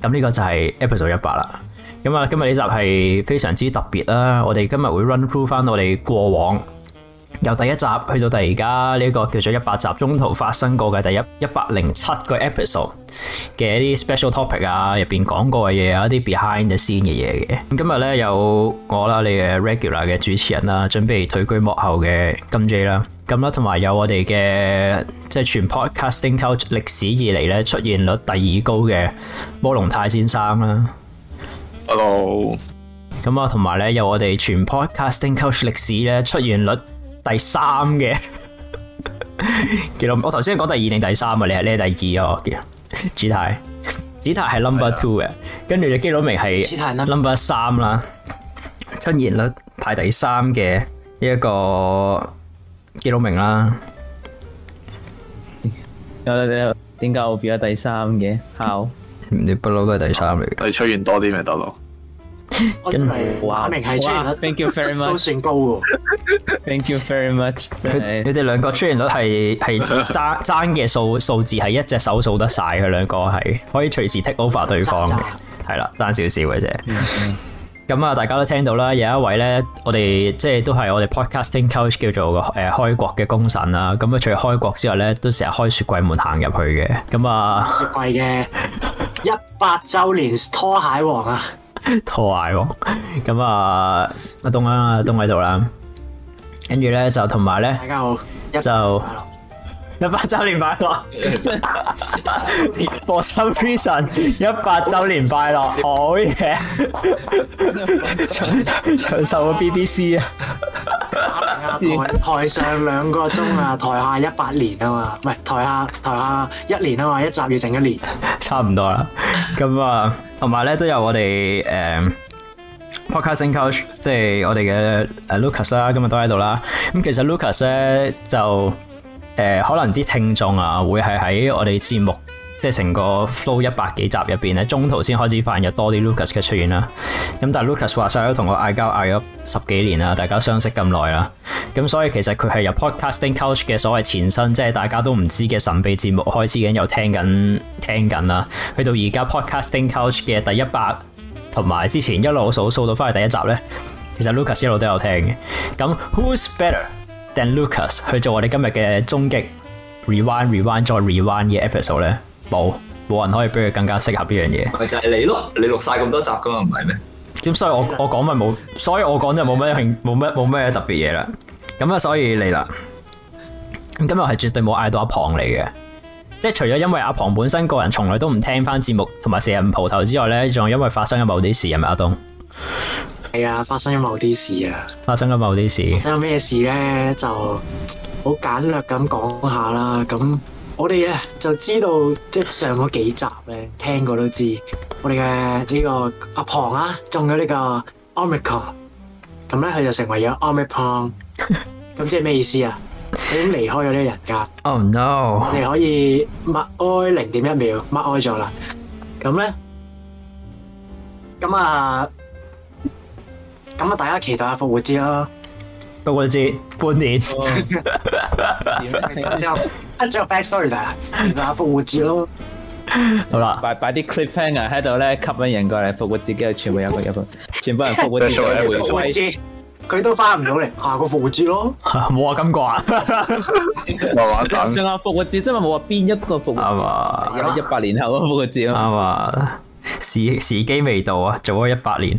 咁呢個就係 episode 一百啦。咁啊，今日呢集係非常之特別啦。我哋今日會 run through 翻我哋過往由第一集去到第而家呢個叫做一百集中途發生過嘅第一一百零七個 episode 嘅一啲 special topic 啊，入邊講過嘅嘢啊，一啲 behind the scene 嘅嘢嘅。咁今日咧有我啦，你嘅 regular 嘅主持人啦，準備退居幕後嘅金 J 啦。咁啦，同埋有我哋嘅即係全 podcasting coach 歷史以嚟咧出現率第二高嘅摩隆泰先生啦。Hello，咁啊，同埋咧有我哋全 podcasting coach 歷史咧出現率第三嘅基佬，我頭先講第二定第三啊？你係咧第二啊，基子泰，子泰係 number two 嘅，跟住嘅基佬明係 number 三啦，出現率排第三嘅呢一個。記到明啦。點解我變咗第三嘅？How？你不嬲都係第三嚟嘅。你出現多啲咪得咯。我唔係明係 Thank you very much。都算高。Thank you very much。你哋兩個出現率係係爭爭嘅數數字係一隻手數得晒，佢兩個係可以隨時 take over 對方嘅，係啦爭少少嘅啫。咁、嗯、啊，大家都聽到啦，有一位咧，我哋即係都係我哋 podcasting coach 叫做誒開國嘅功臣啦。咁啊，除咗開國之外咧，都成日開雪櫃門行入去嘅。咁、嗯、啊，雪櫃嘅一百週年拖鞋王啊， 拖鞋王。咁、嗯、啊，阿東啊，東喺度啦，跟住咧就同埋咧，大家好，就。一一百周年快樂！播心 vision 一百周年快樂，好 嘢、oh, yeah！ 長長壽個 BBC 啊！台，台上兩個鐘啊，台下一百年啊嘛，唔係台下台下一年啊嘛，一集要整一年，差唔多啦。咁啊，同埋咧都有我哋誒、uh, Podcasting Couch，即係我哋嘅誒 Lukas 啦、啊，今日都喺度啦。咁其實 Lukas 咧就～誒可能啲聽眾啊，會係喺我哋節目，即係成個 flow 一百幾集入邊咧，中途先開始發現有多啲 Lukas 嘅出現啦。咁但係 Lukas 話晒都同我嗌交嗌咗十幾年啦，大家相識咁耐啦。咁所以其實佢係由 Podcasting Couch 嘅所謂前身，即係大家都唔知嘅神秘節目開始已經有聽緊聽緊啦。去到而家 Podcasting Couch 嘅第一百同埋之前一路數數到返去第一集咧，其實 Lukas 一路都有聽嘅。咁 Who's better？and Lucas 去做我哋今日嘅終極 Rewind、Rewind 再 Rewind 嘅 episode 咧，冇冇人可以比佢更加適合呢樣嘢。咪就係、是、你咯，你錄晒咁多集噶嘛，唔係咩？咁所以我我講咪冇，所以我講就冇咩興，冇咩冇咩特別嘢啦。咁啊，所以你啦，咁 今日係絕對冇嗌到阿龐嚟嘅，即係除咗因為阿龐本身個人從來都唔聽翻節目，同埋成日唔蒲頭之外咧，仲因為發生咗某啲事，係咪阿東？係啊，發生咗某啲事啊，發生咗某啲事。發生咗咩事咧？就好簡略咁講下啦。咁我哋咧就知道，即係上嗰幾集咧聽過都知。我哋嘅呢個阿龐啊，中咗呢個 Omicron，咁咧佢就成為咗 Omicron。咁即係咩意思啊？佢已經離開咗呢個人格。Oh no！你可以默哀零點一秒，默哀咗啦。咁咧，咁啊。咁啊！大家期待下復活節咯，復活節半年。然、哦、 之後，back sorry 啦，然之後復活節咯。好啦，擺擺啲 cliffhanger 喺度咧，吸引人過嚟復活節嘅全部有入入去，全部人復活節。佢都翻唔到嚟，下個復活節咯。冇話今個啊，冇話等。正 啊，復活節真係冇話邊一個復活節，一 百年後啊，復活節咯。啱啊，時時機未到啊，早咗一百年。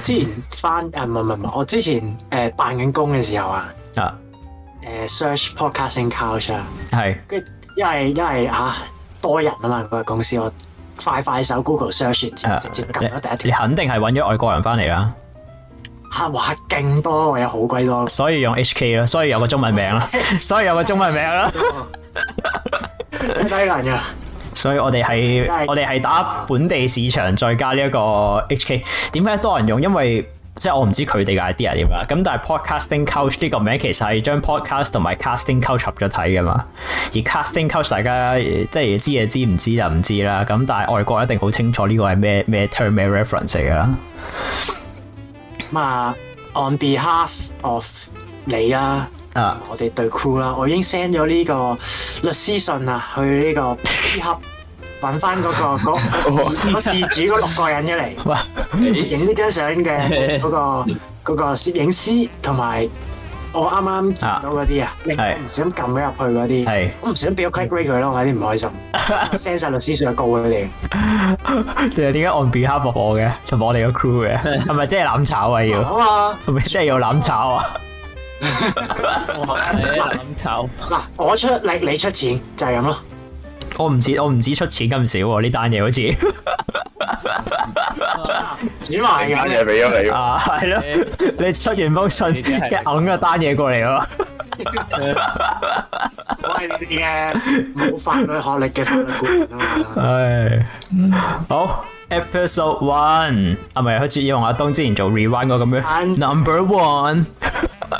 之前翻啊，唔唔唔，我之前誒返緊工嘅時候啊，誒、呃、search Podcasting Couch 啊，係，跟因為因為嚇多人啊嘛，嗰個公司我快快手 Google search，直接撳咗第一條。你，你肯定係揾咗外國人翻嚟啦，嚇、啊、哇勁多，或者好鬼多，所以用 HK 啦，所以有個中文名啦， 所以有個中文名啦 睇睇人所以我哋係我哋係打本地市場，再加呢一個 HK，點解多人用？因為即係我唔知佢哋嘅 idea 點啦。咁但係 Podcasting Couch 呢個名其實係將 podcast 同埋 casting couch 合咗睇嘅嘛。而 casting couch 大家即係知就知，唔知就唔知啦。咁但係外國一定好清楚呢個係咩咩 term 咩 reference 嚟噶嘛。On behalf of 你啦。啊！我哋隊 cool 啦，我已經 send 咗呢個律師信啊，去呢個皮盒搵翻嗰個嗰個嗰個事主，咗六個人出嚟，影呢張相嘅嗰個嗰個攝影師，同埋我啱啱見到嗰啲啊，唔想撳佢入去嗰啲，我唔想俾咗 click rate 佢咯，我有啲唔開心，send 晒律師信告佢哋。點解點解我皮盒駁我嘅，仲駁我哋個 crew 嘅，係咪真係攬炒啊要？係嘛，係咪真係要攬炒啊？我唔係諗炒嗱，我出力你，你出錢就係咁咯。我唔止我唔止出錢咁少喎，啊，呢單嘢好似。轉賣嘅嘢俾咗你。係、啊、咯，你出完封信，一住掹個單嘢過嚟啊嘛。我 係 你嘅冇法律學歷嘅法律顧問啊。係。 好。Episode One，啊咪？係，好似要阿東之前做 Rewind 嗰咁樣。I'm、Number One。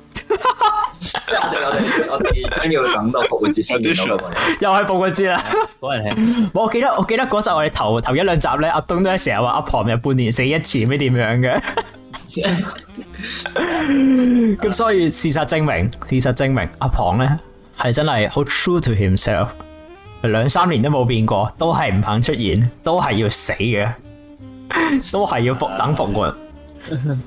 哈 哈， 我哋我哋將要等到復活節先又係復活節啦，冇人聽。我記得我記得嗰時候我哋頭頭一兩集咧，阿東都係成日話阿龐又半年死一次，咩點樣嘅？咁所以事實證明，事實證明阿龐咧係真係好 true to himself，兩三年都冇變過，都係唔肯出現，都係要死嘅，都係要復等復活。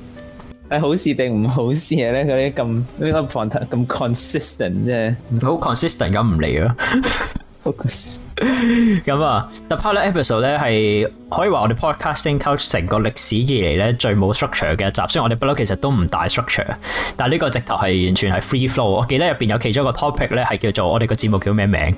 係好事定唔好事咧？嗰啲咁呢個房太咁 consistent 係好 consistent 咁唔嚟啊！咁 啊，The Power Episode 咧，係可以話我哋 Podcasting Couch 成個歷史以嚟咧，最冇 structure 嘅一集，雖然我哋不嬲其實都唔大 structure。但係呢個直頭係完全係 free flow。 我記得入邊有其中一個 topic 咧，係叫做我哋個節目叫咩名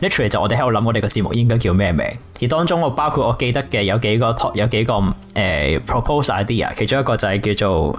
？Literally 就我哋喺度諗我哋個節目應該叫咩名？而當中我包括我記得嘅有幾個 top 有幾個誒、呃、propose idea，其中一個就係叫做。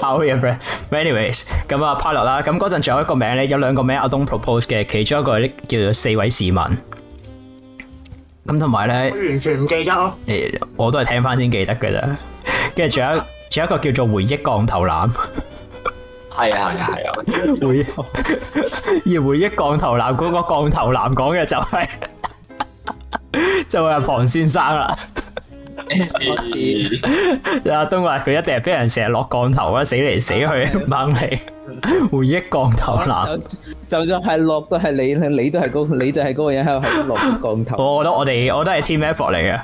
好嘅，friend。But anyways，咁啊，pilot 啦。咁嗰陣仲有一個名咧，有兩個名阿東 propose 嘅，其中一個咧叫做四位市民。咁同埋咧，完全唔記得咯。誒，我都係聽翻先記得噶咋。跟住仲有仲有一個叫做回憶降頭男，係啊係啊係啊。回憶而回憶降頭男嗰個降頭男講嘅就係就係龐先生啦。阿東話佢一定係俾人成日落降頭啊，死嚟死去，掹你回憶降頭啦，就算係落到係你，你都係嗰，你就係嗰個人喺度落降頭。我覺得我哋我都係 Team F 嚟嘅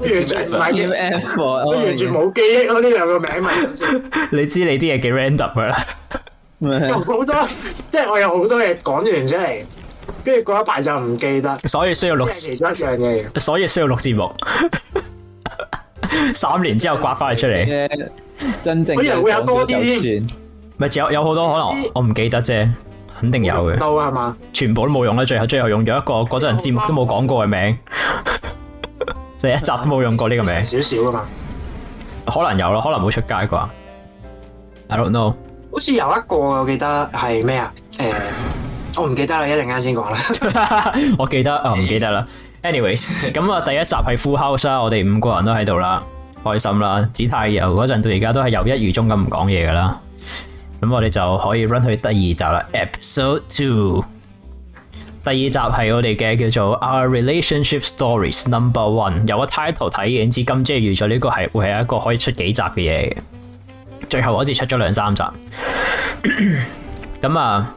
，Team F，我完全冇記憶咯，呢兩個名啊！你知你啲嘢幾 random 噶啦，有好多，即係我有好多嘢講完，即係。跟住嗰一排就唔記得，所以需要錄其中一上嘅，所以需要錄節目。 三年之後刮翻佢出嚟，真正可能會有多啲，唔係有有好多可能，我唔記得啫，肯定有嘅。到係嘛？全部都冇用啦，最後最後用咗一個嗰陣節目都冇講過嘅名， 第一集都冇用過呢個名，少少噶嘛？可能有咯，可能冇出街啩？I don't know。好似有一個我記得係咩啊？誒。欸我唔記得啦，一陣間先講啦。我記得，哦、我唔記得啦。Anyways，咁啊，第一集係 Full House，我哋五個人都喺度啦，開心啦。指太由嗰陣到而家都係由一而終咁唔講嘢㗎啦。咁我哋就可以 run 去第二集啦，Episode Two。第二集係我哋嘅叫做 Our Relationship Stories Number One。由個 title 睇，已經知今次係預咗呢個係會係一個可以出幾集嘅嘢。最後我只出咗兩三集。咁 啊。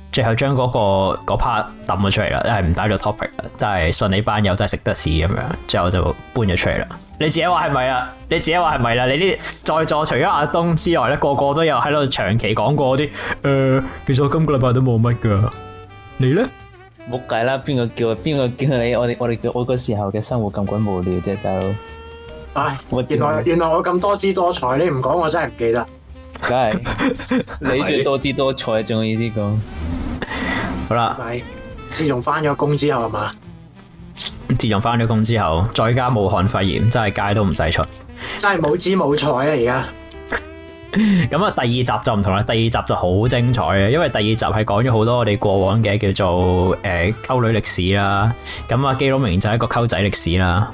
最後將嗰、那個嗰 part 抌咗出嚟啦，一係唔打咗 topic，真係信你班友真係食得屎咁樣，最後就搬咗出嚟啦。你自己話係咪啊？你自己話係咪啦？你啲在座除咗阿東之外咧，個個都有喺度長期講過啲誒、呃，其實我今個禮拜都冇乜噶。你咧冇計啦，邊個叫邊個叫你？我哋我哋我嗰時候嘅生活咁鬼無聊啫，大佬。唉、啊，原來原來我咁多姿多彩。你唔講我真係唔記得。梗係， 你最多姿多彩，仲有意思講。好啦，自從返咗工之後係嘛？自從返咗工之後，再加武漢肺炎，真係街都唔使出，真係冇姿冇彩啊！而家。咁 啊，第二集就唔同啦，第二集就好精彩嘅，因為第二集係講咗好多我哋過往嘅叫做誒溝、呃、女歷史啦。咁啊，基佬明就一個溝仔歷史啦。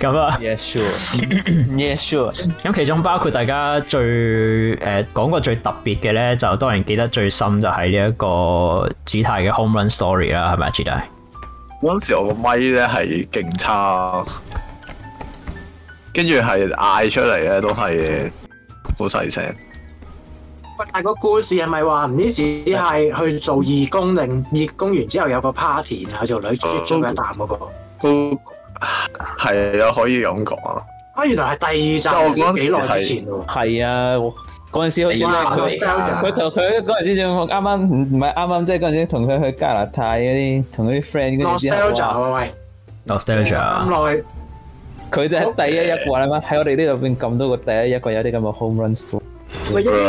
咁啊，Yes sure，Yes sure。咁、 嗯 嗯嗯嗯嗯嗯嗯，其中包括大家最誒講、呃、過最特別嘅咧，就當然記得最深就係呢一個 G 大嘅 home run story 啦，係咪啊 G 大？當時我個咪咧係勁差。跟住係嗌出嚟咧，都係好細聲。喂，但係個故事係咪話唔知只係去做義工，定義工完之後有個 party 然後，做女主做一啖嗰、嗰個？都係啊，又可以咁講啊。啊，原來係第二集。我講幾耐之前咯。係啊，嗰陣時好想搵個 nostalgia 佢同佢嗰陣時仲啱啱唔唔係啱啱，即係嗰陣時同佢、即係、去加拿大嗰啲，同嗰啲 friend 嗰啲。nostalgia，喂。nostalgia。咁耐。佢就係第一一個啦，喺我哋呢度邊咁多個第一一個有啲咁嘅 home run。喂，因為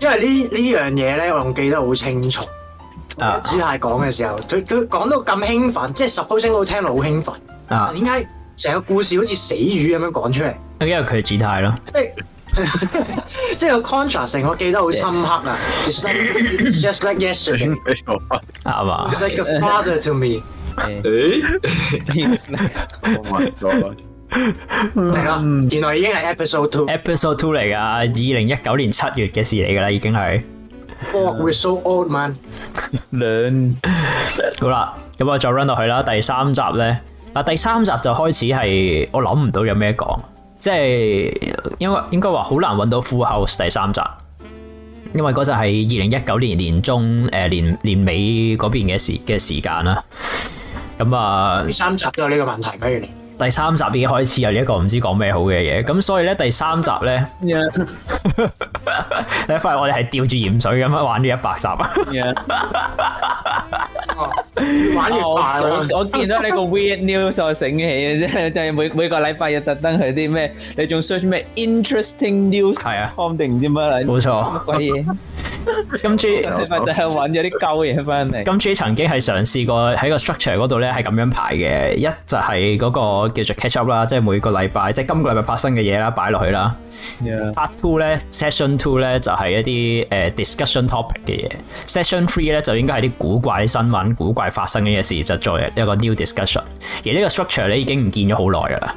因為呢呢樣嘢咧，我仲記得好清楚。啊，Gtai 講嘅時候，佢佢講到咁興奮，即係 supposing 我聽落好興奮。啊，點解成個故事好似死魚咁樣講出嚟？因為佢係 Gtai 咯。即係，即係個 contrast，我記得好深刻啊。Just like yesterday，啊嘛。Like a father to me。誒，咩事啊？嚟啦，原來已經係 episode two，episode two 嚟噶，二零一九年七月嘅事嚟噶啦，已經係。Fuck, we're so old, man。兩好啦，咁我再 run 落去啦。第三集咧，嗱第三集就開始係我諗唔到有咩講，即係因為應該話好難揾到副後第三集，因為嗰陣係二零一九年年中誒年年尾嗰邊嘅時嘅時間啦。咁啊！第三集都有呢個問題，不如你。第三集已經開始又一個唔知講咩好嘅嘢，咁所以咧第三集咧，你發現我哋係吊住鹽水咁樣玩咗一百集，玩完排我我見到你個 weird news 我醒起，即係每每個禮拜日特登去啲咩，你仲 search 咩 interesting news 係啊，定唔知乜啦，冇錯，乜鬼嘢，今次禮拜就係玩咗啲舊嘢翻嚟。今次曾經係嘗試過喺個 structure 嗰度咧係咁樣排嘅，一就係嗰個。叫做 catch up 啦，即係每個禮拜，即係今個禮拜發生嘅嘢啦，擺落去啦。Part two 咧，session two 咧就係一啲誒、uh, discussion topic 嘅嘢。Session three 咧就應該係啲古怪新聞、古怪發生嘅嘢事，就再一個 new discussion。而呢個 structure 咧已經唔見咗好耐㗎啦，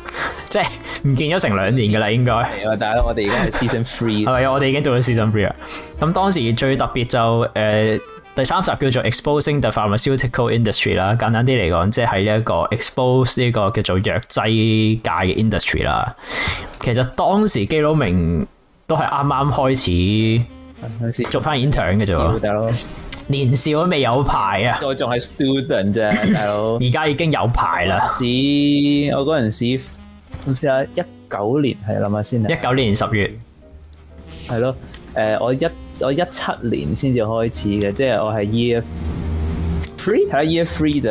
即係唔見咗成兩年㗎啦， 應該。係啊，但係，我哋而家係 season three。係啊，我哋已經到咗 season three 啊。咁當時最特別就誒。Uh, 第三集叫做 Exposing the Pharmaceutical Industry 啦，簡單啲嚟講，即係呢一個 expose 呢個叫做藥劑界嘅 industry 啦。其實當時基佬明都係啱啱開始，開始做翻 intern 嘅啫，大佬年少都未有牌啊，再仲係 student 啫，大佬而家已經有牌啦。我嗰陣時，唔試下一九年係諗下先，一九年十月係咯，呃，我一。我一七年先至開始嘅，即係我係 year three，睇下 year three 就，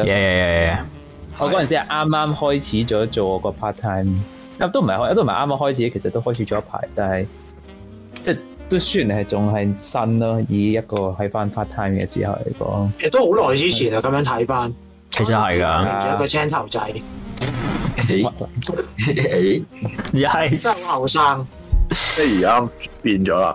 我嗰陣時係啱啱開始咗做個 part time，都唔係開，都唔係啱啱開始，其實都開始咗一排，但係即係都雖然係仲係新咯，以一個喺翻 part time 嘅時候嚟講，亦都好耐之前就啊，咁樣睇翻，其實係噶，仲有個青頭仔，你， 你係真係好後生，即係而家變咗啦。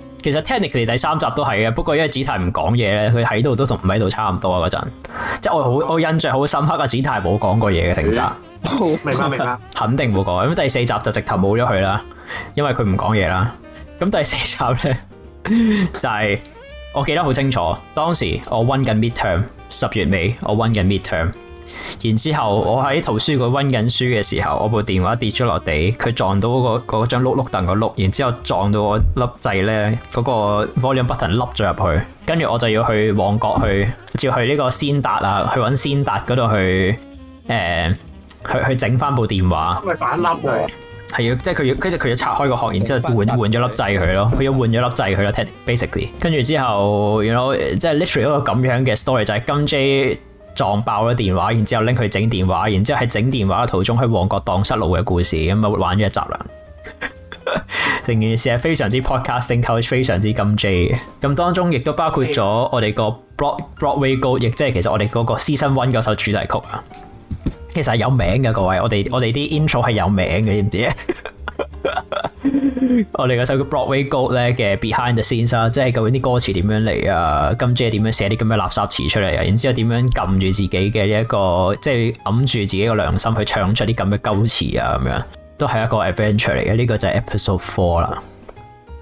其實 technically 第三集都係嘅，不過因為子泰唔講嘢咧，佢喺度都同唔喺度差唔多啊嗰陣，即係我好我印象好深刻啊，子泰冇講過嘢嘅成集， 明白明白，肯定冇講，咁第四集就直頭冇咗佢啦，因為佢唔講嘢啦。咁第四集咧 就係我記得好清楚，當時我溫緊 midterm，十月尾我溫緊 midterm。然之後我喺圖書館溫緊書嘅時候，我部電話跌咗落地，佢撞到嗰個張碌碌凳個碌，然之後撞到我粒掣咧，嗰個 volume button 凹咗入去，跟住我就要去旺角去，要去呢個先達啊，去搵先達嗰度去誒、呃、去去整翻部電話，咪反粒咗？係要即係佢要，跟住佢要拆開個殼，然之後換換咗粒掣佢咯，佢要換咗粒掣佢咯，聽 basically。跟住之後，原來即係 literally 一個咁樣嘅 story 就係、是、金 J。撞爆咗電話，然之後拎佢整電話，然之後喺整電話嘅途中喺旺角蕩失路嘅故事，咁啊玩咗一集啦。成 件事係非常之 Podcasting Couch，非常之金 J 嘅。咁當中亦都包括咗我哋個 Broad Broadway 歌，亦即係其實我哋嗰個《Season One》嗰首主題曲啊。其實係有名嘅，各位，我哋我哋啲 intro 係有名嘅，知唔知？ 我哋嗰首叫 Broadway Gold 咧嘅 Behind the Scenes 啊，即係究竟啲歌詞點樣嚟啊？今次係點樣寫啲咁嘅垃圾詞出嚟啊？然之後點樣撳住自己嘅呢一個，即係揞住自己個良心去唱出啲咁嘅勾詞啊？咁樣都係一個 Adventure 嚟嘅，呢個就係 Episode Four 啦。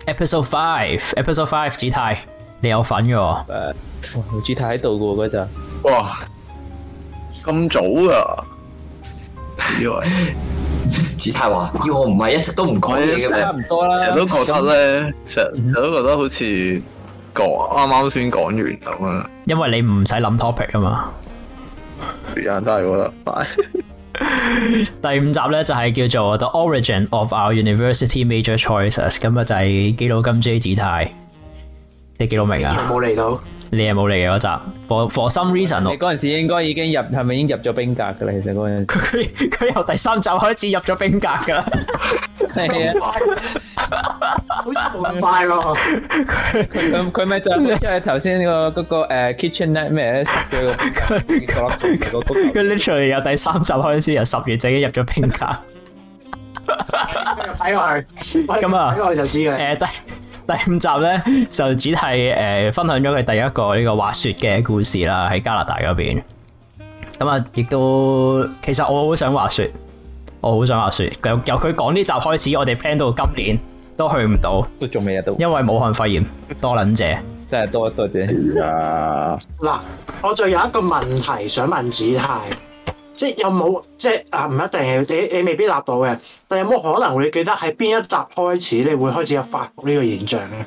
Episode Five，Episode Five，子太，你有份噶？誒，哇，子太喺度噶嗰陣，哇，咁早啊！以為？子太話：要我唔係一直都唔講嘢嘅，咩？差唔多啦。成日都覺得咧，成、嗯、日都覺得好剛剛似講啱啱先講完咁啦。因為你唔使諗 topic 啊嘛，時間真係覺得快。 第五集咧就係、是、叫做 The Origin of Our University Major Choices，今日就係基佬金 J 子太，你係基佬明啊，冇嚟到。你係冇嚟嘅嗰集，for for some reason 咯。你嗰陣時應該已經入，係咪已經入咗冰格噶啦？其實嗰陣佢佢由第三集開始入咗冰格噶啦 很快。好快喎！佢佢咪再再頭先個嗰、那個誒、啊、Kitchen Nightmares 嘅佢佢佢 literally 由第三集開始由十月就已經入咗冰格 睇落去，咁啊，咁我就知啦。誒第五集咧，就子泰誒、呃、分享咗佢第一個呢個滑雪嘅故事啦，喺加拿大嗰邊。咁啊，亦都其實我好想滑雪，我好想滑雪。由佢講呢集開始，我哋 plan 到今年都去唔到，都仲未啊都。因為武漢肺炎，多捻謝， 真係多多謝。嗱，我仲有一個問題想問子泰。即係有冇即係啊？唔一定係你，你未必答到嘅。但係有冇可能會記得喺邊一集開始，你會開始有發福呢個現象咧？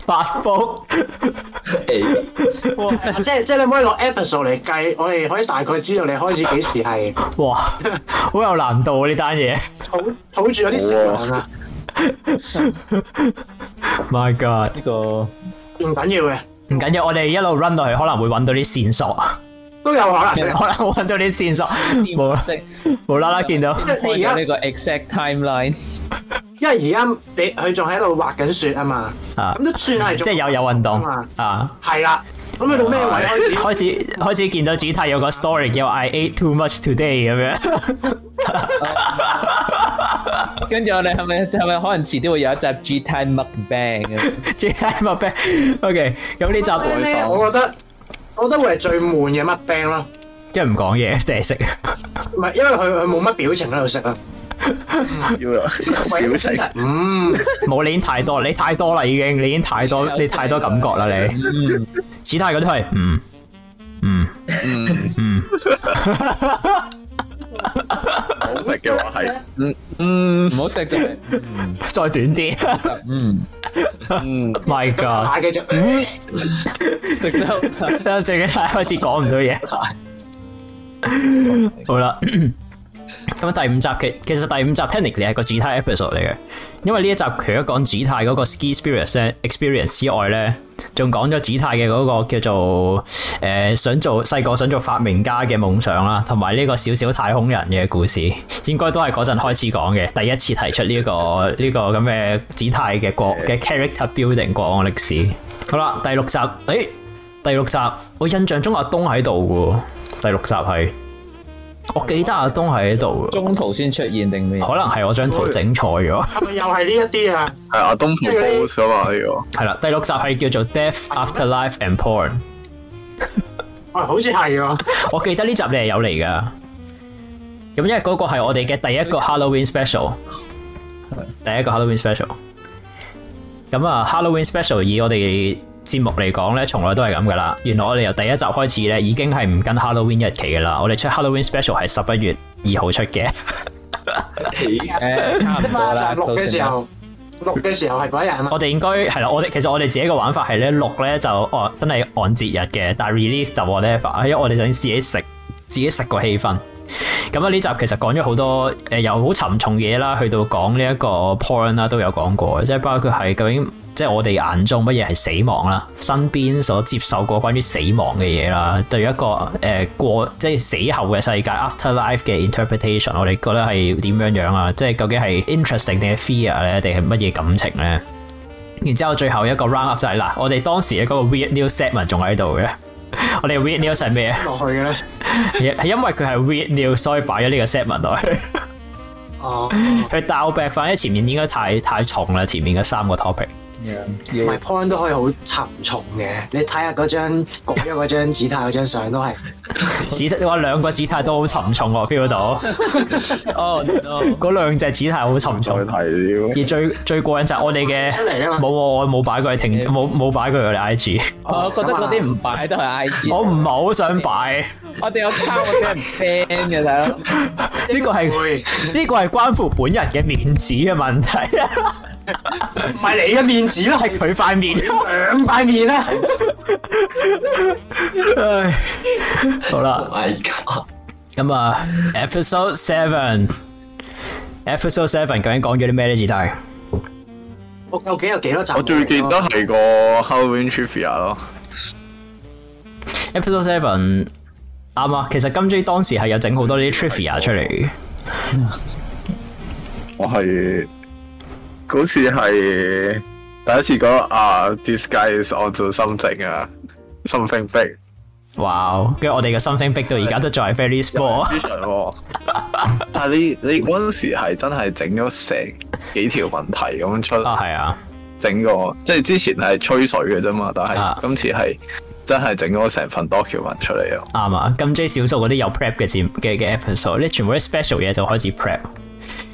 發福？哇！即係即係，你可以用 episode 嚟計，我哋可以大概知道你開始幾時係哇？好有難度啊！呢單嘢，肚肚住有啲時間啦！My God！呢個唔緊要嘅，唔緊要。我哋一路 run 到去，可能會揾到啲線索啊！都有可能，可能揾到啲線索，冇啦，即係無啦啦見到。因為而家呢個 exact timeline，因為而家你佢仲喺度滑緊雪啊嘛，咁都算係即係有有運動啊。係啦，咁去到咩位開始？開始開始見到 Gtai 有個 story 叫 I ate too much today 咁樣。跟住我哋係咪係咪可能遲啲會有一集 G time mukbang？G time mukbang，OK，咁呢集我覺得。我覺得會係最悶嘅乜病咯，即係唔講嘢，即係食。唔係，因為佢佢冇乜表情喺度食啊。要啊，唔係要食。嗯，冇你太多，你太多啦已經，你已經太多，你太多感覺啦你。嗯，其他嗰啲係，嗯，嗯，嗯，嗯。唔好食嘅話係，嗯唔好食、就係、嗯，唔好食嘅，再短啲，嗯嗯，My God，大嘅，嗯，食咗，真係開始講唔到嘢，好啦。咁第五集其其實第五集 Technically 係個子泰 episode 嚟嘅，因為呢一集除咗講子泰嗰個 ski experience 之外咧，仲講咗子泰嘅嗰個叫做誒、呃、想做細個想做發明家嘅夢想啦，同埋呢個小小太空人嘅故事，應該都係嗰陣開始講嘅，第一次提出呢、這個呢、這個咁嘅子泰嘅國嘅 character building 國安歷史。好啦，第六集誒、哎，第六集我印象中有阿東喺度嘅，第六集係。我記得阿東喺度，中途先出現定咩？可能係我張圖整錯咗。又係呢一啲啊，係阿東配 post 啊呢個。係啦，第六集係叫做《Death After Life and Porn 像是》。好似係喎。我記得呢集你係有嚟㗎。咁因為嗰個係我哋嘅第一個 Halloween Special，第一個 Halloween Special。咁啊，Halloween Special 以我哋。節目嚟講咧，從來都係咁噶啦。原來我哋由第一集開始咧，已經係唔跟 Halloween 日期噶啦。我哋出 Halloween Special 係十一月二號出嘅。 uh，差唔多啦。六嘅時候，Coulson. 六嘅時候係鬼日啊嘛。我哋應該係啦。我哋其實我哋自己個玩法係咧，六咧就哦真係按節日嘅，但係 release 就 whatever，我咧，因為我哋想自己食自己食個氣氛。咁啊呢集其實講咗好多誒，好、呃、沉重嘢啦，去到講呢一個 point 啦，都有講過，即係包括係究竟。即係我哋眼中乜嘢係死亡啦，身邊所接受過關於死亡嘅嘢啦，對一個誒過即係死後嘅世界 afterlife 嘅 interpretation，我哋覺得係點樣樣啊？即係究竟係 interesting 定係 fear 咧，定係乜嘢感情咧？然之後最後一個 round up 就係、是、嗱，我哋當時嘅嗰個 weird news segment 仲喺度嘅， 我哋 weird news 係咩落去嘅咧？係 因為佢係 weird news，s 所以擺咗呢個 segment 落去。哦，去倒背翻，因為前面應該太太重啦，前面嘅三個 topic。唔係 point 都可以好沉重嘅，你睇下嗰張焗咗嗰張姿態，嗰張相都係，哇兩個姿態都好沉重喎，feel 到哦，嗰兩隻姿態好沉重，而最最過癮就係我哋嘅冇我冇擺過去停冇冇擺我哋 I G，我覺得嗰啲唔擺都係 I G， 我唔係好想擺，okay.，我哋有抄我俾人 ban 嘅啦，呢個係呢個係關乎本人嘅面子嘅問題。 唔係你嘅面子啦，係佢塊面，兩塊面啦。唉，好啦。咁啊，Episode Seven，Episode Seven 究竟講咗啲咩咧？志大，我究竟有幾多集？我最記得係個 Halloween trivia 咯。Episode Seven，啱啊。其實 Gtai 當時係有整好多啲 trivia 出嚟。我係。好似係第一次講啊，disguise something, something wow，我做心情啊，something big，哇！跟住我哋嘅 Something Big 到而家都仲係 very small，啊， 但你你嗰陣時係真係整咗成幾條問題咁出 啊，係啊，整個即係之前係吹水嘅啫嘛，但係今次係真係整咗成份 document 出嚟啊，啱啊，今 J 少數嗰啲有 prep 嘅節嘅嘅 episode，你全部啲 special 嘢就開始 prep。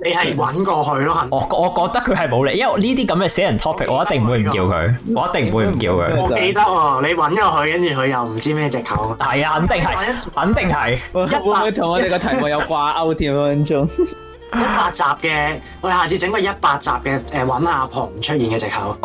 你係揾過去咯，我我覺得佢係冇理，因為呢啲咁嘅死人 topic，我一定唔會唔叫佢，我一定唔會唔叫佢。我記得啊，你揾過去，跟住佢又唔知咩借口。係 啊，肯定係， 肯定係是。會唔會同我哋個題目有掛鈎添啊？咁一百集嘅，我哋下次整個、嗯、一百集嘅，誒，揾阿婆唔出現嘅借口。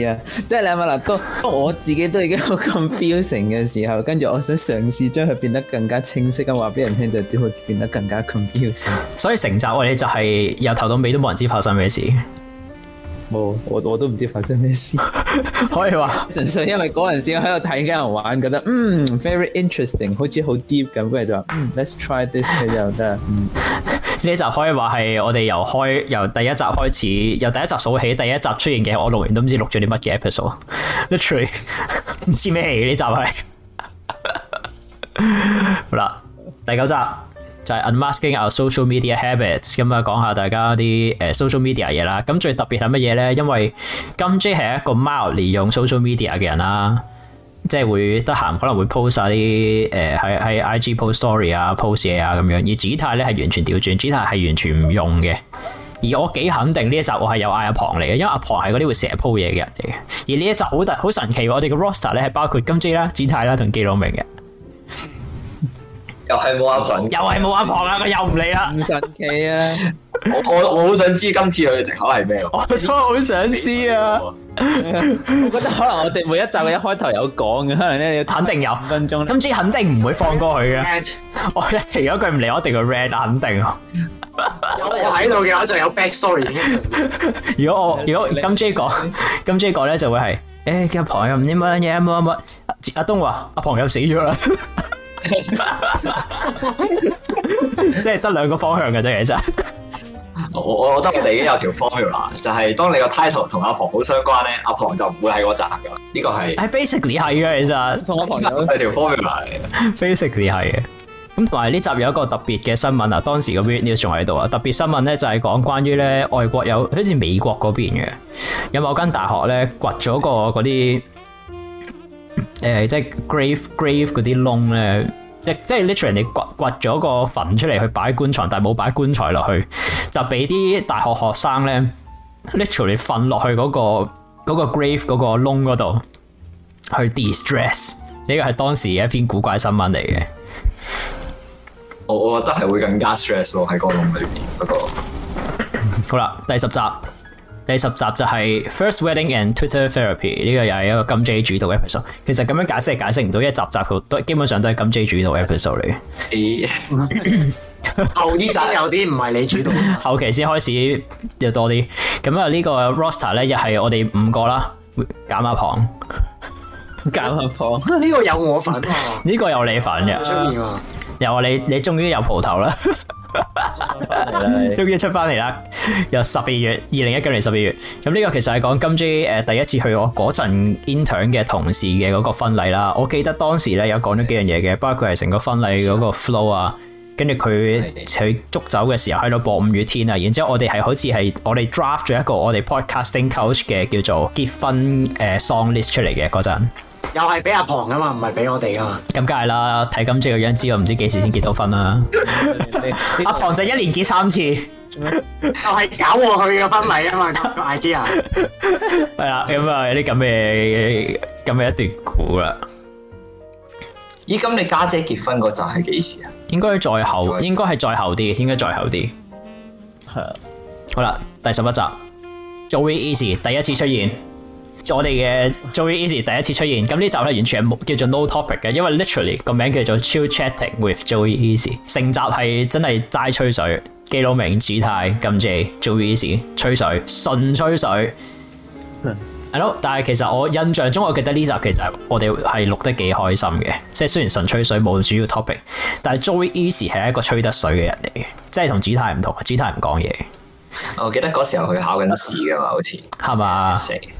呀、yeah. 即係兩百粒都，我自己都已經好咁 confusing 嘅時候，跟住我想嘗試將佢變得更加清晰咁話俾人聽，就點去變得更加 confusing。所以成集我哋就係由頭到尾都冇人知發生咩事。冇、哦，我我都唔知發生咩事， 可以話說 純粹因為嗰陣時喺度睇緊人玩，覺得嗯 very interesting，好似好 deep 咁，跟住就嗯 let's try this 呢集得，呢集可以話係我哋由開由第一集開始，由第一集數起，第一集出現嘅我錄完都唔知錄咗啲乜嘅 episode，Literally 唔知咩嚟呢集係，好啦 第九集。就 unmasking our social media habits，咁啊講下大家啲誒 social media 嘢啦。咁最特別係乜嘢咧？因為金 J 係一個貓利用 social media 嘅人啦，即係會得閒可能會 post 晒啲誒喺喺 IG post story 啊 post 嘢啊咁樣。而子泰咧係完全調轉，子泰係完全唔用嘅。而我幾肯定呢一集我係有嗌阿龐嚟嘅，因為阿龐係嗰啲會成日 post 嘢嘅人嚟嘅。而呢一集好特好神奇，我哋嘅 roster 咧係包括金 J 啦、子泰啦同基龍明嘅。又係冇啱順，又係冇阿 Pong 啊！佢又唔嚟啦，唔神奇啊！我我好想知今次佢嘅藉口係咩？我都好想知啊！我覺得可能我哋每一集嘅一開頭有講嘅，可能咧肯定有五分鐘。金 J 肯定唔會放過佢嘅。我如果佢唔嚟，我哋個 red 肯定。我喺度嘅話就有 back sorry。如果我如果金 J 講金 J 講咧，就會係誒叫阿 Pong，又唔知乜嘢冇冇阿東話阿 Pong 又死咗啦。 即係得兩個方向嘅啫、 這個，其實我我覺得我哋已經有條 formula，就係當你個 title 同阿 Pong 好相關咧，阿 Pong 就唔會喺嗰集噶啦。呢個係係 basically 係嘅，其實同我朋友係條 formula 嚟嘅，basically 係嘅。咁同埋呢集有一個特別嘅新聞啊，當時個 video 仲喺度啊。特別新聞咧就係講關於咧外國有好似美國嗰邊嘅，有某間大學咧掘咗個嗰啲。誒，即係 grave grave 嗰啲窿咧，即即係 literally 你掘掘咗個墳出嚟去擺棺材，但係冇擺棺材落去，就俾啲大學學生咧，literally 瞓落去嗰個嗰個 grave 嗰個窿嗰度去 de stress。呢個係當時一篇古怪新聞嚟嘅。我我覺得係會更加 stress 咯，喺個窿裏邊。不過好啦，第十集。第十集就係 First Wedding and Twitter Therapy 呢個又係一個金 J 主導嘅 episode，其實咁樣解釋係解釋唔到，因為一集一集都基本上都係金 J 主導嘅 episode 嚟嘅。後啲集有啲唔係你主導，後期先開始又多啲。咁啊，呢個 roster 咧又係我哋五個啦，簡阿龐，簡阿龐呢 個有我份、啊，呢、這個有你份。嘅， 終於啊，有你你終於有蒲頭啦。終 於出翻嚟啦！又十二月二零一九年十二月，咁呢個其實係講金 J 誒第一次去我嗰陣 intern 嘅同事嘅嗰個婚禮啦。我記得當時咧有講咗幾樣嘢嘅，包括係成個婚禮嗰個 flow 啊，跟住佢佢捉走嘅時候喺度播五月天啊。然之後我哋係好似係我哋 draft 咗一個我哋 Podcasting Couch 嘅叫做結婚誒 song list 出嚟嘅嗰陣。又係俾阿龐啊嘛，唔係俾我哋啊嘛。咁梗係啦，睇今姐個樣子，我唔知我唔知幾時先結到婚啦。 阿龐就一年結三次，又係 搞我佢嘅婚禮啊嘛，個 idea。係啊咁啊，有啲咁嘅咁嘅一段苦啦。咦，咁你家姐，姐結婚嗰集係幾時啊？應該再後，應該係再後啲，應該再後啲。係好啦，第十一集，做啲 easy，第一次出現。嗯我哋嘅 Joey Easy 第一次出現，咁呢集咧完全係叫做 no topic 嘅，因為 literally 個名叫做 Chill chatting with Joey Easy。成集係真係齋吹水，記到名，Gtai，咁即係 Joey Easy 吹水，純吹水。係咯，但係其實我印象中，我記得呢集其實我哋係錄得幾開心嘅，即係雖然純吹水冇主要 topic，但係 Joey Easy 係一個吹得水嘅人嚟嘅，即係同 Gtai 唔同，Gtai 唔講嘢。我記得嗰時候佢考緊試㗎嘛，好似係嘛。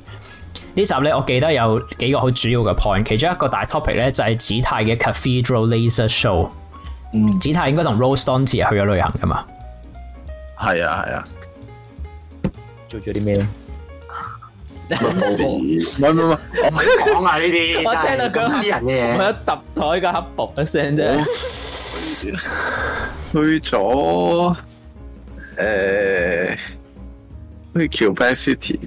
這集呢集咧，我記得有幾個好主要嘅 point，其中一個大 topic 咧就係紫泰嘅 Cathedral Laser Show、嗯。紫泰應該同 Rose Donty 去咗旅行，㗎嘛？係啊，係啊。做咗啲咩咧？唔係唔係唔係我唔係講啊！呢啲我聽到私人嘅嘢，我一揼台嘅嚇，嘣一聲啫。去咗誒、欸，去橋北 City，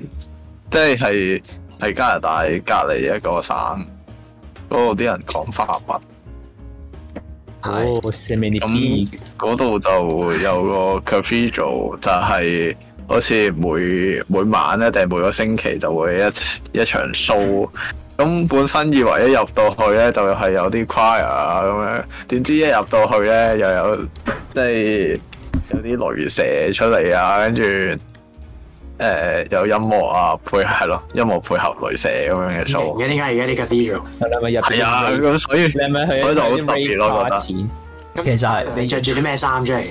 即係係。係加拿大隔籬一個省，嗰度啲人講法文。係嗰度就有個 cafe 就係、是、好似每每晚咧，定每個星期就會一一場 show。咁本身以為一入到去咧，就係、是、有啲 choir 啊咁樣，點知一入到去咧，又有即係、就是、有啲雷射出嚟啊，跟住。誒、呃、有音樂啊，配係咯，音樂配合雷蛇咁樣嘅 show，okay，在在 是是。唔知點解而家呢個 feel？係啊，咁所以所以就好特別咯，覺得。其實你著住啲咩衫出嚟？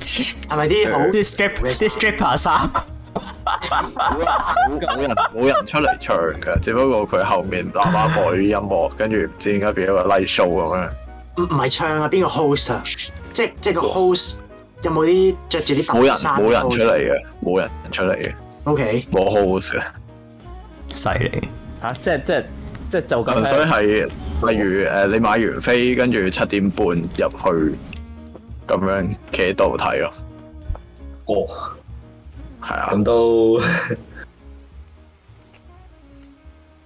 係咪啲好啲 stripper 啲 stripper 衫 什麼？ 什麼 冇人冇人出嚟唱嘅，只不過佢後面喇叭播啲音樂，跟住唔知點解變咗個 live show 咁樣。唔唔係唱啊，邊個 host？、啊、即即個 host。有冇啲着住啲白衫？冇人出嚟嘅？冇人出嚟嘅。OK。冇 host 嘅！犀利吓？即係即係即係就咁。所以係例如誒、啊，你買完飛，跟住七點半入去咁樣企喺度睇咯。哦，係啊。咁都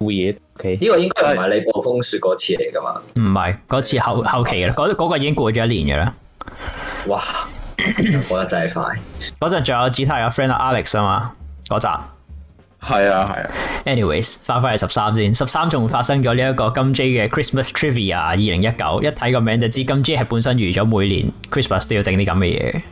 冇嘢。O K。呢個應該唔係你暴風雪嗰次嚟噶嘛？唔係嗰次後後期嘅，嗰個已經過咗一年嘅啦。哇！ 我覺得真係的快，嗰陣仲有 Gtai 有 friend Alex 啊嘛，嗰集係啊係啊，anyways，翻翻去十三先，十三仲發生咗呢一個金 J 嘅 Christmas trivia 二零一九，一睇個名就知金 J 係本身預咗每年 Christmas 都要整啲咁嘅嘢，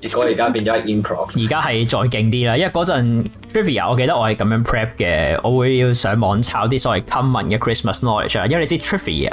結果而家變咗 improv 而家係再勁啲啦，因為嗰陣 trivia 我記得我係咁樣 prep 嘅，我會要上網炒啲所謂 common 嘅 Christmas knowledge，因為你知 trivia。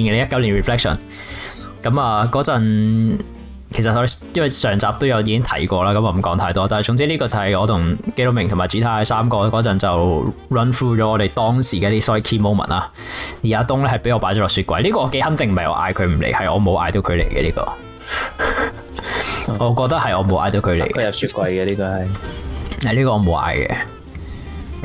二零一九年 reflection，咁啊嗰陣其實我因為上集都有已經提過啦，咁我唔講太多。但係總之呢個就係我同基隆明同埋主太三個嗰陣就 run through 咗我哋當時嘅一啲 key moment 啦。而阿東咧係俾我擺咗落雪櫃，呢、呢個我幾肯定唔係我嗌佢唔嚟，係我冇嗌到佢嚟嘅呢個。 我覺得係我冇嗌到佢嚟，佢有雪櫃嘅呢個係，誒 呢個我冇嗌嘅，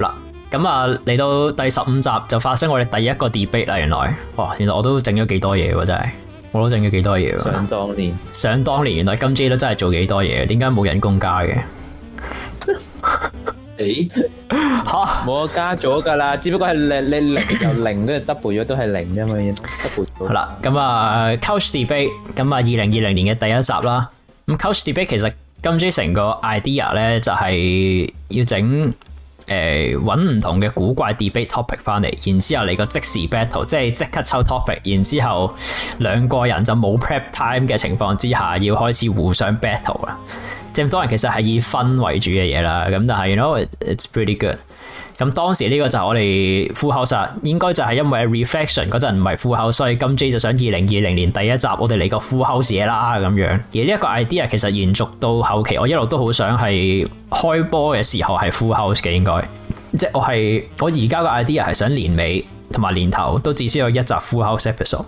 嗱。 咁啊，嚟到第十五集就發生我哋第一個 debate 啦！原來，哇，原來我都整咗幾多嘢喎，真係，我都整咗幾多嘢。想當年，想當年，原來金 J 都真係做幾多嘢，點解冇人工加嘅？誒，吓，我加咗噶啦，只不過係你你零又零，跟住 double 咗都係零啫嘛。好啦，咁啊，Couch Debate，咁啊，二零二零年嘅第一集啦。咁 Couch Debate 其實金 J 成個 idea 咧就係要整。誒、欸，搵唔同嘅古怪 debate topic 翻嚟，然之後嚟個即時 battle，即係即刻抽 topic，然之後兩個人就冇 prep time 嘅情況之下，要開始互相 battle 啦。即係當然其實係以 fun 為主嘅嘢啦，咁但係，you know，it's pretty good。咁當時呢個就係我哋 full house 實應該就係因為 refraction 嗰陣唔係 full house 所以今 J 就想二零二零年第一集我哋嚟個 full house 嘢啦咁樣。而呢一個 idea 其實延續到後期，我一路都好想係開波嘅時候係 full house 嘅，應該即係我係我而家嘅 idea 係想年尾同埋年頭都至少有一集 full house episode。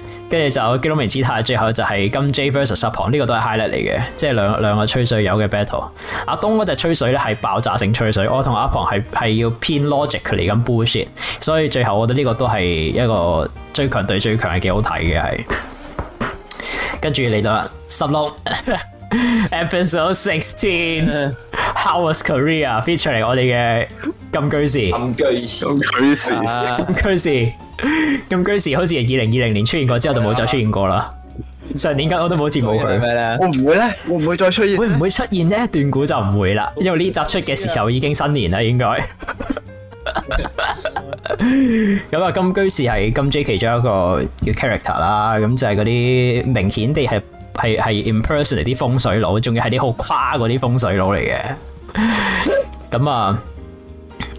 跟住就基隆維斯太，最後就係金 J versus 阿龐呢個都係 highlight 嚟嘅，即係兩兩個吹水友嘅 battle。阿東嗰隻吹水咧係爆炸性吹水，我同阿龐係係要偏 logic 嚟咁 bullshit，所以最後我覺得呢個都係一個最強對最強係幾好睇嘅係。跟住嚟到啦，十六。Episode Sixteen，How、yeah. Was Korea？feature 嚟我哋嘅金居士，金、嗯嗯嗯嗯嗯嗯、 居士，金居士，金居士，金居士，好似二零二零年出現過之後就冇再出現過啦。上年間我都冇見冇佢，我唔會咧，我唔會再出現，唔會，會出現呢一段？估就唔會啦。因為呢集出嘅時候已經新年啦，應該。咁啊，金居士係金居其，其中一個叫 character 啦，咁就係嗰啲明顯地係。係係 impersonate 嚟啲風水佬，仲要係啲好誇嗰啲風水佬嚟嘅。咁 啊，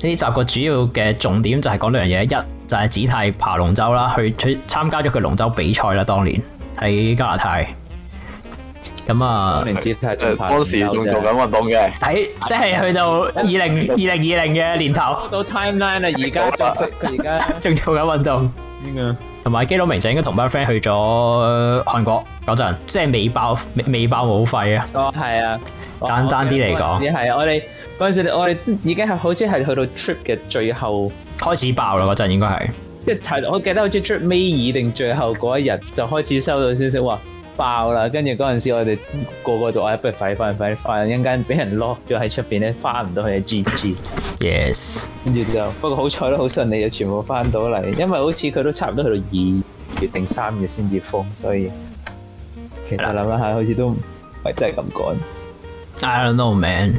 呢集個主要嘅重點就係講兩樣嘢，一就係子泰爬龍舟啦，去去參加咗佢龍舟比賽啦。當年喺加拿大，咁啊，當年子泰當時仲做緊運動嘅，睇即係去到二零二零二零嘅年頭。到 timeline 啊，而家而家仲做緊運動。嗯。 同埋基佬明就應該同班 friend 去咗韓國嗰陣，即係未爆未，未爆冇費啊！係啊，簡單啲嚟講，係啊。我哋嗰陣時，我哋已經係好似係去到 trip 嘅最後開始爆啦嗰陣，應該係即係我記得好似 trip 尾二定最後嗰一日就開始收到消息話。爆啦！跟住嗰陣時，我哋個個就話不如快快快快，陣間俾人 lock 咗喺出邊咧，翻唔到去了 GG。Yes，跟住就不過好彩都好順利，就全部翻到嚟。因為好似佢都差唔多去到二月定三月先至封，所以其實諗諗下，Hello. 好似都唔係真係咁講。I don't know, man.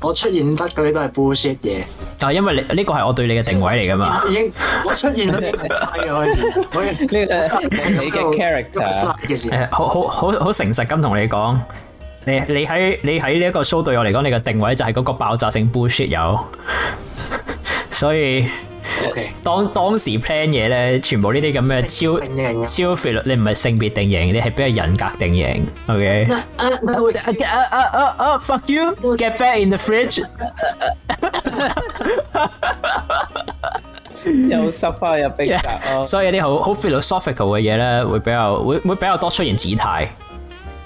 我出現得嗰啲都係 bullshit 嘢，但、啊、係因為你呢個係我對你嘅定位嚟㗎嘛？已經我出現都係太耐，我呢 你嘅的 character 誒好好好好誠實咁同你講，誒你喺你喺呢一個 show 對我嚟講，你嘅定位就係嗰個爆炸性 bullshit 有，所以。當當時 plan 嘢咧，全部呢啲咁嘅超超 phil，你唔係性別定型，你係比較人格定型。Okay。啊啊啊啊啊！Fuck you！Get back in the fridge！又收翻入冰箱。所以有啲好好 philosophical 嘅嘢咧，會比較會會比較多出現姿態。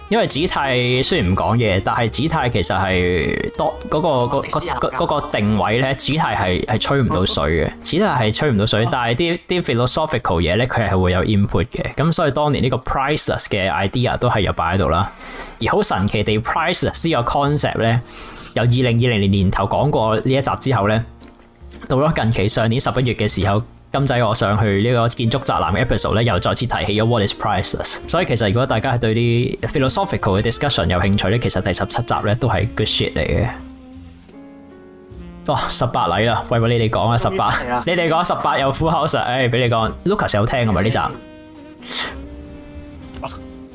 因為子泰雖然唔講嘢，但係子泰其實係多嗰個、嗰、嗰、嗰個定位咧。子泰係係吹唔到水嘅，子泰係吹唔到水。但係啲啲 philosophical 嘢咧，佢係會有 input 嘅。咁所以當年呢個 priceless 嘅 idea 都係有擺喺度啦。而好神奇地，priceless 呢個 concept 咧，由二零二零年年頭講過呢一集之後咧，到咗近期上年十一月嘅時候。今仔，我上去呢個建築宅男嘅 episode 咧，又再次提起咗 What is priceless。所以其實如果大家係對啲 philosophical 嘅 discussion 有興趣咧，其實第十七集咧都係 good shit 嚟嘅。哇，十八禮啦，喂喂，你哋講啊？十八， 你哋講十八有苦口實，誒、欸，俾你講。Lucas 有聽係咪呢集？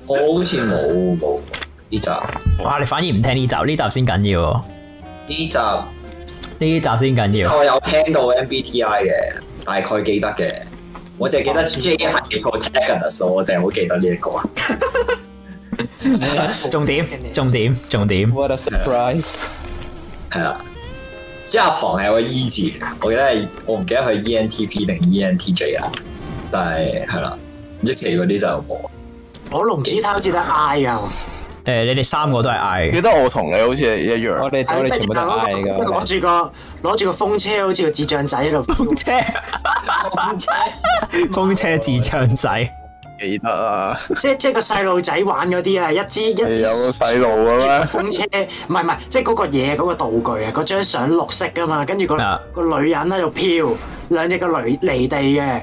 我好似冇冇呢集。哇，你反而唔聽呢集？呢集先緊要。呢集呢集先緊要。我有聽到 MBTI 嘅。大概記得嘅，我就係記得 J 係 p r o t a g t n e s s 樂我淨係好記得呢、這、一個。 重點，重點，重點。What a surprise！係啊，即阿旁係有個 E 字，我記得係，我唔記得佢 ENTP 定 ENTJ 啊。但係係啦，一期嗰啲就我龍子佢好似得 I 啊。誒、欸，你哋三個都係嗌嘅，記得我同你好似一樣。我哋同你全部都係嗌嘅。攞住、那個攞住、那個那個、個，個風車，好似個智障仔喺度風，風車。風車智障仔，記得啊。即即個細路仔玩嗰啲啊，一支一支。有細路啊咩？那個、著著風車唔係唔係，即係嗰個嘢，嗰、那個道具啊，嗰張相綠色噶嘛，跟住、那個、那個女人喺度飄，兩隻個女離地嘅。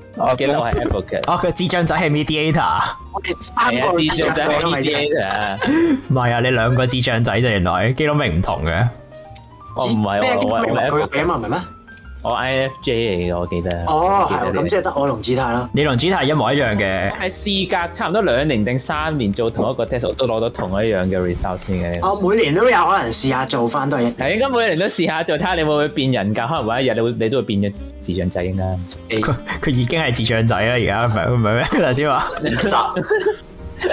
我記得我係 Apple 嘅。哦，佢智障仔係 mediator，我哋智障仔係 mediator，唔係啊，你兩個智障仔啫，原來，基佬明唔同嘅，我唔係我我我。我 INFJ 嚟嘅，我記得。哦，係咁即係得我同子太啦。你同子太一模一樣嘅，係、哦、事隔差唔多兩年定三年做同一個 test 都攞到同一樣嘅 result 嘅。我、哦、每年都有可能試下做翻，都係一。係應該每年都試下做，睇下你會唔會變人噶？可能某一日，你你都會變咗智障仔應該。佢佢已經係智障仔啦，而家唔係唔係咩？頭先話。集，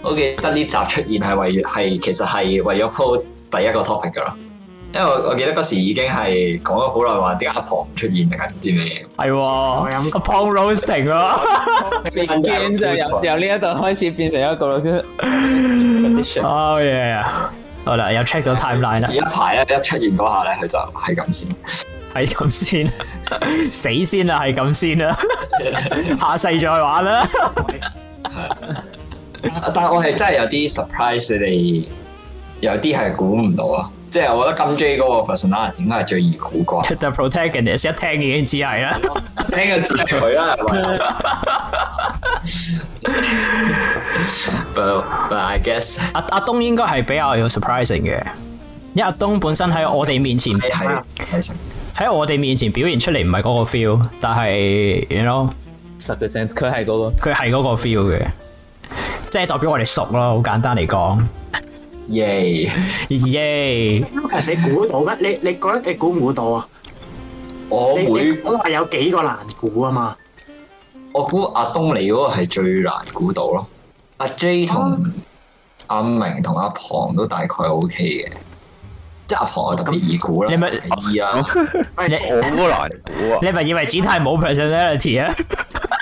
我記得呢集出現係為係其實係為咗鋪第一個 topic 噶啦。因為我記得嗰時已經係講咗好耐話啲黑唔出現緊，定係唔知未？係，阿 Pong roasting 咯，變驚 roasting 了 由呢一度開始變成一個咯，哦耶！Oh yeah. 好啦，又 check 到 timeline 啦。一排咧，一出現嗰下咧，佢就係咁先，係咁先，死先啦，係咁先啦， 下世再玩啦。 但係我係真係有啲 surprise 你哋，有啲係估唔到啊！即係我覺得金 J 嗰個 personality 應該係最易估啩。The protagonist 一聽已經知係啦，哦、聽個字佢啦。 But but I guess 阿阿東應該係比較有 surprising 嘅，因為阿東本身喺我哋面前係喺我哋面前表現出嚟唔係嗰個 feel，但係 you know，實際上佢係嗰個佢係嗰個 feel 嘅，即係代表我哋熟咯，好簡單嚟講。耶！耶！你估到咩？你你覺得你估唔估到啊？我會我話有幾個難估啊嘛。我估阿東你嗰個係最難估到咯。阿 J 同、啊、阿明同阿龐都大概 OK 嘅。即係阿龐特別易估啦。啊、你咪易啊， 啊？你我好難估啊！你咪以為 Gtai 冇 personality 啊？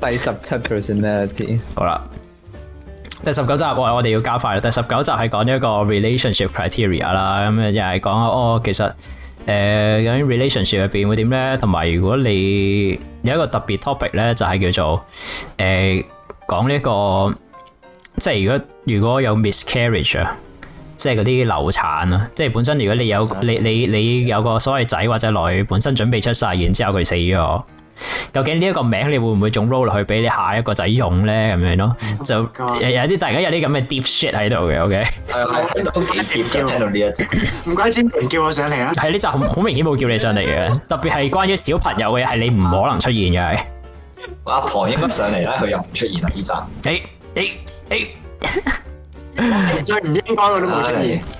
第十七 personality 好啦，第十九集，哦、我我哋要加快啦。第十九集係講呢一個 relationship criteria 啦，咁又係講哦，其實誒，咁、呃、relationship 入邊會點咧？同埋如果你有一個特別 topic 咧，就係叫做誒，講呢個即係如果如果有 miscarriage 啊，即係嗰啲流產啊，即係本身如果你有、嗯、你你你有個所謂仔或者女，本身準備出世，然之後佢死咗。究竟呢一個名你會唔會仲 roll 落去俾你下一個仔用咧？咁樣咯，就有有啲大家有啲咁嘅 deep shit 喺度嘅。OK，係喺度都幾 deep 㗎。喺度呢一隻，唔該，先叫我上嚟啊！係呢集好好明顯冇叫你上嚟嘅，特別係關於小朋友嘅嘢，係你唔可能出現嘅。阿婆應該上嚟啦，佢又唔出現啦呢集。你你你最唔應該嘅我都冇出現。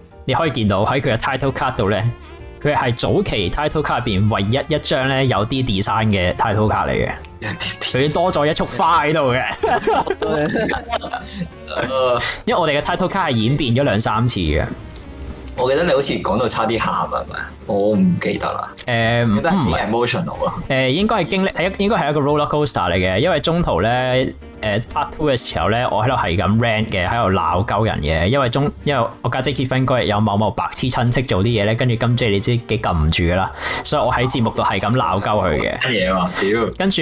你可以見到喺佢嘅 title card 度咧，佢係早期 title card 入邊唯一一張咧有啲 design 嘅 title card 嚟嘅，佢 多咗一束花喺度嘅， 因為我哋嘅 title card 係演變咗兩三次嘅。我記得你好似講到差啲喊啊，係咪？我唔記得啦。誒、嗯，唔係 emotional 咯。誒，應該係經歷，係一應該係一個 roller coaster 嚟嘅。因為中途咧，誒 part two 嘅時候咧，我喺度係咁 rant 嘅，喺度鬧鳩人嘅。因為中，因為我家姐，姐結婚嗰日有某某白痴親戚做啲嘢咧，跟住今次你知幾撳唔住㗎啦，所以我喺節目度係咁鬧鳩佢嘅。乜嘢啊？屌！跟住。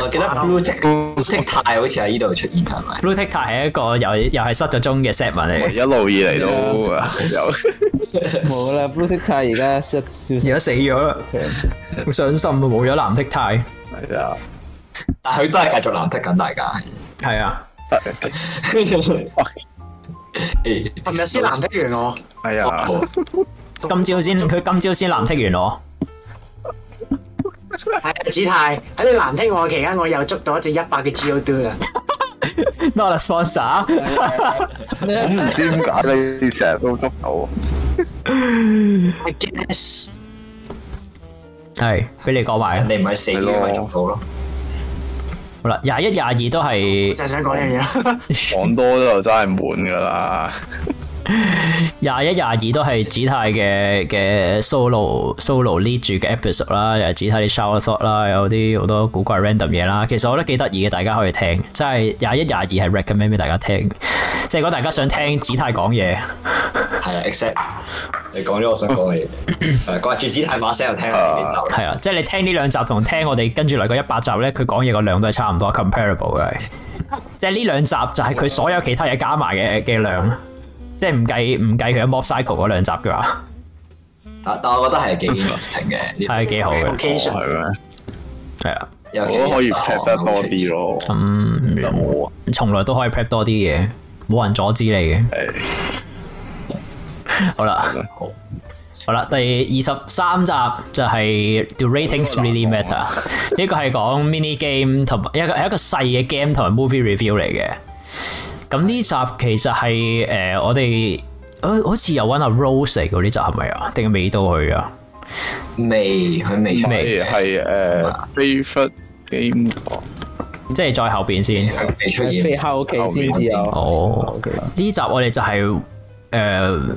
我記得 blue tick 太好似喺呢度出現係咪？blue tick 係一個又又係失咗蹤嘅 set 文嚟嘅，一路以嚟都冇啦。blue tick 而家失而家死咗，好傷心啊！冇咗藍 tick 係啊，但佢都係繼續藍剔緊大家係啊，係咪先藍剔完我？係啊，今朝先佢今朝先藍剔完我。係，子泰喺你難聽我嘅期間，我又捉到一隻一百嘅 GOD 啦。Not a sponsor，咁唔知點解你成日都捉到？I guess 係，俾你講埋，你唔係死嘅，咪捉到咯。好啦，廿一、廿二都係，就係想講呢樣嘢啦。講多都就真係悶噶啦。廿一、廿二都係子太嘅嘅 solo solo lead 住嘅 episode 啦，又係子太啲 shower thought 啦，有啲好多古怪 random 嘢啦。其實我覺得幾得意嘅，大家可以聽。即係廿一、廿二係 recommend 俾大家聽。即係如果大家想聽子太講嘢，係、 啊、except 你講咗，我想講嘢，掛住子太把聲又聽下呢、啊 就是、集，集。係啊，即係你聽呢兩集同聽我哋跟住嚟個一百集咧，佢講嘢個量都係差唔多，comparable 嘅。即係呢兩集就係佢所有其他嘢加埋嘅嘅量。即係唔計唔計佢嘅 motorcycle 嗰兩集嘅話，但但我覺得係幾 interesting 嘅，係幾好嘅。係啊，我都可以 prep 多啲咯。咁有冇啊？從來都可以 prep 多啲嘢，冇人阻止你嘅。係。好啦，好啦，第二十三集就係 “Duration Really Matter”。呢個係講 mini game 同一個係一個細嘅 game 同埋 movie review 嚟嘅。咁呢集其實係誒、呃，我哋誒好似又搵阿 Rose 嗰啲集係咪啊？定係未到佢啊？未，佢未出嚟，係誒飛忽即係再後邊先未出現，飛後期先至有。哦，呢集我哋就係、是、誒。呃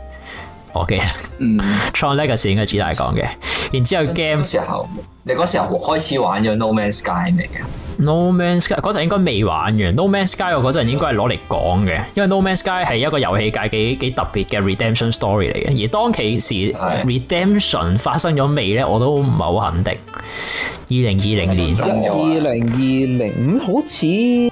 我、okay。記嗯，《Tron Legacy》應該主要係講嘅，然之後 game 時候，你嗰時候開始玩咗、no《No Man's Sky》未啊？《No Man's Sky》嗰陣應該未玩完，《No Man's Sky》我嗰陣應該係攞嚟講嘅，因為《No Man's Sky》係一個遊戲界幾幾特別嘅 Redemption Story 嚟嘅，而當其時 Redemption 發生咗未咧，我都唔係好肯定。二零二零年，二零二零五好似。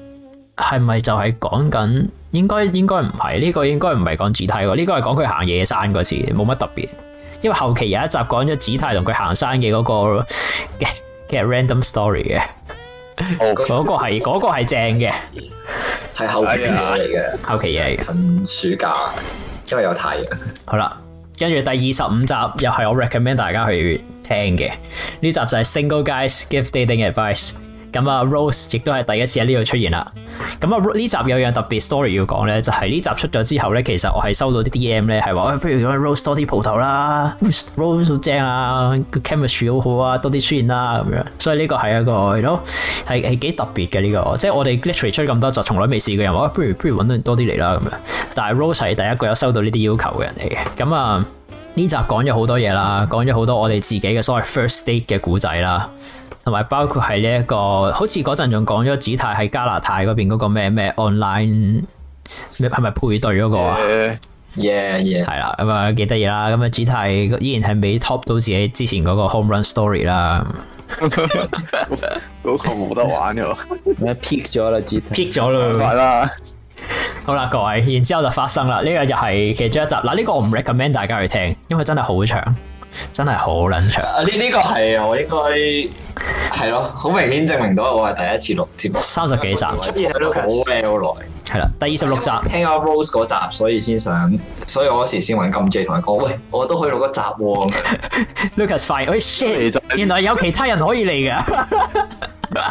係咪就係講緊？應該應該唔係呢個，應該唔係講紫泰喎。呢、這個係講佢行野山嗰次，冇乜特別。因為後期有一集講咗紫泰同佢行山嘅嗰、那個嘅其實 random story 嘅，嗰、哦、 個係、那個係、那個、正嘅，係後期嘢嚟嘅，後期嘢嚟嘅。暑假因為有太陽。好啦，跟住第二十五集又係我 recommend 大家去聽嘅，呢集就係 Single Guys Give Dating Advice。咁啊，Rose 亦都係第一次喺呢度出現啦。咁啊，呢集有樣特別 story 要講咧，就係呢集出咗之後咧，其實我係收到啲 DM 咧，係話，不如如果 Rose 多啲鋪頭啦，Rose 好正啊，個 chemistry 好好啊，多啲出現啦咁樣。所以呢個係一個係係幾特別嘅呢個，即係我哋 literally 出咁多集，從來未試過人話，不如不如揾多啲嚟啦咁樣。但係 Rose 係第一個有收到呢啲要求嘅人嚟嘅。咁啊，呢集講咗好多嘢啦，講咗好多我哋自己嘅所謂 first date 嘅故仔啦。同埋包括係呢一個，好似嗰陣仲講咗，Gtai 喺加拿大嗰邊嗰個咩咩 online，咩係咪配對嗰個啊？Yeah yeah，係啦，咁啊幾得意啦，咁啊 Gtai 依然係未 top 到自己之前嗰個 home run story 啦。嗰、 嗰個冇得玩嘅，咩 pick 咗啦，Gtai pick 咗啦，快 peak 啦了了！ 好啦，各位，然之後就發生啦，呢、呢個又係其中一集。嗱，呢個我唔 recommend 大家去聽，因為真係好長。真係好撚長啊！呢 呢、 呢個係、呢個、我應該係咯，好明顯證明到我係第一次錄節目。三十幾集出現喺 Lukas 好靚好耐。係啦、嗯，第二十六集聽阿 Rose 嗰集，所以先想，所以我嗰時先搵金姐同佢講，喂，我都可以錄一集、哦。Lukas fine，快，喂，shit，原來有其他人可以嚟噶。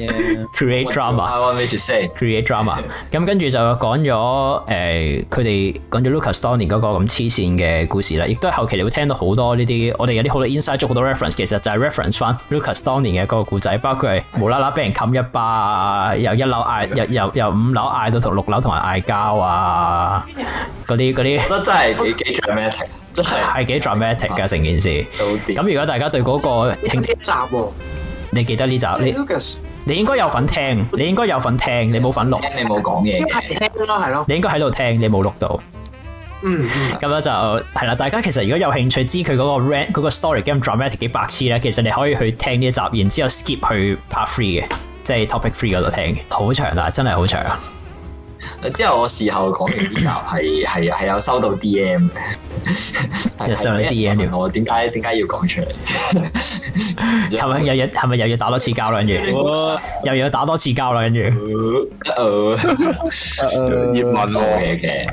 Yeah, create drama，create drama。咁跟住就講咗誒，佢、呃、哋講咗 Lukas 當年嗰個咁黐線嘅故事啦。亦都係後期你會聽到好多呢啲，我哋有啲好多 inside 足好多 reference。其實就係 reference 翻 Lukas 當年嘅嗰個故仔，包括係無啦啦俾人冚一巴啊，由一樓嗌，由由，由五樓嗌到同六樓同埋嗌交啊，嗰啲嗰啲，我覺得真係幾 dramatic 真係係幾 dramatic 㗎。成 件事。咁、啊、如果大家對嗰、那個呢集、嗯，你記得呢集呢？你應該有份聽，你應該有份聽，你冇份錄。你冇講嘢。係聽咯，係咯。你應該喺度聽，你冇錄到。嗯，咁 樣就係啦。大家其實如果有興趣知佢嗰個 rap 嗰個 story game dramatic 咁幾百次咧，其實你可以去聽呢集，然之後 skip 去 part three 嘅，即係 topic three 嗰度聽。好長啊，真係好長。之後我事後講完呢集，係係係有收到 DM。 又上 DM 我我來啲嘢聊，我點解點解要講出嚟？係咪又要係咪又要打多次交啦？跟住，又要打多次交啦？跟、哦、住，葉問嘅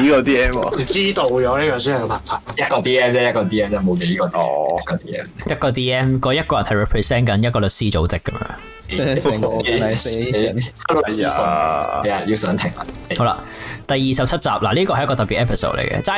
呢個 D M，知道咗呢個先係嘛？一個 D M 啫，一個 D M 就冇幾多個個 D M，一個 D M，嗰一個人係 represent 緊一個律師組織咁樣，即係覆個律師，律師信，你要上庭。好啦，第二十七集嗱，呢個係一個特別 episode 嚟嘅。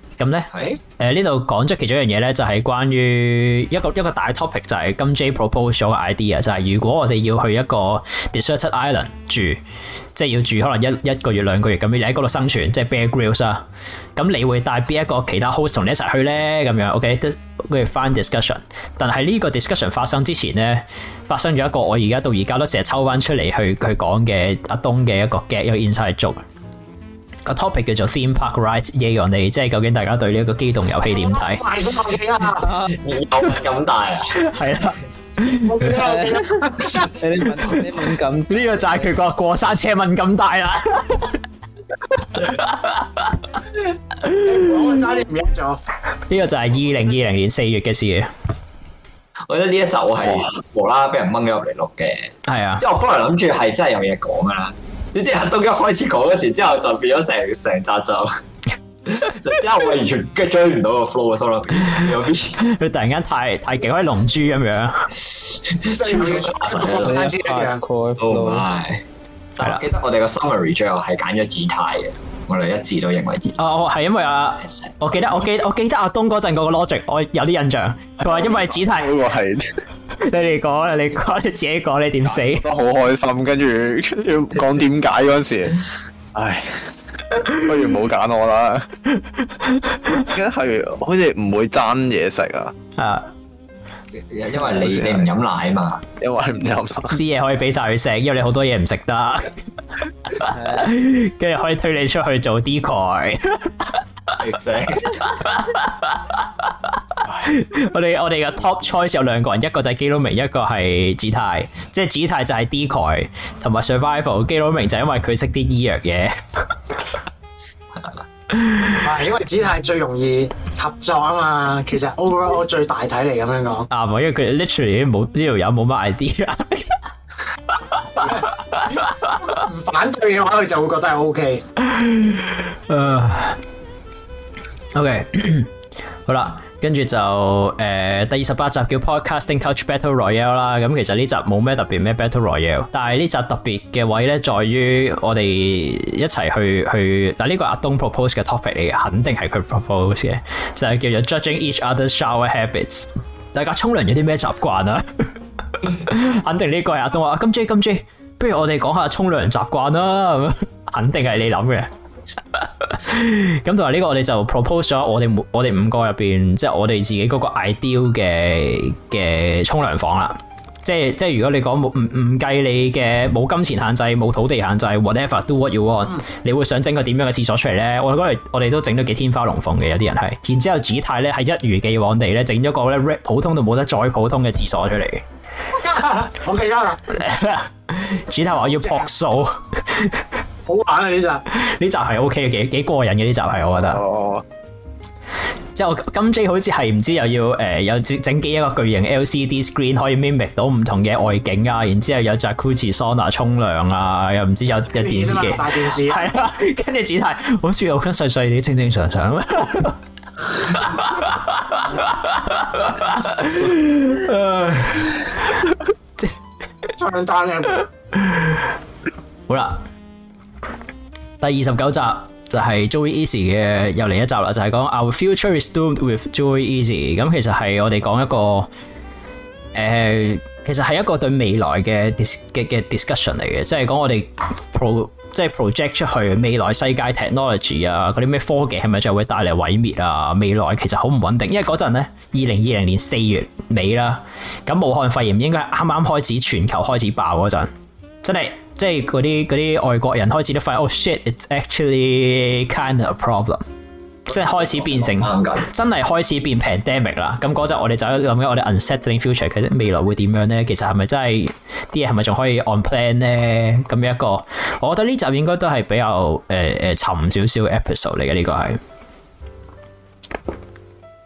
咁咧，誒呢度講咗其中一樣嘢咧，就係、是、關於一個一個大 topic，就係金 J propose 咗嘅 idea，就係如果我哋要去一個 deserted island 住，即係要住可能一一個月兩個月咁，你喺嗰度生存，即係 Bear Grylls 啊，咁你會帶邊一個其他 host 同你一齊去咧？咁樣 OK，跟住翻 discussion。但係呢個 discussion 發生之前咧，發生咗一個我而家到而家都成日抽翻出嚟去去講嘅阿東嘅一個 get 一個 inside job 個 topic 叫做 Theme Park Ride，夜遊地，即、就、係、是、究竟大家對呢一個機動遊戲點睇？快啲睇啊！耳道咁大啊！係 對啦，有啲敏，有啲敏感。呢個就係佢個過山車敏感大啦！ 你我差啲唔一樣。呢、這個就係二零二零年四月嘅事。我覺得呢一集我係無啦啦俾人掹咗入嚟錄嘅。係啊，因為我本來諗住係真係有嘢講噶啦。你即係都一開始講嗰時候之後就變咗成成雜集，就 之後我完全跟追唔到個 flow 啊，有啲，佢突然間太太幾威龍珠咁樣，哈哈超唔開 係啦，記得我哋個 summary 最後係揀咗紫太嘅，我哋一致都認為紫。哦、啊，係因為啊，我記得我記得，我記得阿東嗰陣嗰個 logic，我有啲印象。佢話因為紫太嗰個係，你哋講， 你講，你自己講，你點死？ 我好開心，跟住要講點解嗰時，唉， 不如唔 好揀我啦。真係好似唔會爭嘢食啊！啊、uh.～因為你你唔飲奶嘛，因為你唔飲啲嘢，可以俾晒佢食，因為你好多嘢唔食得，跟住可以推你出去做 decoy。我哋我哋嘅 top choice 有兩個人，一個就係基佬明，一個係 Gtai，即係 Gtai 就係 decoy 同埋 survival。基佬明就係因為佢識啲醫藥嘢。係因為子泰最容易合作啊嘛，其實 overall 最大體嚟咁樣講。啊，唔係，因為佢 literally 冇呢條友冇乜 idea。唔反對嘅話，佢就會覺得係 OK。嗯。OK，好啦。跟住就誒第二十八集叫 Podcasting Couch Battle Royale 啦，咁其實呢集冇咩特別咩 Battle Royale，但係呢集特別嘅位咧，在於我哋一齊去去但呢個阿東 propose 嘅 topic 嚟嘅，肯定係佢 propose 嘅，就係叫做 Judging Each Other's Shower Habits，大家沖涼有啲咩習慣啊？肯定呢個係阿東話金 J 金 J，不如我哋講下沖涼習慣啦，肯定係你諗嘅。咁同埋呢個我哋就 propose 咗我哋五我哋五個入邊，就是，即係我哋自己嗰個 ideal 嘅嘅沖涼房啦。即係即係如果你講唔唔計你嘅冇金錢限制，冇土地限制，whatever do what you want，你會想整個點樣嘅廁所出嚟呢？我哋我哋都整咗幾天花龍鳳嘅，有啲人係。然之後子太呢係一如既往地呢整咗個呢，普通到冇得再普通嘅廁所出嚟。我 太下啦，子太話要撲數。好玩啊！呢集呢集係 O K 嘅，幾幾過癮嘅呢集係，我覺得。哦、oh.。即係我金 J 好似係唔知道又要誒、呃，有整整一個巨型 L C D screen 可以 i m i t a t 到唔同嘅外景啊，然之後有 Jacuzzi sauna 沖涼啊，又唔知道有有電視機、啊、大電視係啊，跟住主題好似又跟細細啲正正常常。大眼大眼，我好好啦。第二十九集就係 Joey Easy 嘅又嚟一集啦，就係、是、講 Our future is doomed with Joey Easy。咁其實係我哋講一個誒、呃，其實係一個對未來嘅嘅嘅 discussion 嚟嘅，即係講我哋 pro 即係 project 出去未來世界 technology 啊，嗰啲咩科技係咪就會帶嚟毀滅啊？未來其實好唔穩定，因為嗰陣呢，二零二零年四月尾啦，咁武漢肺炎應該啱啱開始全球開始爆嗰陣，真係。即係嗰啲嗰啲外國人開始都發現，oh shit，it's actually kind of a problem。 即係開始變成， 真係開始變 pandemic 啦。咁嗰陣我哋就諗緊我哋 unsettling future，其實未來會點樣呢？其實係咪真係啲嘢係咪仲可以 on plan 呢？咁樣一個，我覺得呢集應該都係比較誒誒、呃、沉少少 episode 嚟嘅。呢、呢個係。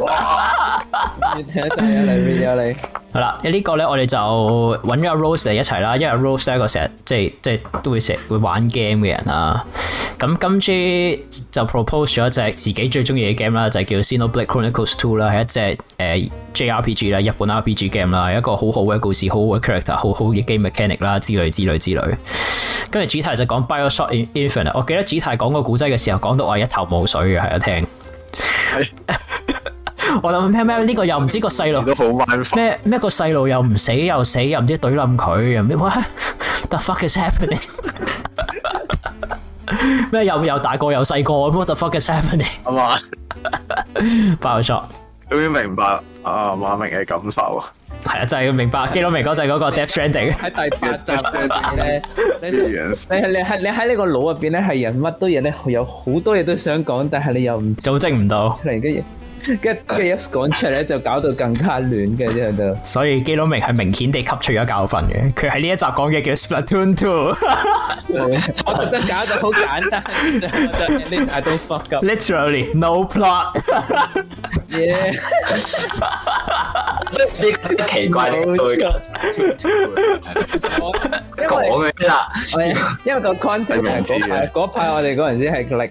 哇！你停一陣啊，你，你，好啦，呢、這個咧，我哋就搵咗 Rose 嚟一齊啦，因為 Rose 咧個成日即係即係都會成日會玩 game 嘅人啦。咁今朝就 propose 咗一隻自己最中意嘅 game 啦，就係叫《Xenoblade Chronicles 2》啦，係一隻誒 JRPG 啦，日本 RPG game 啦，係一個好好嘅故事，好好嘅 character，好好嘅 game mechanic 啦，之類之類之類。跟住主題就講《BioShock Infinite》，我記得主題講個古仔嘅時候，講到我一頭霧水嘅，係啊聽。 我諗咩咩呢個又唔知個細路咩咩個細路又唔死又死又唔知懟冧佢，咩 what the fuck is happening？咩又又大個又細個，what the fuck is happening？唔係，冇錯，咁樣明白啊馬明嘅感受啊，係啊就係要明白。基佬明哥就係嗰個 Death Stranding 喺第八集。你你喺你喺呢個腦入邊咧係人乜都嘢咧，有好多嘢都想講，但係你又唔組織唔到，突然間。跟住一講出嚟咧，就搞到更加亂嘅喺度。所以基佬明係明顯地吸取咗教訓嘅。佢喺呢一集講嘅叫 Splatoon 2。我覺得搞到好簡單。 At least I don't fuck up. Literally no plot. Yes.、Yeah. 呢 奇怪嘅嘢。 什 我因為啦，因為， 因為那個 content 嗰派我哋嗰陣時係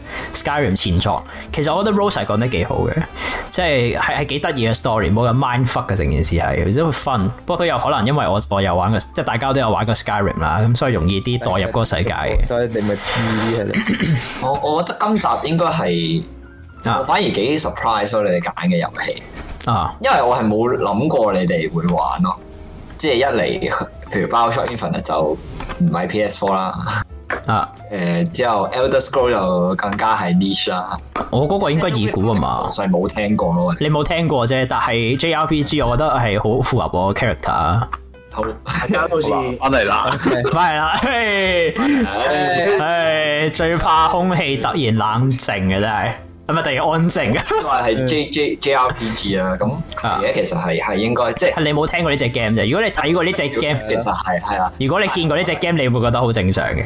Skyrim 前作，其實我覺得 Rose 係講得幾好嘅，即係係係幾得意嘅 story，冇咁 mind fuck 嘅成件事係，而且 fun。不過都有可能因為我我有玩過，即係大家都有玩過 Skyrim 啦，咁所以容易啲代入嗰個世界。所以你咪豬係我我覺得今集應該係，反而幾 surprise 你哋揀嘅遊戲啊，因為我係冇諗過你哋會玩咯。即係一嚟，譬如 Bioshock Infinite 就唔買 PS4 啦。啊，誒，之後 Elder Scrolls 又更加係 niche 啦。我嗰個應該易估啊嘛，係冇聽過咯。你冇聽過啫，但係 JRPG 我覺得係好符合我、啊這個、character。好，大家到時翻嚟啦，翻嚟啦。誒 ，okay. 最怕空氣突然冷靜嘅真係，係咪突然安靜嘅？ 因為係 J, J J JRPG 啊，咁而家其實係係、ah. 應該，即、就、係、是、你冇聽過呢隻 game 啫。如果你睇過呢隻 game，其實係係啦。如果你見過呢隻 game，你會覺得好正常嘅。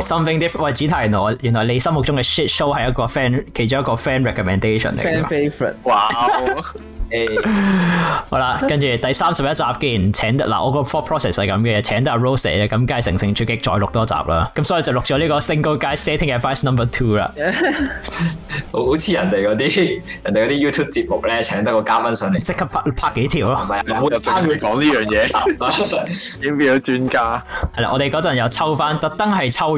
something different，主題我原來你心目中嘅 shit show 係一個 fan 其中一個 fan recommendation 嚟嘅 fan favorite 哇！誒， 好啦，跟住第三十一集，既然請得嗱，我個 four process 係咁嘅，請得阿 Rose 咧，咁梗係乘勝追擊，再錄多集啦。咁所以就錄咗呢個個《Single Guys Stating Advice Number Two》啦。 好好似人哋嗰啲人哋嗰啲 YouTube 節目咧，請得個嘉賓上嚟，即刻拍拍幾條咯。唔、啊、係，我特登要講呢樣嘢，點變咗專家？係 啦、嗯，我哋嗰陣又抽翻，特登係抽。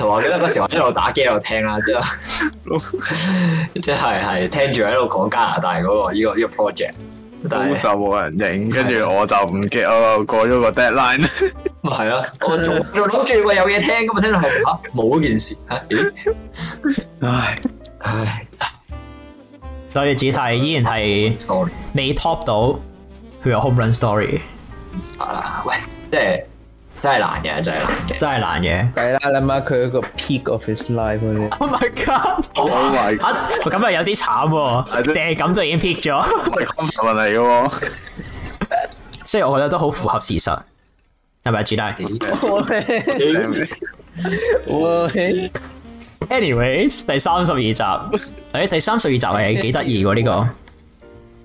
同埋，我記得嗰時我一路打機，一路聽啦，即係即係係聽住喺度講加拿大嗰、那個呢、這個依、這個 project，但係就冇人影，跟住我就唔記得 我過咗個 deadline。咪係啊，我仲仲諗住會有嘢聽咁嘛，我聽到吓冇、啊、件事。啊、唉唉，所以主題依然係，sorry，未 top 到《佢有 Home Run Story》。好喂，即係。真係難嘅，真係難嘅，真係難嘅。係啦，諗下佢嗰個 peak of his life Oh my god！咁又、oh 啊、有啲慘喎，淨係咁就已經 peak 咗。係嚟嘅。雖然我覺得都好符合事實，係咪啊，主持 Anyway，第三十二集，誒、哎，第三十二集係幾得意喎呢個。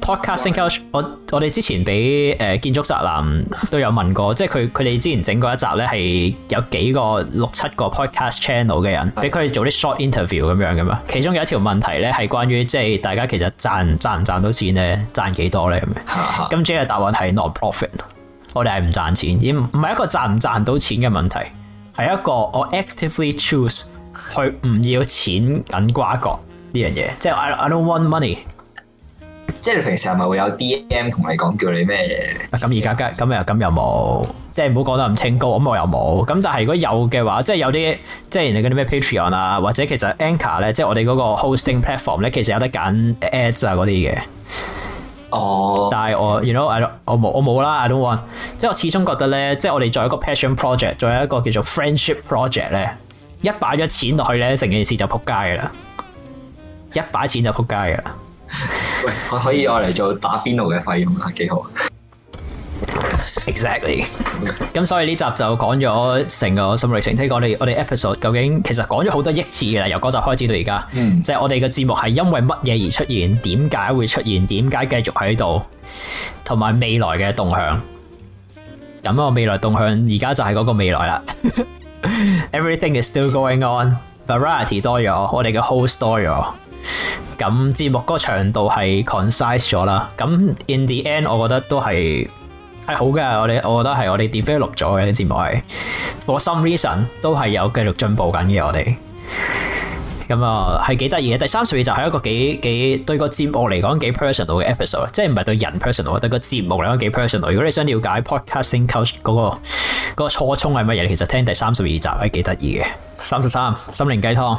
Podcasting Couch，我我哋之前俾、呃、建築宅男都有問過，即係佢佢哋之前整過一集咧，係有幾個六七個 podcast channel 嘅人俾佢哋做啲 short interview 咁樣嘅嘛。其中有一條問題咧，係關於即係大家其實賺賺唔賺到錢咧，賺幾多咧咁樣。咁 J 嘅答案係 non-profit，我哋係唔賺錢，唔係一個賺唔賺到錢嘅問題，係一個我 actively choose 去唔要錢銀瓜葛呢樣嘢，即係 I don't want money。即係你平時係咪會有 DM 同你講叫你咩嘢？咁而家咁咁又咁又冇，即係唔好講得咁清高。咁我又冇。咁但係如果有嘅話，即係有啲即係人哋嗰啲咩 Patreon 啊，或者其實 Anchor 咧，即係我哋嗰個 hosting platform 咧，其實有得揀 ads 啊嗰啲嘅。哦、oh.。但係我，you know，I don't，我冇，我冇啦。I don't want 即。即係我始終覺得咧，即係我哋做一個 passion project，做一個叫做 friendship project 咧，一擺咗錢落去咧，成件事就扑街噶啦。一擺錢就扑街噶啦。 喂，可可以我嚟做打邊爐嘅費用啊，幾好？Exactly。 咁所以呢集就講咗成個心路歷程，即係我哋我哋 episode 究竟其實講咗好多億次嘅啦，由嗰集開始到而家，嗯，即係我哋嘅節目係因為乜嘢而出現，點解會出現，點解繼續喺度，同埋未來嘅動向。咁啊，未來動向而家就係嗰個未來啦。 Everything is still going on. Variety 多嘢哦，我哋嘅 whole story 哦。咁節目嗰個長度係 concise 咗啦，咁 in the end 我覺得都係係好嘅，我哋我覺得係我哋 develop 咗嘅啲節、這個、目係，for some reason 都係有繼續進步緊嘅我哋。咁啊係幾得意嘅，第三十二集係一個幾幾對個節目嚟講幾 personal 嘅 episode，即係唔係對人 personal，但個節目嚟講幾 personal。如果你想了解 Podcasting Couch 嗰、那個嗰、那個初衷係乜嘢，其實聽第三十二集係幾得意嘅。三十三心靈雞湯。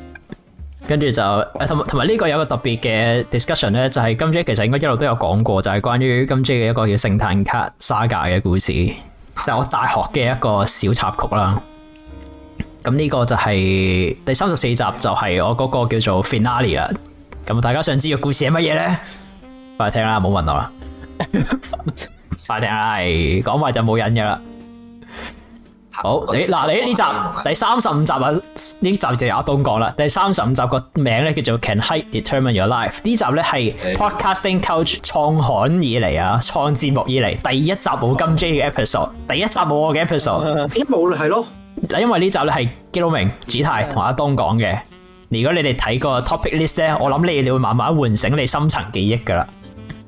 跟住就，誒同埋同埋呢個有個特別嘅 discussion 咧，就係金追其實應該一路都有講過，就係、是、關於金追嘅一個叫聖誕卡 Saga 嘅故事，就係、我大學嘅一個小插曲啦。咁呢個就係第三十四集，就係我嗰個叫做 Finale 啦。咁大家想知嘅故事係乜嘢咧？快聽啦，唔好問我啦， 快聽啦，講埋就冇癮嘅啦。好你嗱，你呢集第三十五集啊，呢集就有阿東講啦。第三十五集個名咧叫做《Can Height Determine Your Life》呢集咧係 Podcasting Coach 創刊以嚟啊，創節目以嚟第一集冇金 J 嘅 episode，第一集冇我嘅 episode，一冇係咯囉！因為呢集咧係基隆明、子泰同阿東講嘅。如果你哋睇過 topic list 咧，我諗你哋會慢慢喚醒你深層記憶噶啦。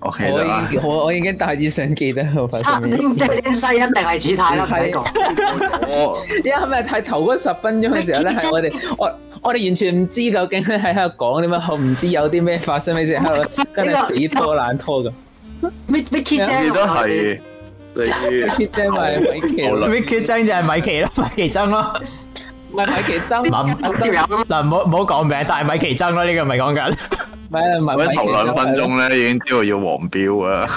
我已我我已經大致上記得，發生咩？差啲西一定係紫太啦，唔使講。我因為睇頭嗰十分鐘嘅時候咧，係我哋我我哋完全唔知究竟咧喺度講啲乜，我唔知有啲咩發生咩事喺度，真、oh、係死拖爛、啊、拖咁。Vicky 張亦都係，你咪米奇咯？Vicky 張就係米奇咯，米奇張咯。唔係米奇爭，嗱，唔好唔好講名，但係米奇爭咯。呢個咪講緊，咪咪頭兩分鐘咧已經知道要黃標啊。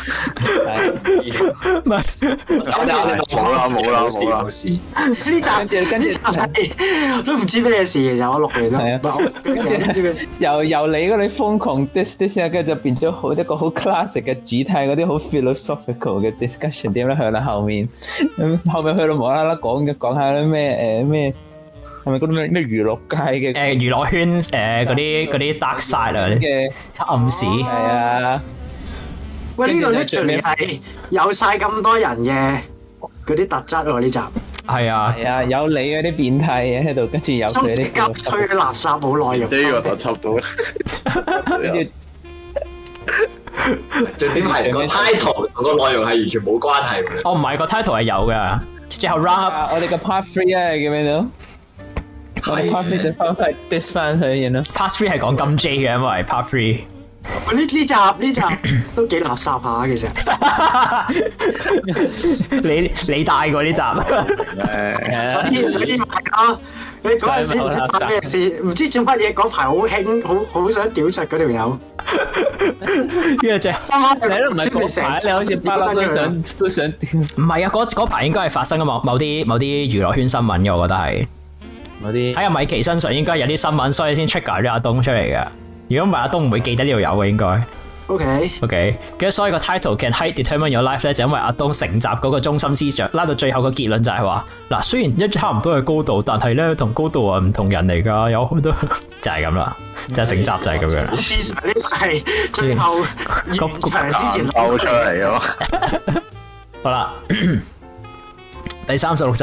好啦好啦好啦，呢站嘅，跟呢站都唔知咩事，就我落嚟咯。係啊，跟住由由你嗰啲瘋狂 discussion，跟住就變咗好多個好 classic 嘅主題，嗰啲好 philosophical 嘅 discussion，點咧響到後面，咁後面去到無啦啦講講下啲咩誒咩？係咪嗰啲咩咩娛樂界嘅？誒，娛樂圈誒，嗰啲嗰啲 dark side 嘅暗史。係啊。喂，呢度啲劇情係有晒咁多人嘅嗰啲特質喎呢集。係啊係啊，有你嗰啲變態嘢喺度，跟住有佢啲垃圾冇內容。呢個就差唔多啦。跟住，即係點，係個 title 同個內容係完全冇關係嘅。哦，唔係個 title 係有嘅。最後 round up 我哋嘅 part three 咧叫咩咧？我哋 part three 就翻晒 discussion 咯。part three 係講金 J 嘅，因為 part three 呢呢集呢集都幾垃圾下嘅，其實。你你帶過呢集？係。隨變隨變埋咯。你嗰陣時做咩事？唔知做乜嘢嗰排好興，好好想屌柒嗰條友。呢個就心口嚟咯，唔係成日你好似巴拉都想都想屌。唔係啊，嗰嗰排應該係發生咗，某啲某啲娛樂圈新聞嘅，我覺得係。喺阿米奇身上應該有啲新聞，所以先 trigger 咗阿東出嚟嘅。如果唔係阿東唔會記得呢度有嘅應該。O K O K。咁所以個 title can height determine your life 咧，就因為阿東成集嗰個中心思想，拉到最後個結論就係話，嗱雖然一差唔多係高度，但係咧同高度啊唔同人嚟噶，有好多 就係咁啦，就係、是、成集就係咁樣。思想呢塊最後之前偷出嚟咯。好啦，第三十六集。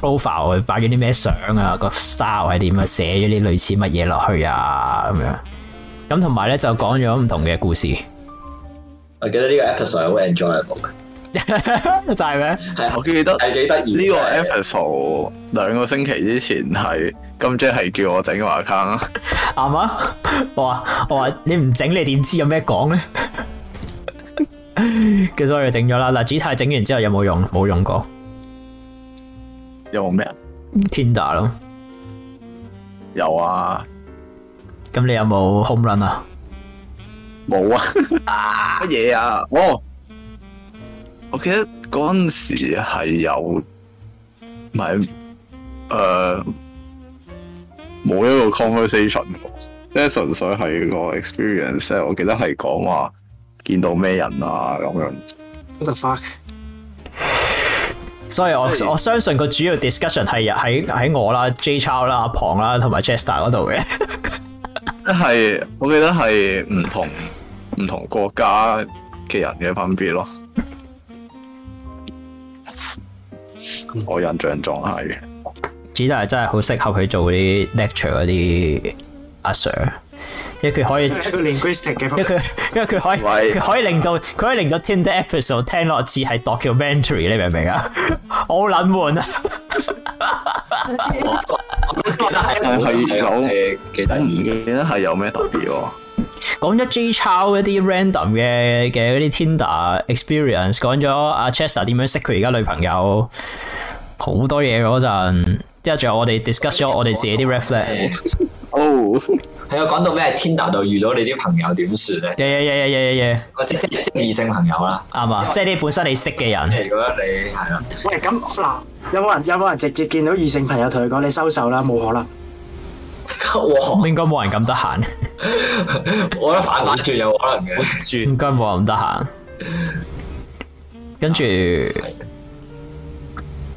profile 佢擺咗啲咩相啊？個 style 係點啊？寫咗啲類似乜嘢落去啊？咁樣咁同埋咧就講咗唔同嘅故事。我記得呢個 episode 好 enjoyable， 就係是咩嗎？ 我記得係幾得意。呢個 episode 兩個星期之前係金姐係叫我整畫卡，啱 啊？ 我話我話你唔整你點知有咩講咧？ 其實我哋整咗啦。嗱，子泰整完之後有冇用？冇用過。有冇咩啊？Tinder 咯，有啊。咁你有冇 Home Run 啊？冇啊， 啊。乜嘢啊？哦，我記得嗰陣時係有，唔係誒，冇、呃、一個 conversation，即係純粹係個 experience。我記得係講話見到咩人啊咁樣。What the fuck？所以我我相信個主要 discussion 係喺喺我啦、J 超啦、啊、阿 Pong 啦同埋 Jester 嗰度嘅。即係，我記得係唔同唔 同國家嘅人嘅分別咯。我印象中係 Jester 真係好適合去做啲 lecture 嗰啲阿 Sir。因為佢可以，因為佢因為佢可以，可以令到佢可以令到 Tinder episode 聽落似係 documentary，你明唔明 冷啊， 啊？我好撚悶啊！我係講其他唔記得係有咩特別？講咗 G 抄一啲 random 嘅嘅啲 Tinder experience，講咗阿 Chester 點樣識佢而家女朋友，好多嘢嗰陣。之、就是、後仲有我哋 discuss 咗我哋自己啲 reflect、嗯。哦，係啊，講 到咩什？Tinder 度，遇到你啲朋友點算咧？耶耶耶耶耶即即即異性朋友啦，啱啊，即係啲本身你識嘅人。即係如果你係啊，喂，咁嗱，有冇人有冇人直接見到異性朋友同佢講你收手啦？冇可能。應該 我應該冇人咁得閒。我覺得反反最有可能嘅，轉。唔 該，冇人咁得閒。跟住。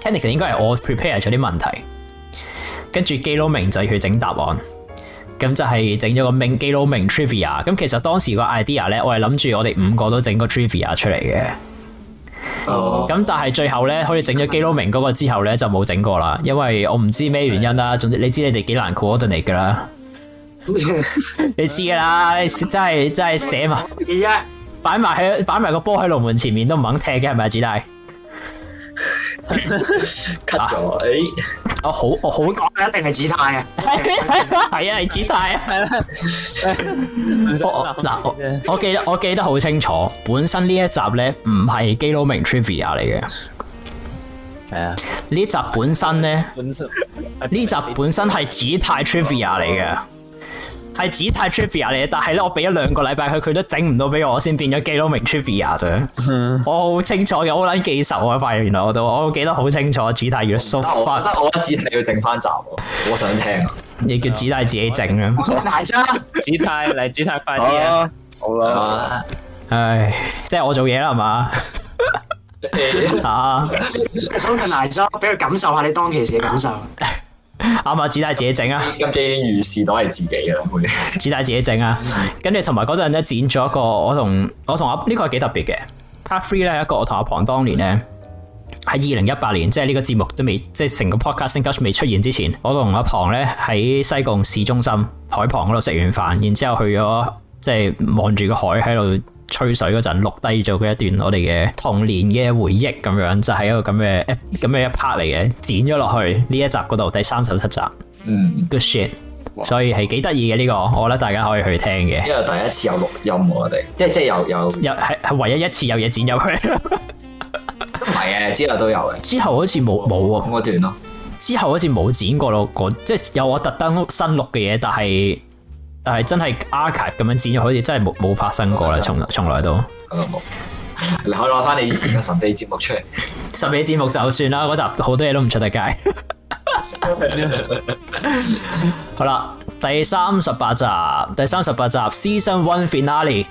Tennis 應該係我 prepare 咗啲問題，跟住基佬明就要去整答案，咁就係整咗個名基佬明 trivia。咁其實當時個 idea 咧，我係諗住我哋五個都整個 trivia 出嚟嘅。哦。咁但係最後咧，好似整咗基佬明嗰個之後咧，就冇整過啦，因為我唔知咩原因啦。總之你知你哋幾難 coordinate 㗎啦。你知㗎啦， 真係真係寫埋，擺埋喺擺埋個波喺龍門前面都唔肯踢嘅係咪？子弟。 咳咗了，誒， 我好，我好講一定係指太啊，係 啊，係指太啊，係 啦。我嗱，我記得，我記得好清楚，本身呢一集咧唔係《基佬明 Trivia》嚟嘅，係啊，呢集本身咧，呢集本身係指太《Trivia》嚟嘅。係 Gtai trivia 嚟，嘅，但係咧我俾咗兩個禮拜佢，佢都整唔到俾我，先變咗幾多名 trivia 啫、嗯。我好清楚嘅，好難記熟，我發現原來我都，我記得好清楚。Gtai 越縮翻，我覺得我 Gtai 要整翻集。我想聽，你叫 Gtai 自己整啊！大 師 ，Gtai 嚟，Gtai 快啲啊！好啦，好 唉，即、就、係、是、我做嘢啦，係嘛？啊， 蘇神大師，俾佢感受下你當其時嘅感受。啱啊！紫帶自己整啊，今啲魚士多係自己嘅，紫 帶自己整啊。跟住同埋嗰陣咧剪咗一個，我同我同阿呢個係幾特別嘅 Part Three 咧，一個我同、這個、阿龐當年咧喺二零一八年，即係呢個節目都未，即係成個 Podcasting Couch 未出現之前，我同阿龐咧喺西貢市中心海旁嗰度食完飯，然之後去咗即係望住個海喺度。吹水嗰陣錄低咗佢一段我哋嘅童年嘅回憶咁樣，就係一個咁嘅咁嘅一 part 嚟嘅，剪咗落去呢一集嗰度第三十七集。嗯，good shit，所以係幾得意嘅呢個，我覺得大家可以去聽嘅。因為第一次有錄音我哋，即係即係有有有係係唯一一次有嘢剪入去。唔係啊，之後都有嘅，之後好似冇冇喎，嗰段咯、啊。之後好似冇剪過咯，嗰即係有我特登新錄嘅嘢，但係。但係真係 archive 咁樣剪咗，好似真係冇冇發生過啦，從從來都咁又冇。 回你可以攞翻你以前嘅神秘節目出嚟， 神秘節目就算啦，嗰集好多 好多嘢都唔出得街。好啦，第三十八集，第三十八集，第三十八集，Season One Finale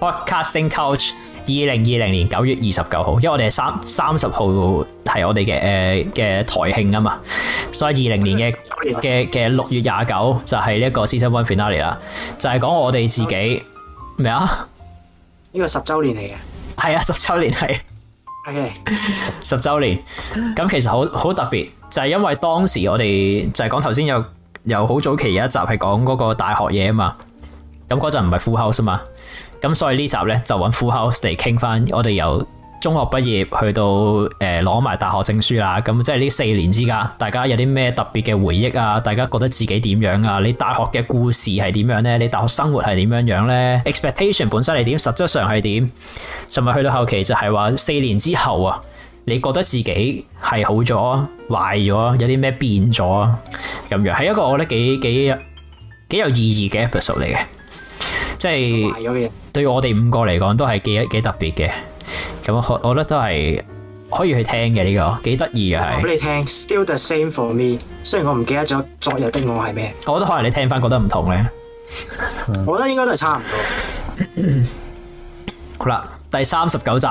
Podcasting Couch。二零二零年九月二十九號，因為我哋係三三十號係我哋嘅，誒嘅台慶啊嘛，所以二零年嘅嘅嘅六月廿九就係呢一個《Season One Finale》啦，就係講我哋自己咩啊？呢個十周年嚟嘅，係、就是、啊，十周年係係 十周年，咁其實好好特別，就係、是、因為當時我哋就係講頭先有有好早期有一集係講嗰個大學嘢啊嘛，咁嗰陣唔係 full house 啫嘛。咁所以呢集呢，就搵 Full House 嚟傾翻，我哋由中學畢業去到誒攞埋大學證書啦，咁即係呢四年之間，大家有啲咩特別嘅回憶啊？大家覺得自己點樣啊？你大學嘅故事係點樣呢？你大學生活係點樣樣呢？Expectation 本身係點？實質上係點？甚至去到後期就係話四年之後啊，你覺得自己係好咗、壞咗、有啲咩變咗？咁樣係一個我覺得幾幾幾有意義嘅 episode 嚟嘅。即係對我哋五個嚟講都係幾幾特別嘅，咁我我覺得都係可以去聽嘅呢個，幾得意嘅係。俾你聽 Still the same for me，雖然我唔記得咗昨日的我係咩，我覺得可能你聽翻覺得唔同咧， 我覺得應該都係差唔多。 好啦，第三十九集，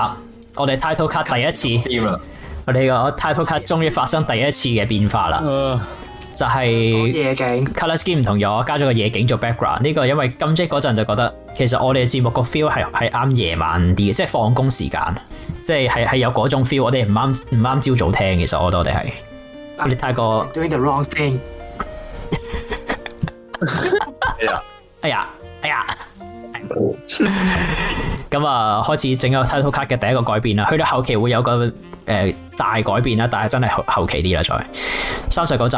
我哋 Title Card 第一次， 我哋個 Title Card 終於發生第一次嘅變化啦。 就係、是、夜景 color scheme 唔同咗，加咗個夜景做 background。呢個因為金 jack 嗰陣就覺得，其實我哋嘅節目個 feel 係係啱夜晚啲嘅，即、就、係、是、放工時間，即係係係有嗰種 feel 我我。我哋唔啱唔啱朝早聽，其實我哋我哋係你太過 doing the wrong thing。 yeah. 哎呀，哎呀，哎呀，咁啊，開始整個 title card 嘅第一個改變啦。去到後期會有個誒大改變啦，但係真係後後期啲啦。再三十九集。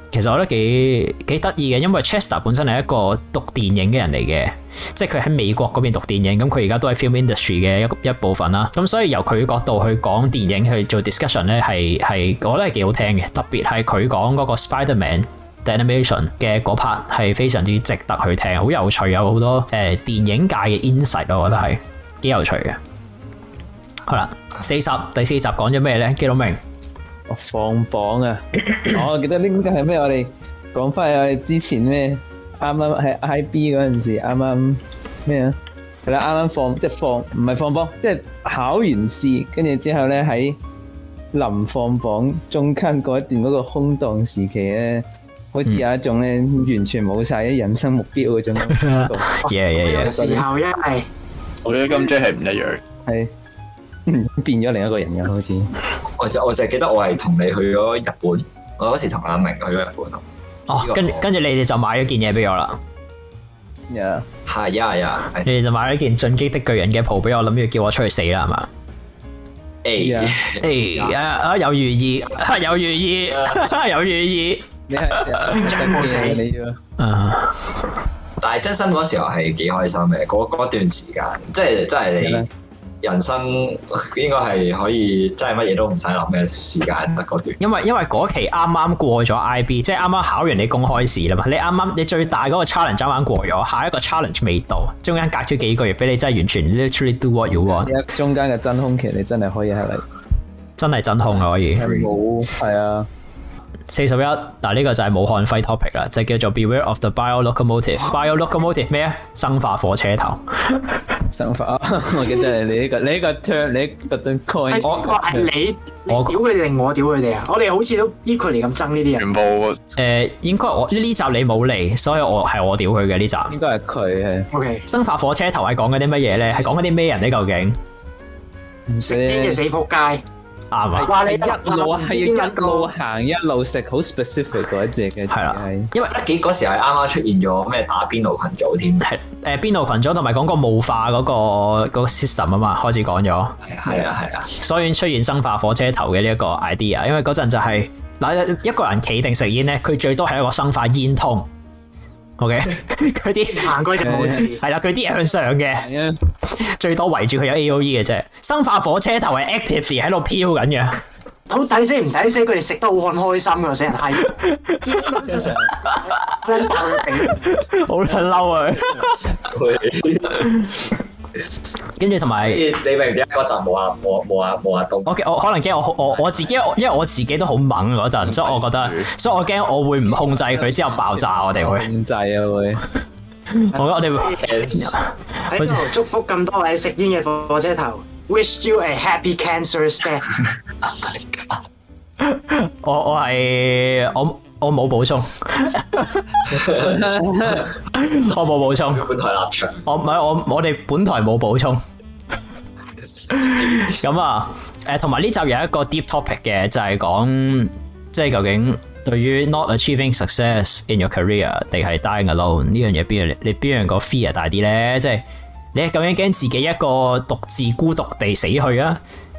其實我覺得幾幾得意嘅，因為 Chester 本身係一個讀電影嘅人嚟嘅，即係佢喺美國嗰邊讀電影，咁佢而家都係 film industry 嘅一一部分啦。咁所以由佢角度去講電影去做 discussion 咧，係係我覺得係幾好聽嘅。特別係佢講嗰個 Spider-Man animation 嘅嗰 part 係非常之值得去聽，好有趣，有好多誒電影界嘅 insight 咯，我覺得係幾有趣嘅。好啦，第四集第四集講咗咩咧？記到明。放榜啊！我、 哦、記得呢個係咩？我哋講翻我哋之前咩？啱啱喺 IB 嗰陣時，啱啱咩啊？係啦，啱啱放即係放，唔係放榜，即係考完試，跟住之後咧喺臨放榜中間嗰段嗰個空檔時期咧，好似有一種咧完全冇晒啲人生目標嗰種。Yeah yeah yeah！時候一係我覺得今朝係唔一樣。係。變咗另一個人嘅，好似 我就我就記得我係同你去咗日本，我嗰時同阿明去咗日本哦、oh。跟住跟住你哋就買咗件嘢俾我啦。呀，係呀係呀，你哋就買咗件進擊的巨人嘅袍俾我，諗住叫我出去死啦，係嘛？哎、yeah. 呀、yeah. yeah. yeah. yeah. yeah. 有寓意，yeah. 有寓意，有寓意。你係想冇死你要？啊、uh.！但係真心嗰時候係幾開心嘅，嗰段時間，即係即係你。Yeah. 人生應該係可以真係乜嘢都唔使諗嘅時間得嗰段。因為因為嗰期啱啱過咗 IB，即係啱啱考完你公開試啦嘛。你啱啱你最大嗰個 challenge 啱啱過咗，下一個 challenge 未到，中間隔咗幾個月俾你真係完全 literally do what you want。你中間嘅真空期，你真係可以係嚟，真係真空可以。係、嗯、冇，係啊。四十一，嗱呢個就係武漢輝 topic 啦，就叫做 Beware of the Bio locomotive，Bio locomotive 咩啊？生化火車頭， 生化，我記得你呢、這個 你呢、這個你呢、這個 turn c 係你、這個，我屌佢哋，我屌佢哋啊！我哋好似都依距離咁憎呢啲人，全部誒、呃，應該我呢集你冇嚟，所以我係我屌佢嘅呢集，應該係佢，O K，生化火車頭係講緊啲乜嘢咧？係講緊啲咩人呢？究竟唔食啲嘅死仆街。啊！話你一路係一,一路行一路食，好 specific 嗰一隻嘅。係啦，係。因為得幾嗰時係啱啱出現咗咩打邊爐群組添。係誒邊爐群組同埋講個霧化嗰個嗰個 system 啊嘛，開始講咗。係啊係啊係啊，所以出現生化火車頭嘅呢一個 idea，因為嗰陣就係、係、嗱一個人企定食煙咧，佢最多係一個生化煙通。O.K. 佢 啲行過就冇事，係 啦，佢啲向上嘅， 最多圍住佢有 A.O.E. 嘅啫。生化火車頭係 active 喺度飄緊嘅，好抵死唔抵死？佢哋食得好開心噶，成日閪，好撚嬲啊！ 跟住同埋，你明唔明？嗰陣冇啊冇冇啊冇啊凍。我我可能驚我我我自己，因為我自己都好猛嗰陣，所以我覺得，所以我驚我會唔控制佢之後爆炸我。我哋會控制啊會。好 我哋喺度祝福咁多位食煙嘅火車頭。Wish you a happy cancer death 我我係我。我我冇補充， 我冇補有充。 本台立場我，我唔係我我哋本台冇補充。 咁 啊，誒，同埋呢集有一個 deep topic 嘅，就係、是、講，即、就、係、是、究竟對於 not achieving success in your career 定係 dying alone 呢樣嘢，邊樣你邊樣個 fear 大啲咧？即、就、係、是、你係究竟驚自己一個獨自孤獨地死去啊？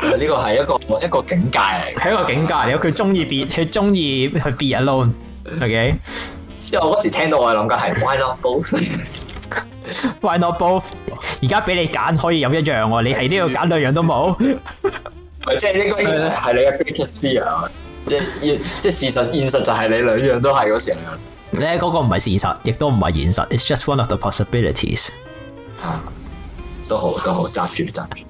呢個係一個一個境界嚟，係一個境界嚟。佢中意 B，佢中意去 be alone。OK。因為我嗰時聽到我嘅諗嘅係 Why not both？Why not both？而家俾你揀，可以有一樣喎。你係呢度揀兩樣都冇， 即係應該係你嘅 biggest fear 即。即係即係事實，現實就係你兩樣都係嗰時嚟。咧、那、嗰個唔係事實，亦都唔係現實。It's just one of the possibilities、啊。吓，都好都好，揸住揸住。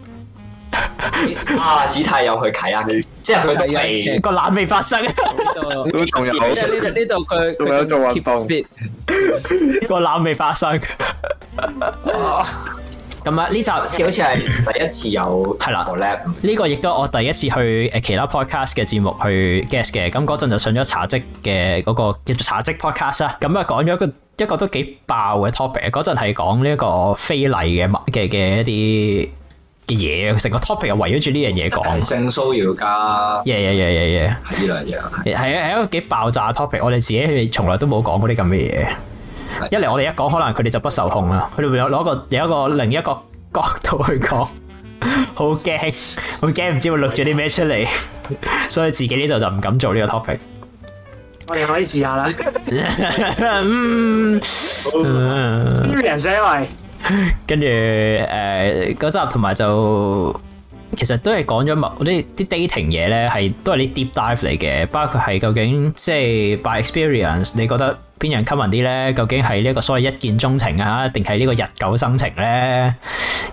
啊！子太又去睇啊，即係佢哋未個冷未發生 這裡。呢度佢做個冷未發生 這。咁啊，呢集好似係第一次有係啦。呢、這個亦都我第一次去誒其他 podcast 嘅節目去 guest 嘅。咁嗰陣就上咗茶職嘅嗰個叫做茶職 podcast 啊。咁啊，講咗一個都幾爆嘅 topic。嗰陣係講呢個非禮嘅物嘅嘅一啲嘢，成個 topic 係圍繞住呢樣嘢講。性騷擾㗎。yeah yeah yeah yeah yeah，呢兩樣係啊係一個幾爆炸嘅 topic。我哋自己從來都冇講過啲咁嘅嘢。一嚟我哋一講，可能佢哋就不受控啦。佢哋會攞攞個有一個另一個角度去講，好驚，好驚唔知會錄住啲咩出嚟。所以自己呢度就唔敢做呢個 topic。我哋可以試下啦。嗯。黐住人聲嚟。跟住誒，嗰、呃、集同埋就其實都係講咗某啲啲 dating 嘢咧，係都係啲 deep dive 嚟嘅。包括係究竟即係 by experience，你覺得邊樣吸引啲咧？究竟係呢個所謂一見鍾情啊，定係呢個日久生情咧？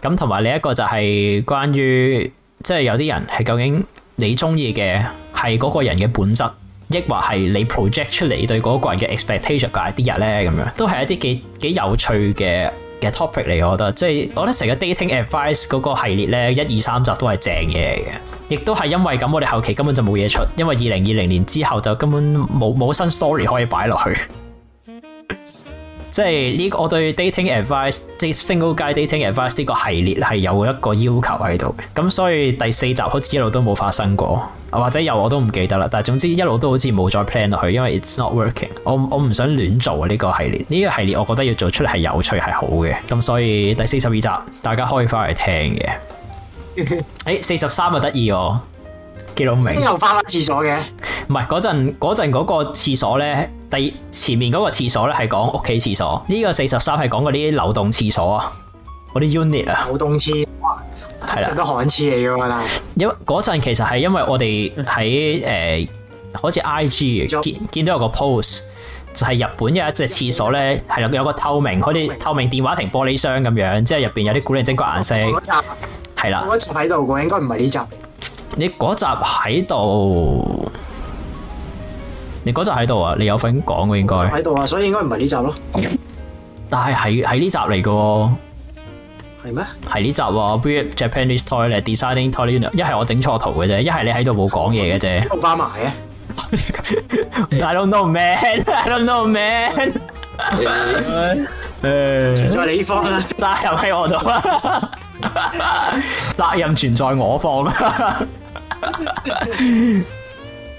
咁同埋另一個就係關於即係有啲人係究竟你中意嘅係嗰個人嘅本質，抑或係你 project 出嚟對嗰個人嘅 expectation 界啲日咧，咁樣都係一啲幾幾有趣嘅，嘅 topic 嚟，我覺得即係我覺得成個 dating advice 嗰個系列咧，一二三集都係正嘢嚟嘅，亦都係因為咁，我哋後期根本就冇嘢出，因為二零二零年之後就根本冇冇新 story 可以擺落去。即係呢個我對 dating advice 即 Single Guy dating advice 呢個系列係有一個要求喺度，咁所以第四集好似一路都冇發生過，或者又我都唔記得啦。但係總之一路都好似冇再 plan 落去，因為 it's not working 我。我我唔想亂做啊呢個系列，呢、這個系列我覺得要做出嚟係有趣係好嘅，咁所以第四十二集大家可以翻嚟聽嘅。 誒，四十三啊得意哦，記到明又翻廁所嘅，唔係嗰陣嗰陣嗰個廁所咧。第前面嗰個廁所咧係講屋企廁所，呢個四十三係講嗰啲流動廁所啊，嗰啲 unit 啊，流動廁係啦，都寒廁嚟噶嘛？因嗰陣其實係因為我哋喺誒，好似 IG 見見到有個 post 就係日本有一隻廁所咧，係有個透明，好似透明電話亭玻璃箱咁樣，即係入邊有啲古靈精怪顏色。係啦，嗰集喺度嘅，應該唔係呢集。你嗰集喺度。你嗰集喺度啊，你有份講嘅應該喺度啊，所以應該唔係呢集咯。但係喺喺呢集嚟嘅，係咩？係呢集啊，British Japanese toilet designing toilet。一係我整錯圖嘅啫，一係你喺度冇講嘢嘅啫。奧巴馬啊？I don't know man. I don't know man。存在你方，責任喺我度。責任存在我方。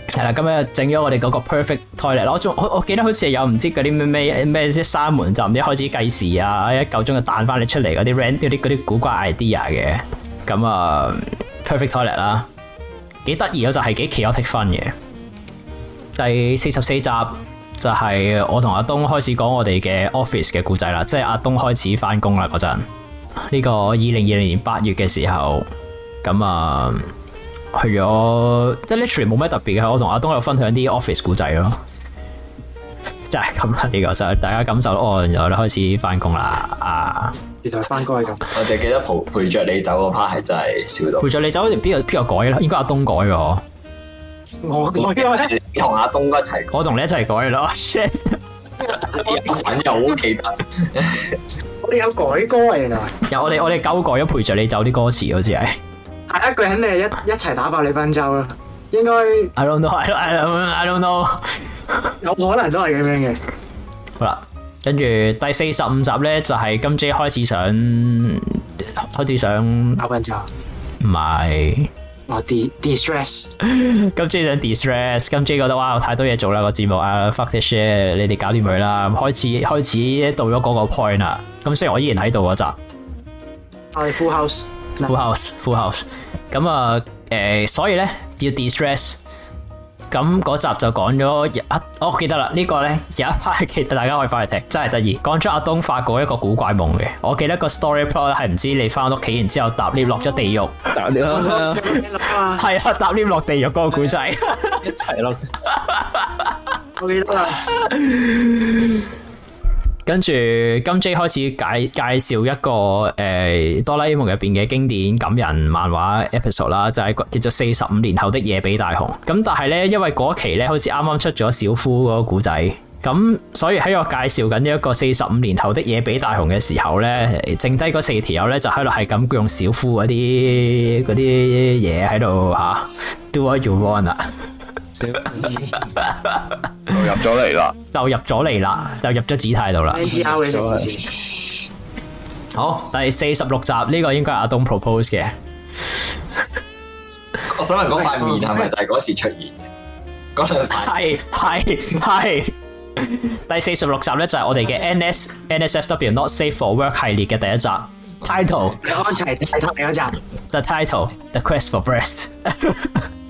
係啦，咁樣整咗我哋嗰個 perfect toilet，我仲我我記得好似有唔知嗰啲咩咩咩啲閂門就唔知開始計時啊，一夠鐘就彈翻你出嚟嗰啲 r 啲啲古怪 idea 嘅，咁啊 perfect toilet 啦，幾得意咯，就係幾奇咯，踢分嘅。第四十四集就係我同阿東開始講我哋嘅 office 嘅故仔啦，即係阿東開始翻工啦嗰陣，呢個二零二零年八月嘅時候，咁啊。係啊，即係 literally 冇咩特別嘅，我同阿東有分享啲 office 古仔咯，就係咁啦。呢、呢個就係大家感受咯。哦，然後咧開始翻工啦，啊，你再翻歌嚟，我淨係記得陪陪着你走嗰 part 係真係笑到。陪著你走邊個邊個改啦？應該阿東改噶。我我因為同阿東一齊，我同、啊、你一齊改咯。 我粉又屋企得， 我哋有改歌嚟噶。 有我哋我哋搞改咗陪着你走啲歌詞好似係。係一個人一，你係一一齊打爆你斌州咯，應該。I don't know, I don't, I don't, I don't know。 有可能都係咁樣嘅。好啦，跟住第四十五集咧，就係金 J 開始想開始想打斌州。唔係。我、oh, d distress。金 J 想 distress，金 J 覺得哇我太多嘢做啦，這個節目啊，fuck this shit，你哋搞掂佢啦，開始開始到咗嗰個 point 啦，咁雖然我依然喺度嗰集。係 full house。副 house，副 house。咁啊，誒，所以咧要 distress、啊。咁嗰集就講咗一，哦，記得啦，這個、呢個咧有一 part，其實大家可以翻嚟聽，真係得意。講咗阿東發過一個古怪夢嘅，我記得個 story plot 係唔知你翻屋企然之後搭 lift 落咗地獄，係啊，搭 lift 落地獄嗰個古仔，一齊落。 我記得啦。跟住今 J 開始，介介紹一個誒，哆啦 A 夢入邊嘅經典感人漫畫 episode 啦，就係叫做四十五年後的野比大雄。咁但係咧，因為嗰期咧好似啱啱出咗小夫嗰個故仔，咁所以喺我介紹緊呢一個四十五年後的野比大雄嘅時候咧，剩低嗰四條友咧就喺度係咁用小夫嗰啲嗰啲嘢喺度嚇，do what you want 啊！入咗嚟啦，就入咗嚟啦，就入咗指態度啦。好，第四十六集呢個應該係阿東 propose 嘅。我想問嗰塊面係咪就係嗰時出現嘅？係係係。第四十六集咧就係我哋嘅 NS NSFW Not Safe for Work 系列嘅第一集。Title 剛才睇到咩嘢啫？The title The Quest for Breast。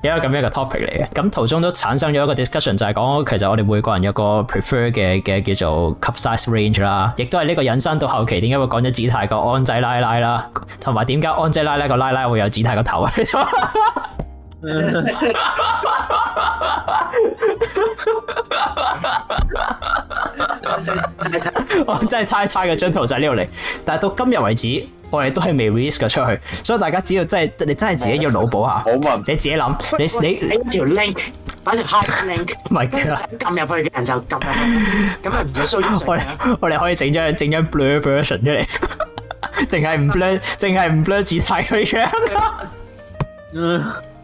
有一個咁樣嘅 topic 嚟嘅，咁途中都產生咗一個 discussion，就係講其實我哋每個人有個 prefer 嘅嘅叫做 cup size range 啦，亦都係呢個引申到後期點解會講咗紫太個安仔拉拉啦，同埋點解安仔拉拉個拉拉會有紫太個頭？ 我真再猜猜嗰張圖就係呢度嚟，但係到今日為止，我哋都係未 release 個出去，所以大家只要真係，你真係自己要腦補下，好你自己諗，你你條 link，反正 h i d d link，唔係，撳入 去嘅人就撳，咁又唔使 show i m a 我哋可以整張整張 blur version 出嚟，淨係唔 blur，淨係唔 blur 只睇佢嘅。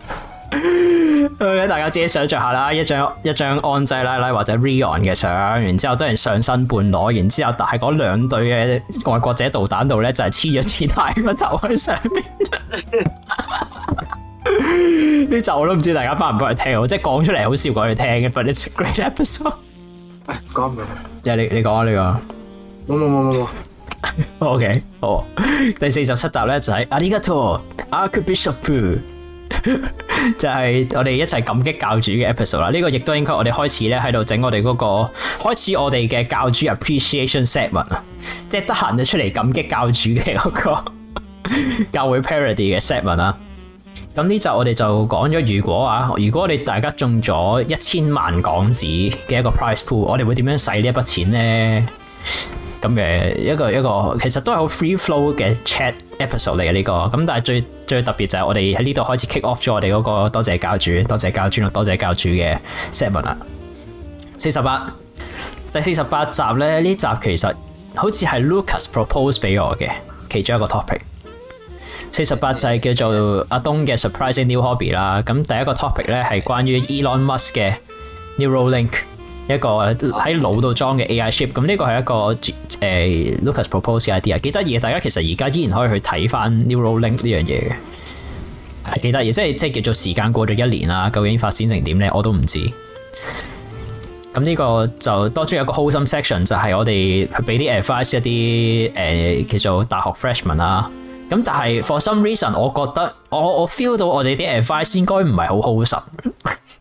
大家自己想象下啦，一張一張安仔拉拉或者 Reon 嘅相，然之後真係上身半裸，然之後喺嗰兩隊嘅外國者導彈度咧，就係黐咗黐大個頭喺上邊。呢集我都唔知大家返唔返去聽，我即係講出嚟好笑講去聽嘅。But it's a great episode。哎，講唔到，即係你你講啊呢個。冇冇冇冇。OK，好。第四十七集咧就係 Arigato Archbishop。 就係我哋一齊感激教主嘅 episode 啦，呢個亦都應該我哋開始咧喺度整我哋嗰個開始我哋嘅教主 appreciation segment 即係得閒就出嚟感激教主嘅嗰個教會 parody 嘅 segment 啊。咁呢集我哋就講咗如果啊，如果你大家中咗一千萬港紙嘅一個 price pool，我哋會點樣使呢一筆錢呢？咁嘅一個一個其實都係好 free flow 嘅 chat episode 嚟嘅呢個，咁但係最。最特別就係我哋喺呢度開始 kick off 咗我哋嗰個多謝教主，多謝教主多謝教主嘅 seminar。四十八，第四十八集呢，呢集其實好似係 Lucas propose 俾我嘅其中一個 topic。四十八就係叫做阿東嘅 surprising new hobby 啦。咁第一個 topic 呢係關於 Elon Musk 嘅 Neuralink。一個喺腦度裝嘅 AI chip 咁呢個係一個、呃、Lucas proposal idea，幾得意，大家其實而家依然可以去睇翻 Neuralink 呢樣嘢嘅，係幾得意。即係即係叫做時間過咗一年啦，究竟發展成點咧，我都唔知。咁呢個就多咗有個 wholesome section，就係我哋去俾啲 advice 一啲、呃、叫做大學 freshman 啦。咁但係 for some reason，我覺得我我 feel 到我哋啲 advice 應該唔係好 wholesome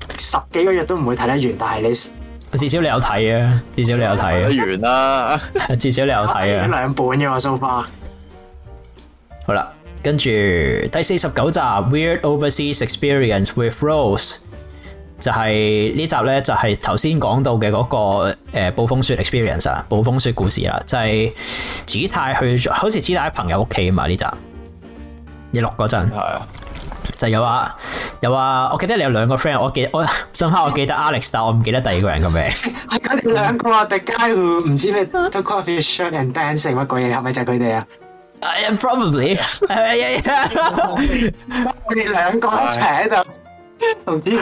十幾個月都唔會睇得完，但係你至少你有睇啊，至少你有睇睇完啦，至少你有睇啊，兩 本咋嘛，so far，好啦，跟住第四十九集 Weird Overseas Experience with Rose，就係呢集咧，就係頭先講到嘅嗰個誒暴風雪 experience 啊，暴風雪故事啦，就係 Gtai 去好似 Gtai 喺朋友屋企嘛呢集，你錄嗰陣係啊？就有啊，有啊！我記得你有兩個 friend，我記得我深刻我記得 Alex，但我唔記得第二個人嘅名。係佢哋兩個啊，迪街舞唔知咩，To Coffee Show and Dancing 乜鬼嘢，係咪就係佢哋啊？啊，probably。我哋兩個一齊喺度，同知。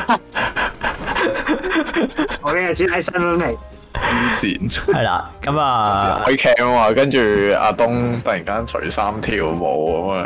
我嘅只係新嚟。係啦，咁啊，開 K 啊嘛，跟住阿東突然間除衫跳舞咁啊。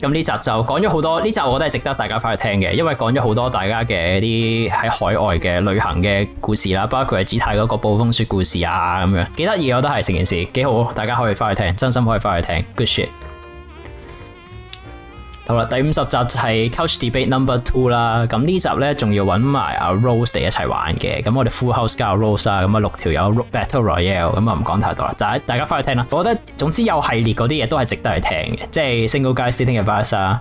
咁呢集就講咗好多，呢集我覺得係值得大家翻去聽嘅，因為講咗好多大家嘅一啲喺海外嘅旅行嘅故事啦，包括係 Gtai 嗰個暴風雪故事啊咁樣，幾得意，我都係成件事幾好，大家可以翻去聽，真心可以翻去聽，Good shit。好啦，好第五十集就係 Couch Debate Number Two 啦。咁呢集咧，仲要揾埋阿 Rose 一齊玩嘅。咁我哋 full house 加 Rose 啊。咁啊六條友 battle royale。咁啊唔講太多啦。大大家翻去聽啦。我覺得總之有系列嗰啲嘢都係值得去聽嘅。即係 Single Guys Dating Advice 啊，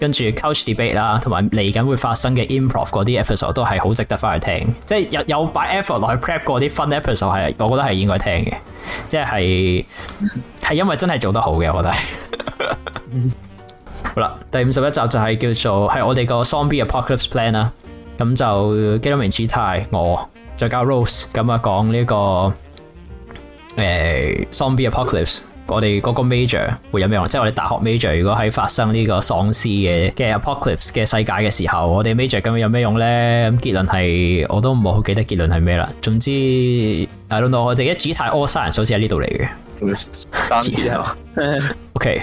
跟住 Couch Debate 啦，同埋嚟緊會發生嘅 improv 嗰啲 episode 都係好值得翻去聽。即係有有擺 effort 落去 prep 過啲 fun episode 係，我覺得係應該聽嘅。即係係因為真係做得好嘅，我覺得好啦，第五十一集就係叫做係我哋個 Zombie Apocalypse Plan 啦，咁就 Jay、Ming、Gtai 我再加 Rose 咁啊講呢一個，欸 Zombie Apocalypse，我哋嗰個 Major 會有咩用？即係我哋大學 Major 如果喺發生呢個喪屍嘅嘅 Apocalypse 嘅世界嘅時候，我哋 Major 咁有咩用咧？咁結論係我都唔冇記得結論係咩啦。總之，I don't know 我哋一指太 all 殺人，好似喺呢度嚟嘅，OK。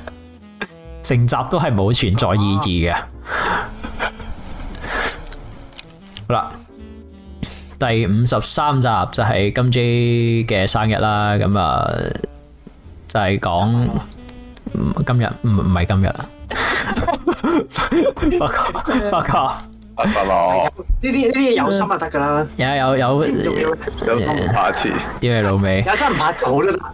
成集都係冇存在意義嘅。好啦，第五十三集就係金 J 嘅生日啦。咁啊，就係講今日唔唔係今日啊。發哥發哥，阿伯老，呢啲呢啲嘢有心就得噶啦。有有有，要要要，下次啲你老味，有心唔怕土啦。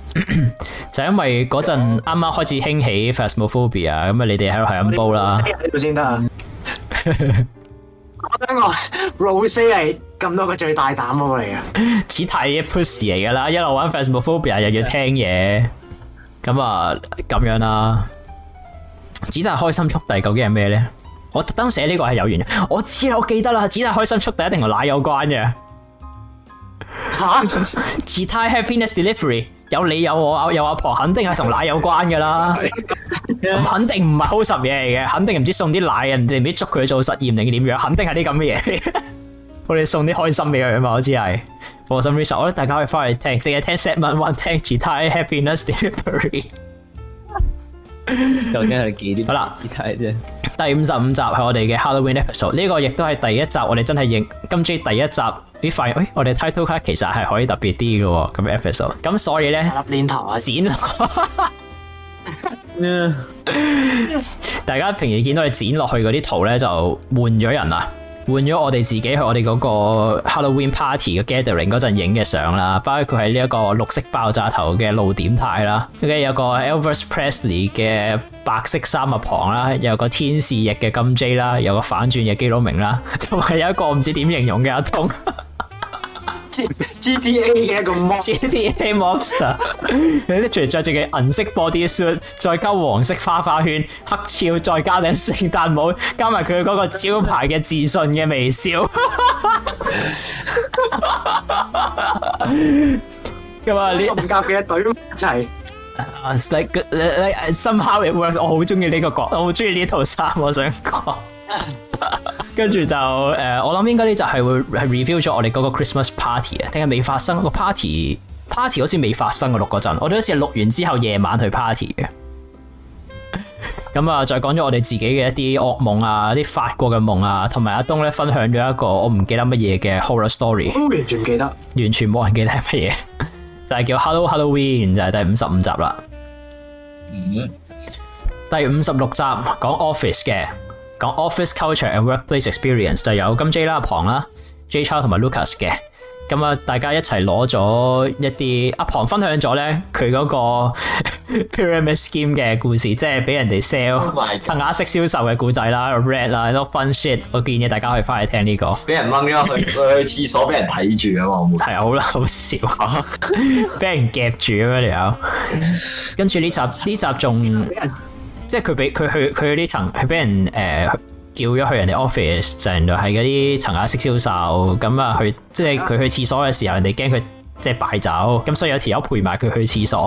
咳咳就是，因為嗰陣啱啱開始興起 Phasmophobia 咁啊，你哋喺度係咁煲啦。先得啊，我覺得我，老師係咁多個最大膽嚟嘅。G 太 push 嚟噶啦，一路玩 Phasmophobia 又要聽嘢，咁啊咁樣啦。G 太開心速遞，究竟係咩咧？我特登寫呢個係有原因，我知啦，我記得啦，G 太開心速遞一定同奶有關嘅。吓？G 太 happiness delivery？有你有我有阿婆，婆，肯定係同奶有關噶啦。 肯定唔係好十嘢嚟嘅，肯定唔知送啲奶啊，唔知唔知捉佢做實驗定點樣，肯定係啲咁嘅嘢。我哋送啲開心嘅樣啊，好似係。放心，Risa，我哋大家可以翻去聽，淨係聽 Set One，聽 Guitar Happiness Delivery。 幾好啦，Guitar 啫。第五十五集係我哋嘅 Halloween Episode，呢個亦都係第一集，我哋真係認今朝第一集。你、哎、發現，哎、我哋 title card 其實係可以特別啲嘅喎，咁、這個、episode 咁，所以呢，立念頭啊，剪， 大家平時見到你剪落去嗰啲圖呢，就換咗人啦，換咗我哋自己去我哋嗰個 Halloween party 嘅 gathering 嗰陣影嘅相啦，包括喺呢一個綠色爆炸頭嘅露點太啦，有個 Elvis Presley 嘅白色衫物旁啦，有個天使翼嘅金 J 啦，有個反轉嘅基佬明啦，就係有一個唔知點形容嘅一通。Gtai 嘅一個 monster，有啲着住嘅銀色 body suit，再加黃色花花圈，黑超，再加頂聖誕帽，加埋佢嗰個招牌嘅自信嘅微笑。咁啊，你唔夾幾多隊一齊？Like，like，somehow it works。我好中意呢個角，我好中意呢套衫。我想講。跟 住就誒，我諗應該呢就係會係 review 咗我哋嗰個 Christmas party 啊，定係未發生？個 party party 好似未發生嘅，錄嗰陣，我哋好似係錄完之後夜晚去 party 嘅。咁啊，再講咗我哋自己嘅一啲噩夢啊，啲發過嘅夢啊，同埋阿東咧分享咗一個我唔記得乜嘢嘅 horror story，完全唔記得，完全冇人記得係乜嘢， 就係叫 Hello Halloween 就係第五十五集啦，嗯。第五十六集講 office 嘅。講 office culture and workplace experience 就有金 J 啦阿 Pong 啦，J c 同埋 Lukas 嘅，咁啊大家一齊攞咗一啲阿 Pong 分享咗咧佢嗰個 Pyramid Scheme 嘅故事，即係俾人哋 sell 層壓式銷售嘅故仔啦，red 啦，lock fun shit。我建議大家可以翻嚟聽呢、這個。俾人掹咗去去廁所俾人睇住啊嘛，冇睇好啦，好笑啊！俾人夾住啊嘛，你啊！跟住呢集呢 集仲。即係佢俾佢去佢嗰啲層，佢俾人誒叫咗去人哋 office，成日係嗰啲層壓式銷售。咁啊，佢即係佢去廁所嘅時候，人哋驚佢即係敗走，咁所以有條友陪埋佢去廁所。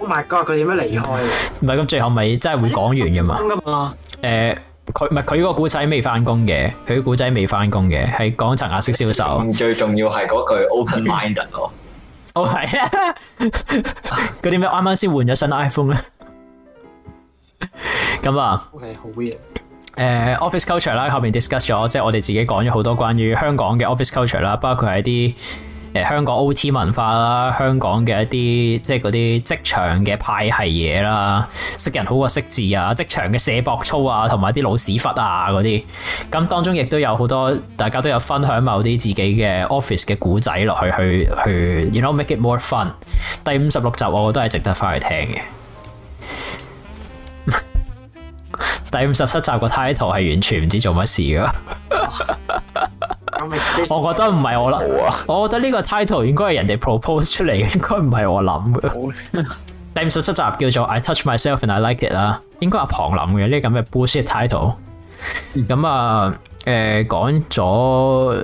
Oh my god，佢點樣離開？唔係咁最後咪真係會講完噶嘛？誒、 欸，佢唔係佢個古仔未翻工嘅，佢啲古仔未翻工嘅，係講層壓式銷售。 最重要係嗰句 open mind 哦，係 啊、oh, 是的，佢點樣啱啱先換咗新 iPhone 咧？ 咁 啊、嗯，係、okay, 好嘅。誒、uh,，office culture 啦，後面 discuss 咗，即、就、係、是、我哋自己講咗好多關於香港嘅 office culture 啦，包括係一啲誒香港 OT 文化啦，香港嘅一啲即係嗰啲職場嘅派系嘢啦，識人好過識字啊，職場嘅寫博操啊，同埋啲老屎忽啊嗰啲。咁當中亦都有好多，大家都有分享某啲自己嘅 office 嘅古仔落去，去去 you know, make it more fun。第五十六集，我覺得係值得返去聽嘅。第五十七集個 title 係完全唔知做乜事噶， 我覺得唔係我諗，我覺得呢個 title 應該係人哋 propose 出嚟嘅，應該唔係我諗嘅。第五十七集叫做 I touch myself and I like it 啦，應該阿龐諗嘅呢咁嘅 bullshit title。咁 啊，誒、欸，講咗，誒，我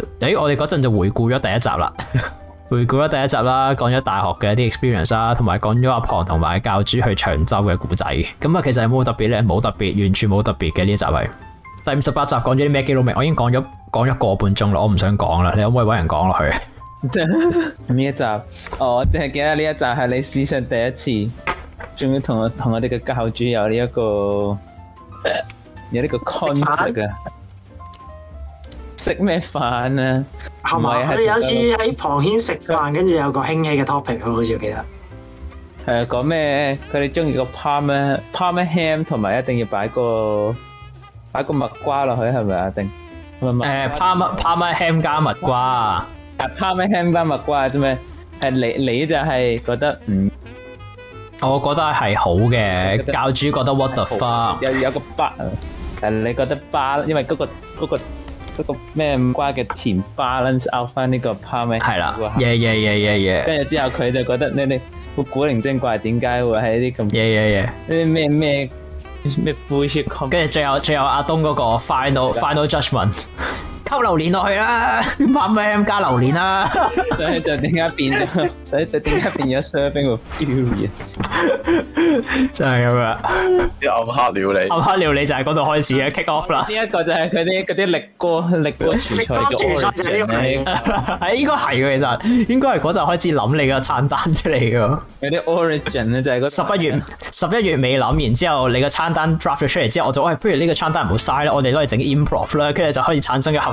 哋嗰陣就回顧咗第一集啦。 回顧咗第一集啦，講咗大學嘅一啲 experience 啊，同埋講咗阿龐同埋教主去長洲嘅故仔。咁啊，其實有冇特別咧？冇特別，完全冇特別嘅呢一集係第五十八集，講咗啲咩記錄名。我已經講咗講咗個半鐘啦，我唔想講啦，你可唔可以搵人講落去？呢 一集？哦，我淨係記得呢一集係你史上第一次，仲要同我同我哋嘅教主有呢，這，一個有呢個 converse 嘅食咩飯啊？同埋我哋有次喺旁軒食飯，跟住有個興起嘅 topic，我好似記得。係啊，講咩？佢哋中意個 Parma 咩？Parma ham 同埋一定要擺個擺個蜜瓜落去，係咪啊？定誒，Parma Parma ham 加蜜瓜，Parma ham 加蜜瓜啫咩？誒，你你就係覺得唔？我覺得係好嘅，教主覺得 water 花有有個巴，誒，你覺得巴？因為嗰個嗰個。嗰個咩五瓜嘅甜 balance out 翻呢個 part 咩？係啦，耶耶耶耶耶。跟住之後佢就覺得呢呢個古靈精怪，點解會喺啲咁，耶耶耶，啲咩咩咩 push come 跟住最後最後阿東嗰個 final、yeah. final judgment。 偷榴槤加榴蓮落去啦，M M 加榴蓮啦。所 以就點解變咗，所以就點解變咗 serving 個 feel 嘅嘢，真係咁樣。暗黑料理，暗黑料理就喺嗰度開始嘅 kick off 啦。呢、這、一個就係嗰啲啲力歌，力歌廚菜嘅。係 應該係嘅，其實應該係嗰陣開始諗你個餐單出嚟嘅。有啲 origin 咧就係十一月十一月未諗，完之後你個餐單 drop 咗出嚟之後，我就喂不如呢個餐單唔好嘥啦，我哋都嚟整 improv 啦，跟住就開始產生嘅後。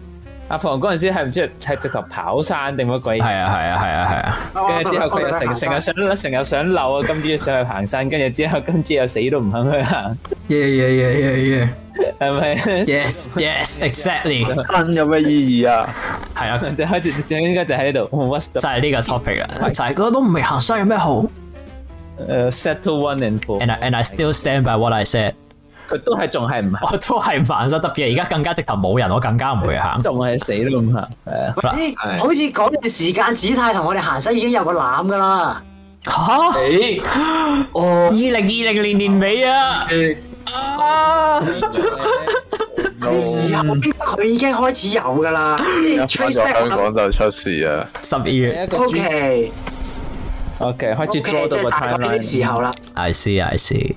阿鵬嗰陣時係唔知係直頭跑山定乜鬼嘢？係啊係啊係啊係啊！跟住之後佢又成成日上甩成日上樓啊，跟住上去行山，跟住之後跟住又死都唔肯去行。Yeah yeah yeah yeah yeah，係咪？Yes yes exactly。行有咩意義啊？係啊，就開始，就應該就喺度。What's the？就係呢個 topic 啦。就係，我都唔明行山有咩好。Set to one and four, and I still stand by what I said. 佢都係仲係唔行，我都係唔行，所以特別係而家更加直頭冇人，我更加唔會行。仲係死都咁啊！好似好似嗰段時間，Gtai 同我哋行山已經有個腩噶啦嚇。哦，二零二零年年尾啊！啊，嗰時候佢已經開始有噶啦，即係香港就出事啊，十二月。O K O K，開始捉到個 timeline。I see, I see。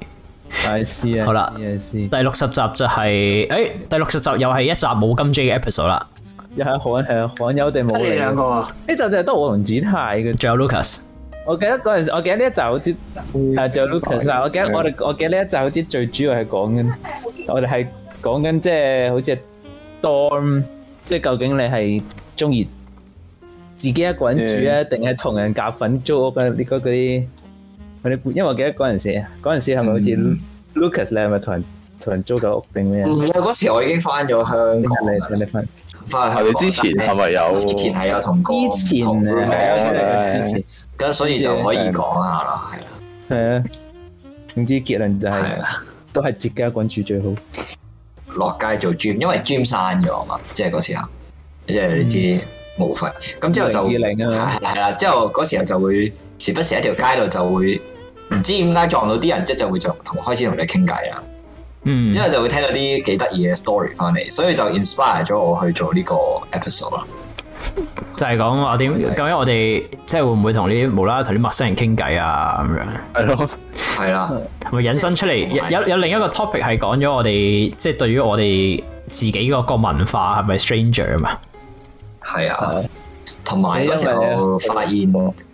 大師啊，好啦，I C。第六十集就係，誒，第六十集又係一集冇金 J 嘅 episode 啦。又係韓向，罕有定冇？你兩個？呢集就係得黃子泰嘅。仲有 Lucas。我記得嗰陣時，我記得呢一集好似，啊，仲有 Lucas。我記得我哋，我記得呢一集好似最主要係講緊，我哋係講緊即係好似當，即係究竟你係中意自己一個人住啊，定係同人夾份租屋啊？呢個嗰啲。你因為我記得嗰陣時啊，嗰陣時係咪好似 Lukas 咧，係咪同人同人租咗屋定咩？嗰時我已經翻咗香，香港。你你翻翻係你之前係咪有？之前係有同之前前。咁所以就可以講下啦，係啊，係啊，總之結論就係、係啊、都係自家管住最好。落街做 gym，因為 gym 散咗啊嘛，即係嗰時候即係、嗯、知，冇法。咁之後就係啦、啊啊。之後嗰時候就會時不時喺條街度就會。唔知點解撞到啲人，即就會就同開始同你傾偈啦。嗯，之後就會聽到啲幾得意嘅 story 翻嚟，所以就 inspire 咗我去做呢個 episode 咯。就係、是、講我點咁樣，我哋即係會唔會同啲無啦啦同啲陌生人傾偈啊咁樣。係 咯對了，係 啦對了，同 埋引申出嚟有有另一個 topic 係講咗我哋，即、就、係、是、對於我哋自己嗰個文化係咪 stranger 啊嘛。係啊，同埋嗰時候發現。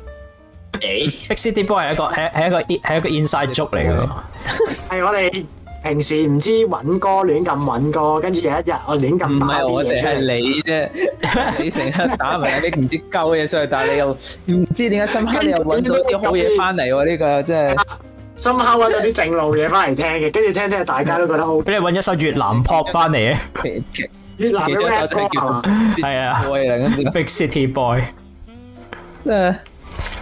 Big City Boy 係一個係係一個係一個 inside joke 嚟嘅，係我哋平時唔知搵歌亂咁搵歌，跟住有一日我亂咁，唔係我哋係你啫，你成日打埋啲唔知鳩嘢出嚟，但係你又唔知點解深刻，你又搵到啲好嘢翻嚟喎，呢個真係深刻搵到啲正路嘢翻嚟聽嘅，跟住聽聽大家都覺得好。俾你搵一首越南 pop 翻嚟啊！越南嗰首就係叫係啊，跟住 Big City Boy，即係。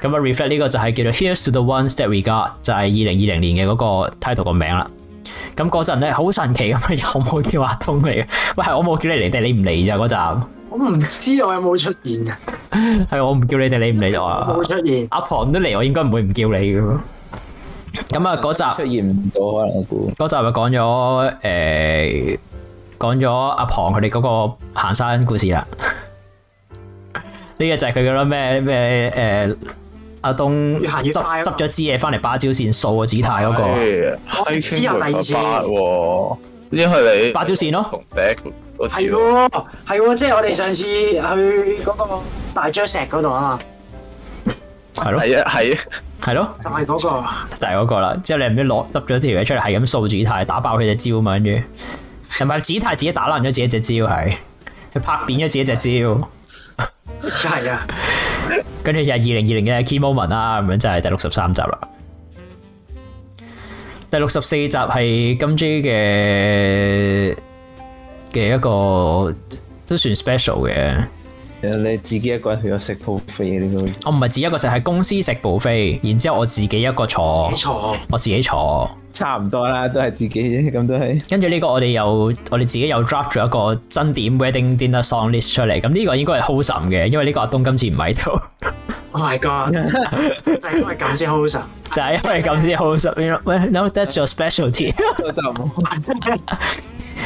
咁啊，reflect 呢個就係叫做 Here's to the ones that we got，就係二零二零年嘅嗰個 title 個名啦。咁嗰陣咧，好神奇咁啊，有冇叫阿通嚟嘅？喂，我冇叫你嚟，定你唔嚟咋？嗰集我唔知我有冇出現啊。係我唔叫你哋，你唔嚟啊？冇出現。阿龐都嚟，我應該唔會唔叫你噶。咁啊，嗰集出現唔到，我估。嗰集咪講咗誒，講、欸、咗阿龐佢哋嗰個行山故事啦。呢 個就係佢嗰咩咩誒。阿東執執咗支嘢翻嚟，那個、芭蕉線掃個紫太嗰，那個，知啊第二次，啊、因為你芭蕉線咯，啊，係係即係我哋上次去嗰個大鑽石嗰度啊嘛，係 咯，係啊，係啊，係咯，就係、是、嗰、那個， 就係嗰個啦。之後你唔知攞執咗條嘢出嚟，係咁掃紫太，打爆佢隻招嘛，跟住係咪？紫太自己打爛咗自己隻招，係佢拍扁咗自己隻招，好似係啊。跟住就係二零二零嘅 key moment 啦，咁樣就係第六十三集啦。第六十四集係金 J 嘅嘅一個都算 special 嘅。你自己一個人去咗食 buffet，你都我唔係自己一個食，係公司食 buffet，然之後我自己一個坐，自坐我自己坐，差唔多啦，都係自己，咁都係。跟住呢個我哋又，我哋自己又 drop 咗一個真點 wedding dinner song list 出嚟，咁呢個應該係 hold 神嘅，因為呢個阿東今次唔喺度。我咪講就係因為咁先 hold 神，就係因為咁先 hold 神。喂，now that's your specialty。就咁。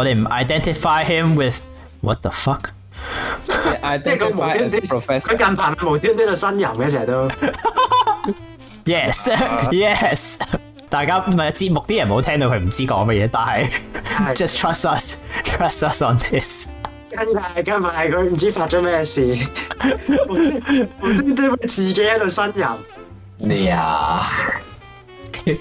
我哋唔 identify him with what the fuck？即係佢無端端，佢近排無端端喺度呻吟嘅成日都。Yes，yes，大家唔係節目啲人冇聽到佢唔知講乜嘢，但係 just trust us，trust us on this。跟埋，跟埋，佢唔知發咗咩事。無端端自己喺度呻吟。你啊！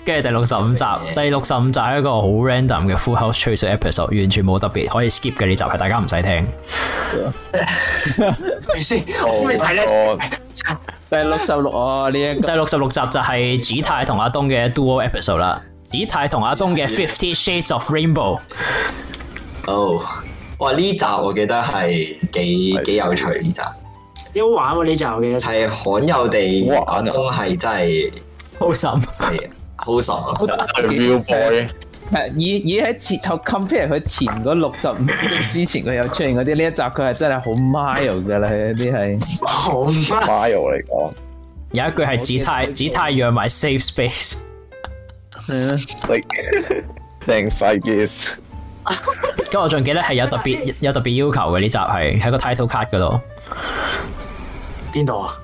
跟住第六十五集，第六十五集係一個好 random 嘅 full house trace episode，e 完全冇特別可以 skip 嘅呢集，係大家唔使聽。 第六十六啊，呢一第六十六集就係子泰同阿東嘅 duo episode 啦。子泰同阿東嘅 Fifty Shades of Rainbow。哦、oh，哇！呢集我記得係幾幾有趣呢集。幾好玩喎、啊、呢集我記得係罕有地，玩。阿東係真係好心。Awesome. 好神啊！係 Miu b o 以以喺切頭 compare 佢前嗰六十五之前佢有出現嗰啲，呢一集佢係真係好 mild 嘅啦，啲係好 mild 嚟講。 有一句係指太 指太陽埋 safe space，嗯，like, thanks I guess。咁我仲記得係有, 有,有特別有特別要求嘅呢集係喺個 title card 嘅咯，邊度啊？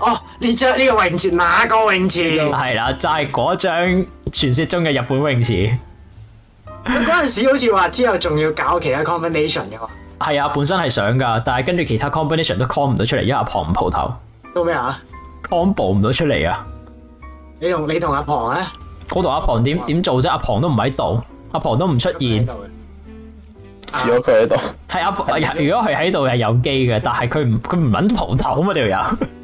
哦，呢張呢個泳池，哪個泳池？係啦，就係嗰張傳說中嘅日本泳池。嗰陣時好似話之後仲要搞其他 combination 嘅嘛，哦？係啊，本身係想噶，但係跟住其他 combination 都 call 唔到出嚟，因為阿龐唔蒲頭。到咩啊 combine 唔到出嚟啊！你同你同阿龐咧？那龐我同阿龐點點做啫？阿龐都唔喺度，阿龐都唔出現，只有佢喺度。係啊，啊，如果佢喺度係有機嘅，但係佢唔佢唔揾蒲頭嘛，條友。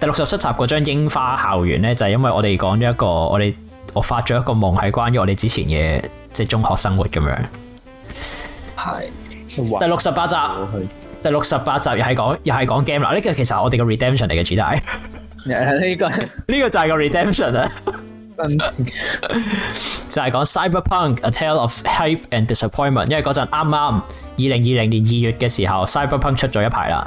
第六十七集嗰張櫻花校園呢，就係、是、因為我哋講咗一個，我哋我發咗一個夢，係關於我哋之前嘅即係中學生活咁樣。係。第六十八集，第六十八集又係講又係講 game 啦。呢、這個其實是我哋嘅 redemption 嚟嘅主題。呢、這個呢 個就係個 redemption 啦。真。 就係講 cyberpunk a tale of hype and disappointment，因為嗰陣啱啱二零二零年二月嘅時候，剛剛的時候，cyberpunk 出咗一排啦。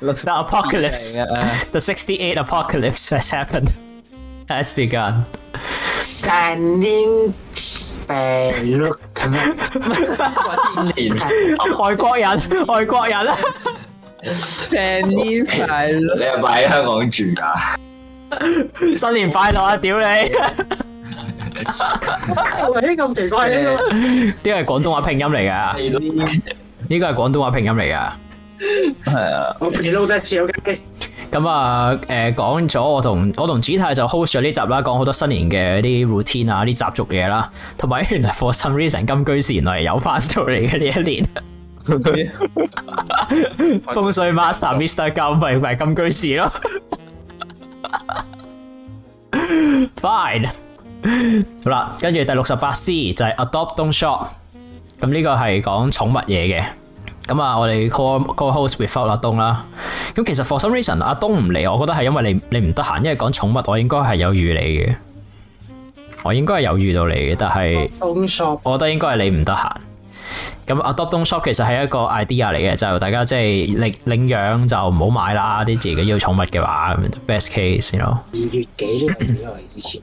The apocalypse, the sixty-eight apocalypse has happened, has begun. 新年快樂，咩啊？新年快樂，外國人，外國人啊！新年快樂。你係咪喺香港住噶？新年快樂啊！屌你！為咩咁奇怪啊？呢個係廣東話拼音嚟噶，呢個係廣東話拼音嚟噶。係 啊，呃、了我陪你撈多次，OK。咁啊，誒，講咗我同我同子太就 h o l d 咗呢集啦，講好多新年嘅啲 routine 啊，啲習俗嘢啦，同埋原來 for some reason 金居士原來有翻到嚟嘅呢一年。 風水 m a master，Mr. 金唔係唔係金居士咯 ？Fine 好。好啦，跟住第六十八 c 就係 adopt don't shop，咁呢個係講寵物嘢嘅。咁啊，我哋 call host with 福立東啦。咁其實 for some reason 阿東唔嚟，我覺得係因為你你唔得閒，因為講寵物，我應該係有預你嘅，我應該係有遇到你嘅，但係我覺得應該係你唔得閒。咁 adoption shop 其實係一個 idea 嚟嘅，就是，大家即係領領養就唔好買啦，啲自己要寵物嘅話，best case you know。之前。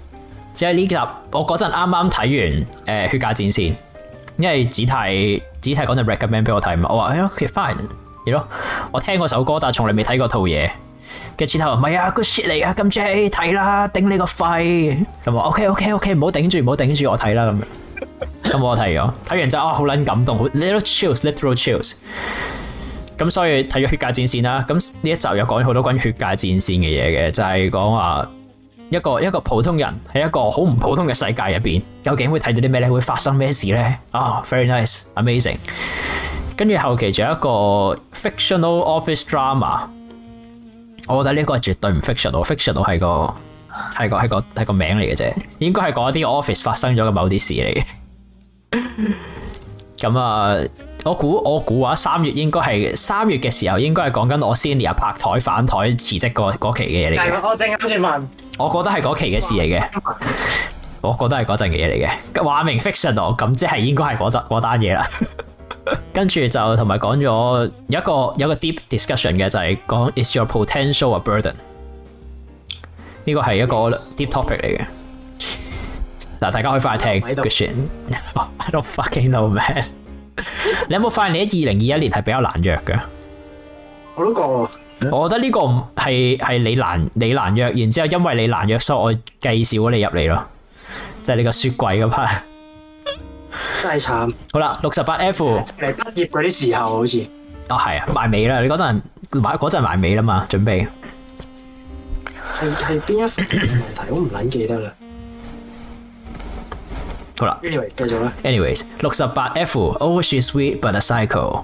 即係呢集，我嗰陣啱啱睇完，誒《血界戰線》，因為只睇只睇講到 recommend 俾我睇嘛，我話誒，ok fine，咯，我聽過首歌，但係從嚟未睇過套嘢。跟住之後唔係啊，good shit 嚟啊，咁即係睇啦，頂你個肺。咁話 ok ok ok，唔好頂住，唔好頂住，我睇啦，咁咁我睇咗，睇完之後啊，好撚感動，little chills，literal chills。咁所以睇咗《血界戰線》啦，咁呢一集又講咗好多關於《血界戰線》嘅嘢嘅，就係講話。一個一個普通人喺一個好唔普通嘅世界入邊，究竟會睇到啲咩咧？會發生咩事咧？啊，oh，very nice，amazing。跟住後期仲有一個 fictional office drama，我覺得呢個係絕對唔 fictional fictional 係個係個係個係個個名嚟嘅啫，應該係講一啲 office 發生咗嘅某啲事嚟嘅。咁 啊，我估我估啊，三月應該係三月嘅時候，應該係講緊我 senior 拍台反台辭職嗰期嘅嘢嚟嘅。我正啱先問我覺得係嗰期嘅事嚟嘅，我覺得係嗰陣嘅嘢嚟嘅。話明 fiction 咁，即係應該係嗰陣單嘢啦。跟 住就同埋講咗有一個有一個 deep discussion 嘅，就係、是、講 Is your potential a burden？呢個係一個 deep topic 嚟嘅。嗱， 大家可以翻去聽。 I don't fucking know man， 你有冇發現你喺二零二一年係比較難約嘅？我都講。我覺得呢個唔係係你難你難約，然之後因為你難約，所以我計少咗你入嚟咯，就係、是、你個雪櫃咁，真係慘。好啦，六十八 F。嚟畢業嗰啲時候好似。哦，係啊，埋尾啦！你嗰陣埋嗰陣埋尾啦嘛，準備。係係邊一題？ 我唔捻記得啦。好啦，anyway 繼續啦。Anyway 六十八 F，Oh, she's sweet but a psycho。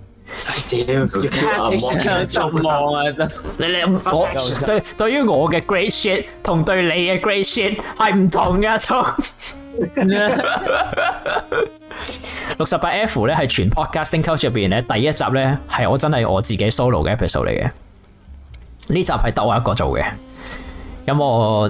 哎屌，又望啊，又你你 我對對於我嘅 great shit 同對你嘅 great shit 係唔同噶，六十八 F 咧係全 podcasting couch 入邊咧第一集咧係我真係我自己 solo 嘅 episode 嚟嘅，呢集係得我一個做嘅，因為我。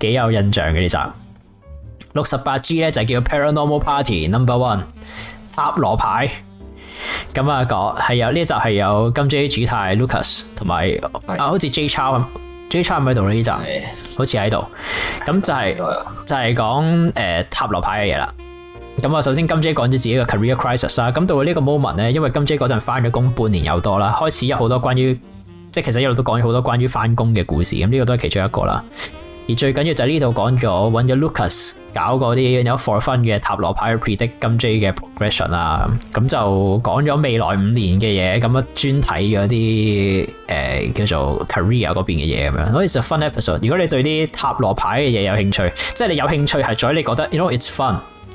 幾有印象嘅呢集六十八 G 咧，就係叫 Paranormal Party Number，no. One 塔羅牌咁啊講係有呢集係有金 J 主太 Lukas 同埋啊好似 J 超，J 超唔喺度呢？呢集好似喺度咁就係、是、就係講誒塔羅牌嘅嘢啦。咁啊首先金 J 講咗自己嘅 career crisis 啦。咁到咗呢個 moment 咧，因為金 J 嗰陣翻咗工半年有多啦，開始有好多關於即係其實一路都講咗好多關於翻工嘅故事。咁呢個都係其中一個啦。而最緊要就係呢度講咗揾咗 Lucas 搞嗰啲有 for fun 嘅塔羅牌 predict 金 J 嘅 progression 啦，咁就講咗未來五年嘅嘢，咁啊專睇嗰啲誒叫做 career 嗰邊嘅嘢咁樣，好似就 fun episode。如果你對啲塔羅牌嘅嘢有興趣，即係你有興趣係在你覺得，you know it's fun。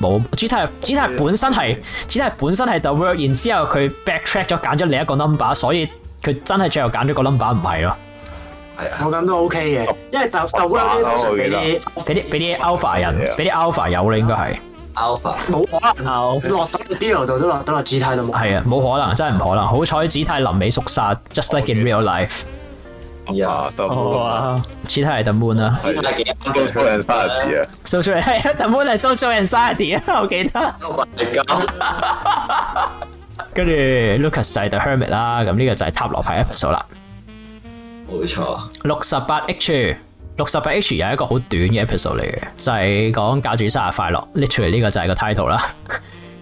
冇，紫太紫太本身係紫太本身係 the word，然之後佢 backtrack 咗，揀咗另一個 number，所以佢真係最後揀咗個 number 唔係咯。我咁都 OK 嘅，因為豆豆粒啲都屬俾啲俾啲俾啲 alpha 人，俾啲 alpha 有啦應該係。alpha 冇可能後落等啲樓度都落等落紫太都冇。係啊，冇可能，真係唔可能。好彩紫太臨尾縮沙，just like in real life。啊，都好啊！其他係 The Moon 啦，其他幾多 show 人生日啊？收數係啊，鄧滿係收數人生日啊！我記得。跟住 Lukas 係 The Hermit 啦，咁呢個就係塔羅牌 episode 啦。冇錯，六十八 H，六十八 H 有一個好短嘅 episode 嚟嘅，就係、是、講教主生日快樂。literally 呢個就係個 title 啦。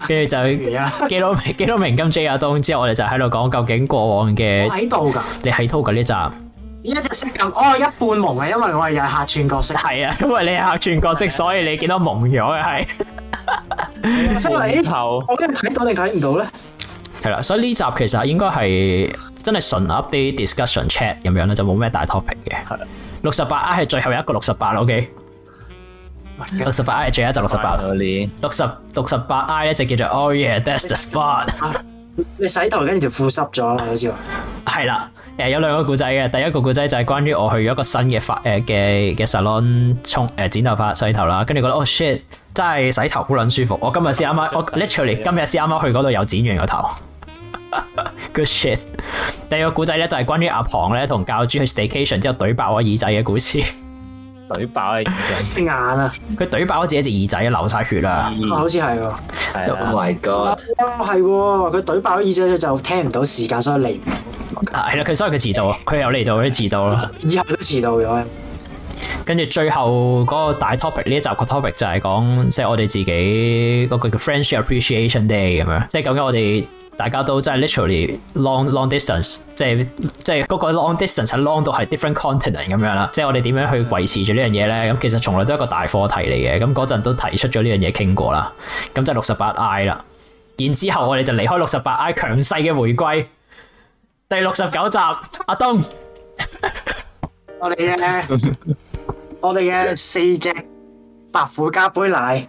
跟 住就幾多幾多名？金 J 阿東之後，我哋就喺度講究竟過往嘅喺度噶？你喺度呢站？呢一集識撳哦，一半蒙嘅，因為我係又係客串角色。係啊，因為你係客串角色，所以你見到蒙咗嘅係。所以以後我點睇到你睇唔到咧？係啦，所以呢集其實應該係真係純 up 啲 discussion chat 咁樣咧，就冇咩大 topic 嘅。係六十八 I 係最後一個六十八，OK。六十八 I 係最後一集六十八。六十六十八 I 咧就叫做 Oh yeah，that's the spot 你。你洗頭跟住條褲濕咗，好似話。係啦。誒，有兩個古仔嘅，第一個古仔就係關於我去咗一個新嘅髮誒嘅嘅 salon 沖誒、呃、剪頭髮洗頭啦，跟住覺得哦 h、oh, shit 真係洗頭好撚舒服，我今日先啱啱我 literally 今日先啱啱去嗰度又剪完個頭 ，good shit。第二個古仔咧就係關於阿龐咧同教主去 staycation 之後懟爆我耳仔嘅故事。懟爆啊！隻眼啊！佢懟爆咗自己隻耳仔流晒血啦！啊，好似係喎！Oh my god！又係，佢、啊、懟、啊、爆耳仔，就聽唔到時間，所以嚟唔到。係啦，佢所以佢遲到，啊。佢又嚟到，佢 遲到啦。以後都遲到咗。跟住最後嗰個大 topic，呢一集個 topic 就係講，即、就、係、是、我哋自己嗰個叫 Friendship Appreciation Day 咁樣，即係究竟我哋。大家都真係 literally long long distance，即係即係嗰個 long distance 係 long 到係 different continent 咁樣啦。即係我哋點樣去維持住呢樣嘢咧？咁其實從來都係一個大課題嚟嘅。咁嗰陣都提出咗呢樣嘢傾過啦。咁就六十八 I 啦。然之後我哋就離開六十八 I，強勢嘅回歸第六十九集。 阿東冬， 我哋嘅我哋嘅四隻白虎加杯奶。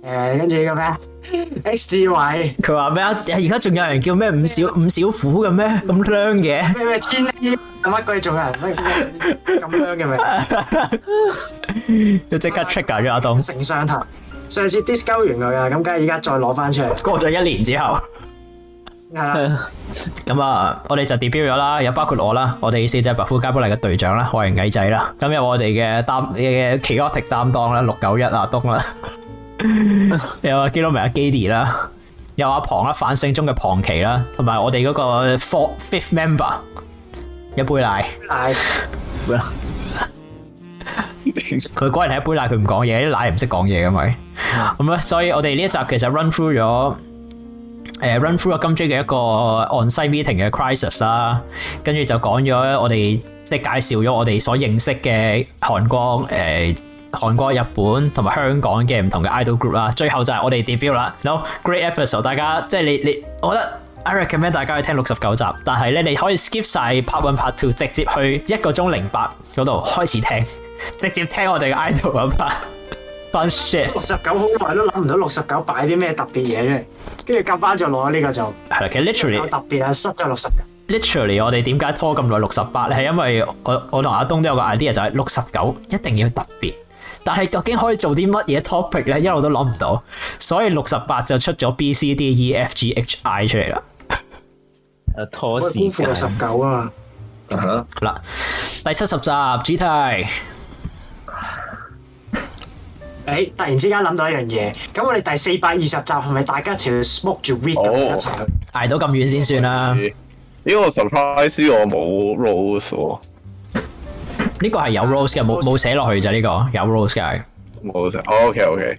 誒、嗯，跟住個咩？X 志偉，佢話咩啊？而家仲有人叫咩？五小 五小虎嘅咩？咁靚嘅咩咩？千， 係咪嗰啲仲有人咩？咁樣嘅咩？要即 刻 check 啊！阿東，啊、成雙頭，上次 d i s c 完佢啊，咁梗係依家再攞翻出嚟。 過咗一年之後，咁、 嗯、 啊，我哋就地標咗啦，又包括我啦，我哋四隻白富加波嚟嘅隊長啦，我係矮仔啦，咁有我哋嘅擔嘅 chaotic 擔當啦，六九一阿東啦。 有啊，基佬明阿 Gtai 啦，有阿龐啊，反省中嘅龐奇啦，同埋我哋嗰個 four fifth member 一杯奶，佢個人係一杯奶，佢唔講嘢，啲奶唔識講嘢咁咪，咁啊，所以我哋呢一集其實 run through 咗誒，run through 咗今 J 嘅一個 online meeting 嘅 crisis 啦，跟住就講咗我哋即係介紹咗我哋所認識嘅韓國誒。韓國、日本同埋香港嘅唔同嘅 idol group 啦，最後就係我哋 debut 啦。有、no, great episode，大家即係你你，我覺得 I recommend 大家去聽六十九集，但係咧你可以 skip 晒，part one part two，直接去一個鐘零八嗰度開始聽，直接聽我哋嘅 idol 咁拍 f shit。六十九好耐都諗唔到，六十九擺啲咩特別嘢嘅，跟住夾翻再落呢個就係啦。Okay, literally 特別啊，失咗六十九。Literally 我哋點解拖咁耐六十八咧？係因為我我同阿東都有個 idea 就係六十九一定要特別。但係究竟可以做啲乜嘢 topic 咧？一路都諗唔到，所以六十八就出咗 B、C、D、E、F、G、H、I 出嚟啦。誒，拖時間。十九啊嘛。啊、uh、哈 -huh.。嗱，第七十集主題。誒、 欸，突然之間諗到一樣嘢，咁我哋第四百二十集係咪大家 smoke weed 一齊去 smoke 住 weed 一齊挨到咁遠先算啦。呢個 surprise 我冇 rose 喎。呢、這個係有 rose 嘅，冇冇寫落去咋，呢個有 rose 嘅、就是，冇寫。O K O K。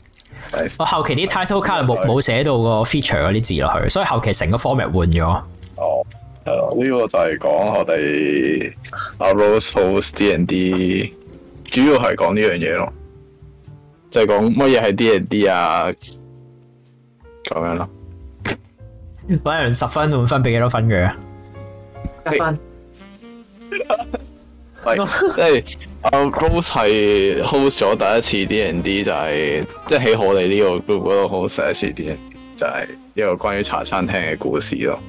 我後期啲 title card 冇冇寫到個 feature 嗰啲字落去，所以後期成個 format 換咗。哦，係咯，呢、這個就係講我哋阿 Rose Post D&D，主要係講呢樣嘢咯，就係講乜嘢係 D&D 啊，咁樣咯。每人十分會分俾幾多分嘅？一分。 即係阿 h o 係 hold 咗第一次 D&D 就係、是，即係喺我哋呢個 group 嗰度 Hold 第一次 D&D，就係一個關於茶餐廳嘅故事咯。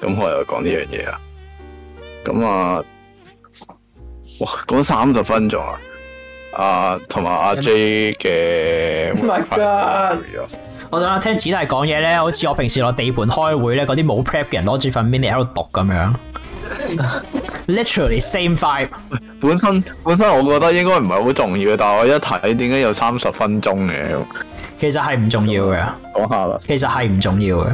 咁我又講呢樣嘢啊。咁啊，哇，講三十分咗，啊，同埋阿 J 嘅，My God！啊、我想聽 Gtai 講嘢咧，好似我平時落地盤開會咧，嗰啲冇 prep 嘅人攞住份 mini 喺度讀咁樣。 Literally same vibe 本身本身我覺得應該唔係好重要嘅，但係我一睇，點解有三十分鐘嘅？其實係唔重要嘅，講下啦。其實係唔重要嘅，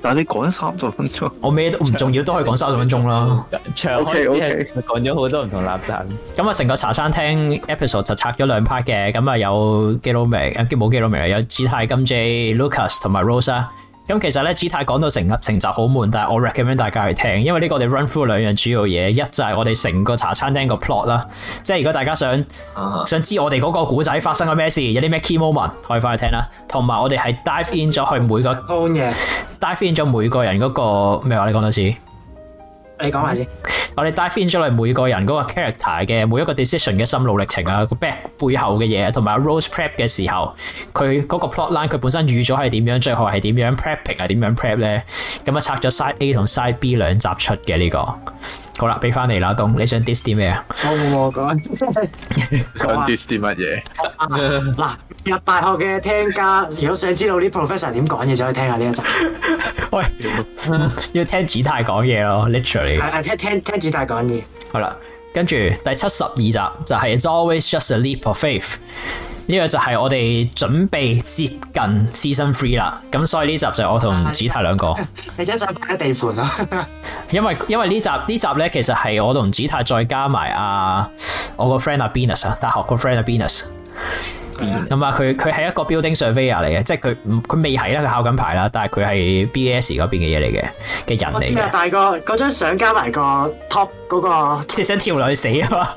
但係你講三十分鐘，我咩都唔重要都，都可以講三十分鐘啦。長開只係講咗好多唔同立贊。咁啊，成個茶餐廳 episode 就拆咗兩 part 嘅。咁啊，有基魯明，冇基魯明有紫泰金 J、Lucas 同埋 Rosa。咁其實咧，Gtai 講到成日成集好悶，但係我 recommend 大家去聽，因為呢個我哋 run through 兩樣主要嘢，一就係我哋成個茶餐廳個 plot 啦，即係如果大家想想知我哋嗰個故仔發生咗咩事，有啲咩 key moment，可以翻去聽啦。同埋我哋係 dive in 咗去每個、oh yeah.，dive in 咗每個人嗰個咩話？你講多次。你講埋先， 我哋帶咗嚟每個人嗰個 character 嘅每一個 decision 嘅心路歷程啊，個 back 背後嘅嘢，啊，同埋 Rose prep 嘅時候，佢嗰個 plotline 佢本身預咗係點樣，最後係點樣 prep 係點樣 prep 咧，咁啊拆咗 side A 同 side B 兩集出嘅呢，這個。好啦，俾翻你啦，東，你想 diss 啲咩啊？我冇同講，想 diss 啲乜嘢？嗱，入大學嘅聽家，如果想知道啲 professor 點講嘢，就可以聽下呢一集。喂，嗯、要聽子太講嘢咯，literally。係係，聽聽聽子太講嘢。好啦，跟住第七十二集就係、是、It's always just a leap of faith。呢、這個就係我哋準備接近 Season Three 啦，咁所以呢集就係我同 Gtai 兩個。你張相拍喺地盤啊？因為因為呢集呢集咧，其實係我同 Gtai 再加埋阿我個 friend 阿 Benas 啊，的朋友啊 Benus，大學個 friend 阿 Benas 咁啊，佢佢係一個 building surveyor 啊嚟嘅，即係佢佢未係啦，佢考緊牌啦，但係佢係 BAS 嗰邊嘅嘢嚟嘅嘅人嚟嘅。我知大哥，嗰張相加埋個 top 嗰即係想跳落去死啊！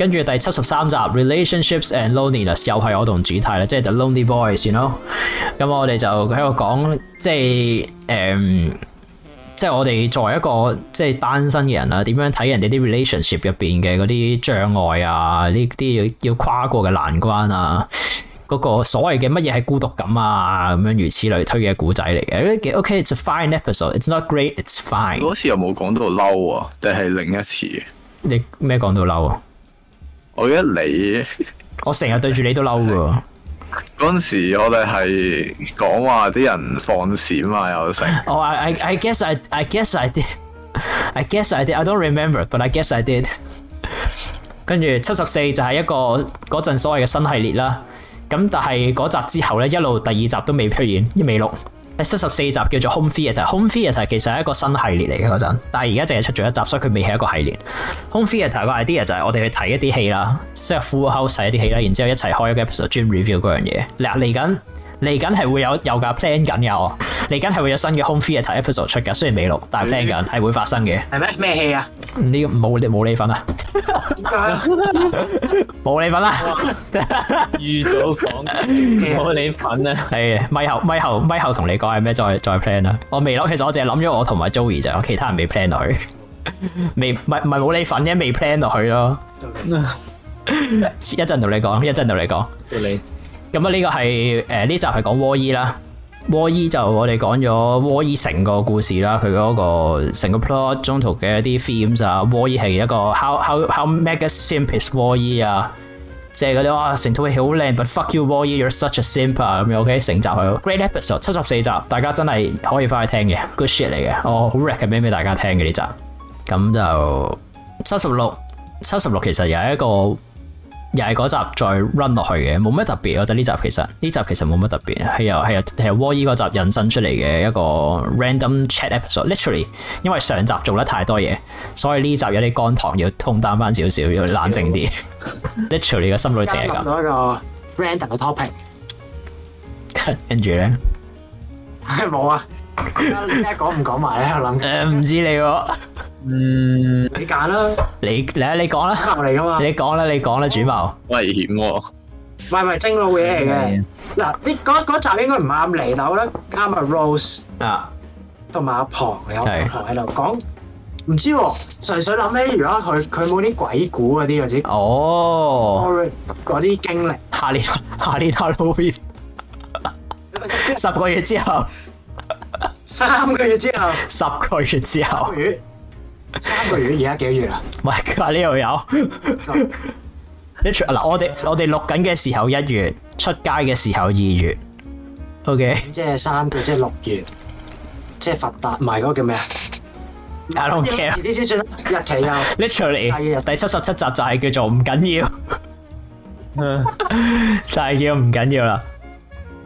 跟住第七十三集《Relationships and Loneliness》又係我同主題啦，即係《The Lonely Boys》，你 know。咁我哋就喺度講，即係誒，um, 即係我哋作為一個即係單身嘅人啦，點樣睇人哋啲 relationship 入邊嘅嗰啲障礙啊？呢啲要要跨過嘅難關啊？嗰、嗰個所謂嘅乜嘢係孤獨感啊？咁樣如此類推嘅古仔嚟嘅。Okay，it's a fine episode。It's not great，it's fine 有有。嗰次又冇講到嬲啊？定係另一次？你咩講到嬲啊？我一嚟，我成日對住你都嬲噶。嗰陣時我哋係講話啲人放閃啊，又成。哦，I guess I I guess I did I guess I did I don't remember，but I guess I did。跟住七十四就係一個嗰陣所謂嘅新系列啦。咁但係嗰集之後咧，一路第二集都未出現，一未錄。第七十四集叫做 Home Theater，Home Theater 其實係一個新系列嚟嘅嗰陣，但係而家淨係出咗一集，所以佢未係一個系列。Home Theater 個 idea 就係我哋去睇一啲戲啦，即係 full house 睇一啲戲啦，然之後一齊開一個 episode dream review 嗰樣嘢。嚟嚟緊。嚟緊係會有有架 plan 緊噶哦，嚟緊係會有新嘅 home three 嘅 episode 出噶，雖然未錄，但 plan 緊係會發生嘅。係咩咩戲啊？呢冇你冇你份啊！冇你份啊！預早講冇你份啊！係咪後咪後咪後同你講係咩？再再 plan 啊！我未攞，其實我淨係諗咗我同埋 Joey 就，其他人未 plan 落去。未唔係唔係冇你份啫，未 plan 落去咯。一陣同你講，一陣同你講。就你。咁、這、啊、個，呢個係誒呢集係講沃伊啦，沃伊就我哋講咗沃伊成個故事啦，佢嗰個成個 plot，中途嘅一啲 themes 啊，沃伊係一個 how how how mega simpist 沃伊啊，即係嗰啲哇，成套戲好靚，but fuck you 沃伊，you're such a simp 啊，咁樣 OK，成集係 great episode，七十四集，大家真係可以翻去聽嘅，good shit 嚟嘅，哦好 rec 嘅，俾俾大家聽嘅呢集，咁就七十六，七十六其實有一個。又係嗰集再 run 落去嘅，冇咩特別。我覺得呢集其實呢集其實冇乜特別，係由係由係由 Wally 嗰集引申出嚟嘅一個 random chat episode。Literally，因為上集做得太多嘢，所以呢集有啲肝糖要通擔翻少少，要冷靜啲。 literally 嘅心裏情係咁。講一個 random 嘅 topic 後呢。跟住咧，冇啊。聽講唔講埋喺度諗，誒唔知你喎，嗯，你揀啦，你嚟啊你講啦，我嚟噶嘛，你講啦你講啦，主謀危險喎，唔係唔係正路嘢嚟嘅，嗱呢嗰集應該唔啱你，但係我覺得啱阿 Rose 啊，同埋阿 Pong 有阿 Pong 喺度講，唔知純粹諗起如果佢佢冇啲鬼故嗰啲嘅事哦，嗰啲經歷，下年下年 Halloween 十個月之後。三個月之後，十個月之後，三個月，而家幾月啊？唔係佢話呢度有嗱 我哋我哋錄緊嘅時候一月，出街嘅時候二月，OK，即係三個月，即係六月，即係發達，唔係嗰個叫咩啊？I don't care 啊！ 先算日期 literally 第第七十七集就係叫做唔緊要， 就係叫唔緊要啦。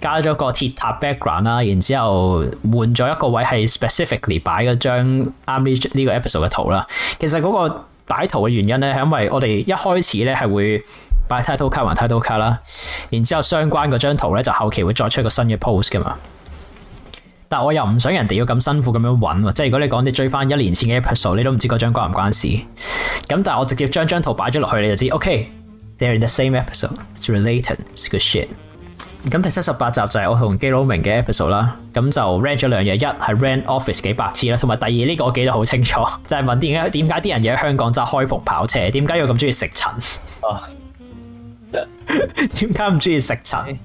加咗個鐵塔 background 啦，然之後換咗一個位係 specifically 擺嗰張啱呢呢個 episode 嘅圖啦。其實嗰個擺圖嘅原因咧，係因為我哋一開始咧係會擺 title card 還 title card 啦，然之後相關嗰張圖咧就後期會再出一個新嘅 post 噶嘛。但我又唔想人哋要咁辛苦咁樣揾喎，即係如果你講你追翻一年前嘅 episode，你都唔知嗰張關唔關事。咁但係我直接將張圖擺咗落去你就知，OK，they're、okay, in the same episode，it's related，it's good shit。咁第七十八集就係我同基佬明嘅 episode 啦，咁就 ran 咗兩樣，一係 ran office 幾百次啦，同埋第二呢、這個我記得好清楚，就係、是、問點解點解啲人要喺香港揸開篷跑車，點解要咁中意食塵？啊，點解唔中意食塵？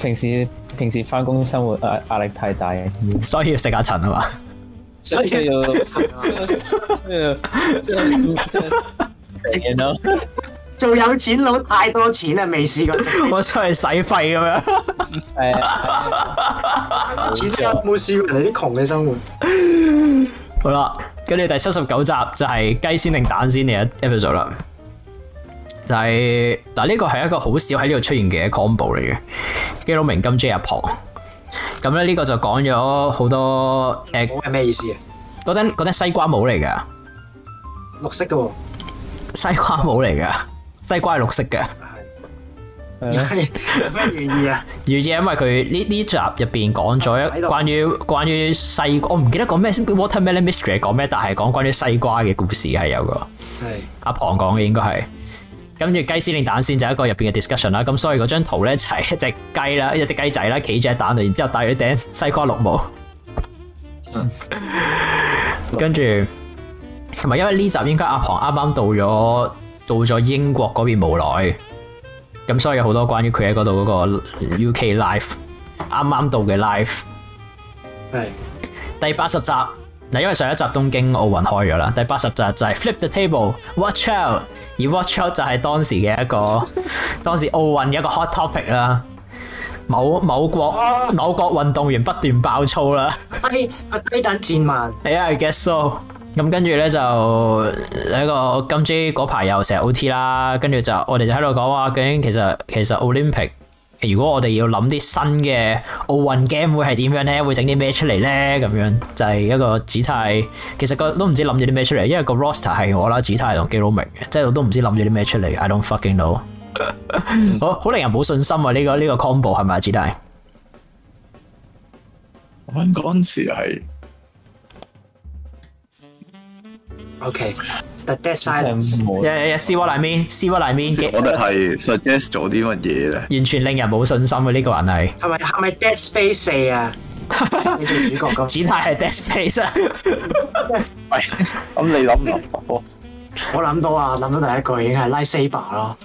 平時平時翻工生活壓力太大，所以要食下塵啊嘛？所以 需要， 需要， 需要， 需要， 需要做有錢佬太多錢啦，未試過的 我出去使費咁樣，係啊，至少冇試過人哋啲窮嘅生活。好啦，跟住第七十九集就係雞先定蛋先嘅一 episode 啦，就係嗱呢個係一個好少喺呢度出現嘅 combo 嚟嘅，基佬明金 J 阿 Pong。咁咧呢個就講咗好多誒，帽係咩意思啊？嗰頂嗰頂西瓜帽嚟嘅，綠色嘅，西瓜帽嚟嘅。西瓜係綠色嘅，咩寓意啊？寓意因為佢呢呢集入邊講咗一關於關於西，西瓜，我唔記得講咩 Watermelon mystery 係講咩？但係講關於西瓜嘅故事係有個，的阿龐講嘅應該係。跟住雞先定蛋先就一個入邊嘅 discussion 啦。咁所以嗰張圖咧就係一隻雞啦，一隻雞仔啦，企住喺蛋度，然之後戴住頂西瓜綠帽。跟住同埋因為呢集應該阿龐啱啱到咗。到咗英國嗰邊無奈，咁所以有好多關於佢喺嗰度嗰個 UK life，啱啱到嘅 life。係第八十集，嗱，因為上一集東京奧運開咗啦，第八十集就係、是、Flip the table，Watch out，而 Watch out，而 Watch out 就係、是、當時嘅一個 當時奧運嘅一個 hot topic 啦。某某國、啊、某國運動員不斷爆粗啦，雞蛋戰嘛。係、哎、啊、哎 yeah，I guess so。咁跟住咧就呢個今朝嗰排又成日 OT 啦，跟住就我哋就喺度講話，究竟其實其實 Olympic 如果我哋要諗啲新嘅奧運 game 會係點樣咧？會整啲咩出嚟咧？咁樣就係、是、一個指太，其實個都唔知諗咗啲咩出嚟，因為個 roster 係我啦，指太同基佬明嘅，即、就、係、是、都唔知諗咗啲咩出嚟，I don't fucking know， 好好令人冇信心啊！呢、這個呢、這個 combo 係咪指太？我諗嗰陣時係。OK，但 dead silence，一、一 see what I mean，see what I mean，我哋係 suggest 咗啲乜嘢咧？完全令人冇信心嘅呢個人係，係咪係咪 dead space 啊？你做主角噶？只係 dead space。喂，咁你諗唔諗？我我諗到啊，諗到第一句已經係拉 Saber 咯。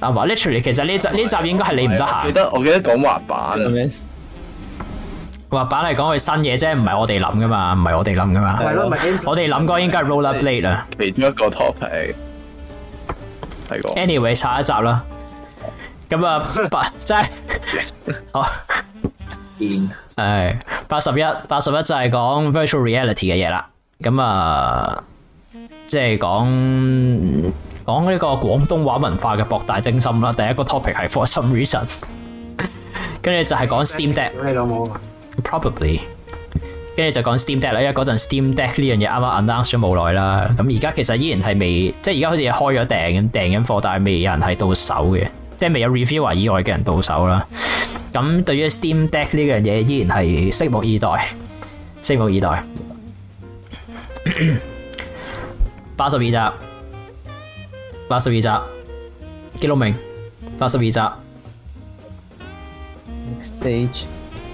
啊話 literally，其實呢集呢集應該係你唔得閒。記得我記得講話版啊。話版嚟講，佢新嘢啫，唔係我哋諗噶嘛，唔係我哋諗噶嘛。係咯，係 我哋諗，我哋諗過應該係 Roll Up Late 啦。其中一個 topic 係 Anyway，下一集啦。咁啊，八即係好，變八十一，八十一就係講 Virtual Reality 嘅嘢啦。咁啊，即係講講呢個廣東話文化嘅博大精深啦。第一個 topic 係 For Some Reason，跟住 就係講 Steam Deck 咩都冇。 probably，跟住就講 Steam Deck 啦，因為嗰陣 Steam Deck 呢樣嘢啱啱 announce 咗冇耐啦，咁而家其實依然係未，即係而家好似開咗訂咁訂緊貨，但係未有人係到手嘅，即係未有 reviewer 以外嘅人到手啦。咁對於 Steam Deck 呢樣嘢，依然係拭目以待，拭目以待。八十二集，八十二集，記錄名，八十二集。Next stage。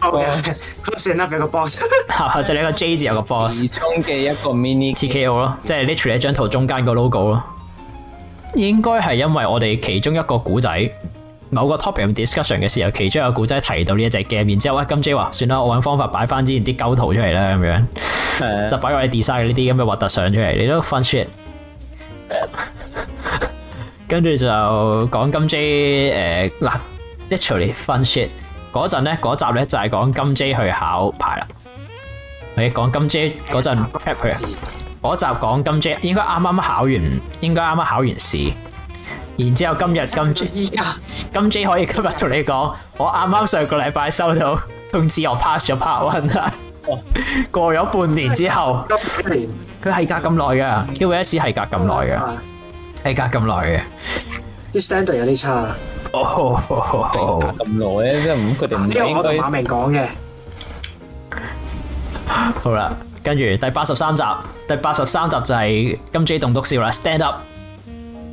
O K，佢成粒俾個 boss，或者你個 J 字有個 boss。其中嘅一個 mini T K O 咯，即係 literally 一張圖中間個 logo 咯。應該係因為我哋其中一個古仔，某個 topic discussion 嘅時候，其中一個古仔提到呢一隻 game 然之後金 J 話：算啦，我揾方法擺翻之前啲舊圖出嚟啦，咁樣。Uh, 就擺我啲 design 呢啲咁嘅核突相出嚟，你都 fun shit。跟 住就講金 J，誒，嗱、呃、literally fun shit。嗰陣咧，嗰集咧就係、是、講金 J 去考牌啦。你講金 J 嗰陣，嗰集講金 J 應該啱啱考完，應該啱啱考完試。然之後今日金 J，金 J 可以今日同你講，我啱啱上個禮拜收到通知，我 pass 咗 part one。哦，過咗半年之後，佢係隔咁耐噶，K Y C 係隔咁耐噶，係隔咁耐嘅。啲 standard 有啲差。哦，咁耐啊，即係五個點幾多？呢個我對馬明講嘅。好啦，跟住第八十三集，第八十三集就係金 J 棟篤笑啦，stand up。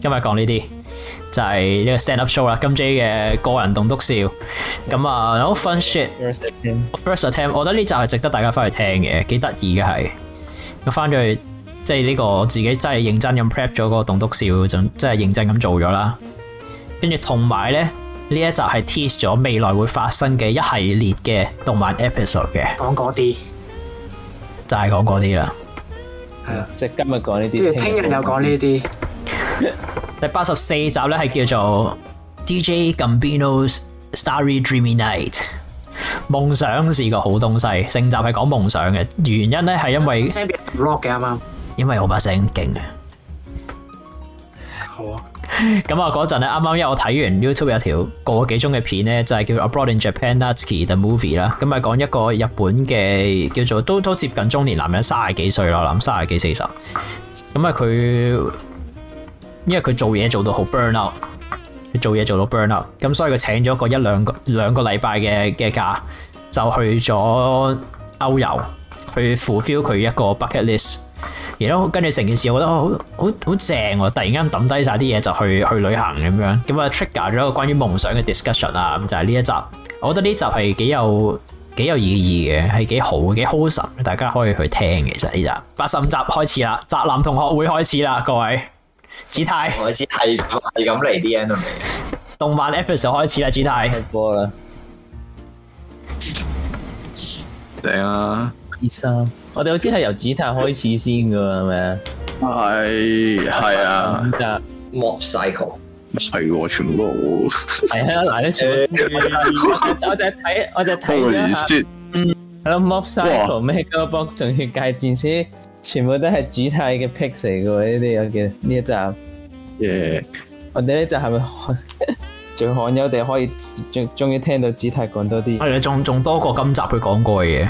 今日講呢啲就係呢個 stand up show 啦，金 J 嘅個人棟篤笑。咁啊，好 fun shit。First attempt。First attempt，我覺得呢集係值得大家翻去聽嘅，幾得意嘅係。我翻咗去。即係呢、這個我自己真係認真咁 prep 咗個棟篤笑，就真係認真咁做咗啦。跟住同埋咧，呢一集係 tease 咗未來會發生嘅一系列嘅動漫 episode 嘅。講嗰啲就係講嗰啲啦，係啊，即係今日講 呢啲。聽日又講呢啲。第八十四集咧係叫做 DJ Gambino's Starry Dreamy Night。夢想是個好東西，成集係講夢想嘅原因咧係因為。嘅啱啱。剛剛。因為我把聲勁啊，好啊。咁 啊，嗰陣咧，啱啱因為我睇完 YouTube 有條個個幾鐘嘅片咧，就係、是、叫做《Abroad in Japan: Natsuki the Movie》啦。咁啊，講一個日本嘅叫做都都接近中年男人，三十幾歲咯，諗三十幾四十。咁啊，佢因為佢做嘢做到好 burn out，佢做嘢做到 burn out，咁所以佢請咗個一兩個兩個禮拜嘅嘅假，就去咗歐遊去 fulfil 佢一個 bucket list。跟住成件事，我覺得好好好正喎，啊！突然間抌低晒啲嘢就去去旅行咁樣，咁啊 trigger 咗一個關於夢想嘅 discussion 啊！咁就係、是、呢一集，我覺得呢集係幾有幾有意義嘅，係幾好嘅，好神，大家可以去聽。其實呢集八十五集開始啦，宅男同學會開始啦，各位，子泰開始係係咁嚟啲嘢咯，我 動漫 episode 開始啦，子泰正啊，二三。2, 我哋好似係由 Gtai 開始先噶，係咪啊？係係啊，Mob cycle 係全部，都係啊嗱，你 全部都 我，我就睇，我就睇啦咯 Mob cycle 咩嗰個 Box 同血界戰線，全部都係 Gtai 嘅 picks 嚟噶，呢啲有嘅呢一集。誒、yeah.，我哋呢集係咪仲罕有哋可以終終於聽到 Gtai 講多啲？係啊，仲仲多過今集佢講過嘅嘢。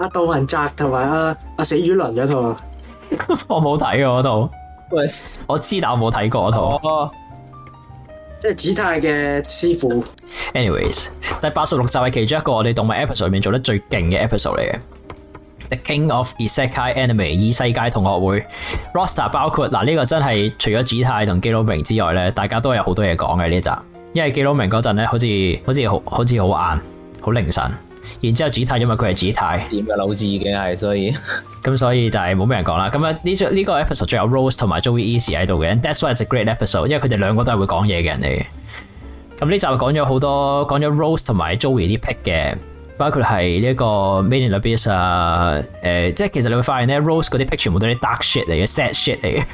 阿杜汶澤同埋阿阿死魚倫嗰套，我冇睇喎嗰套。我知，但我冇睇過嗰套。即係 G 太嘅師傅。Anyways，第八十六集係其中一個我哋動物 episode 裏面做得最勁嘅 episode 嚟嘅。The King of Isekai Anime 異世界同學會 roster 包括嗱呢、啊這個真係除咗 G 太同基佬明之外咧，大家都有好多嘢講嘅呢集。因為基佬明嗰陣咧，好似好似好好似好晏，好凌晨。然之後紫太，因為佢係紫太，點嘅腦子已經係，所以咁 所以就係冇咩人講啦。咁啊呢集呢個 episode 仲有 Rose 同埋 Joey Easy 喺度嘅，that's why it's a great episode，因為佢哋兩個都係會講嘢嘅人嚟。咁呢集講咗好多，講咗 Rose 同埋 Joey 啲 pick 嘅，包括係呢個 mini lapis 啊，誒、呃，即係其實你會發現咧，Rose 嗰啲 pick 全部都係 dark shit 嚟嘅，sad shit 嚟嘅。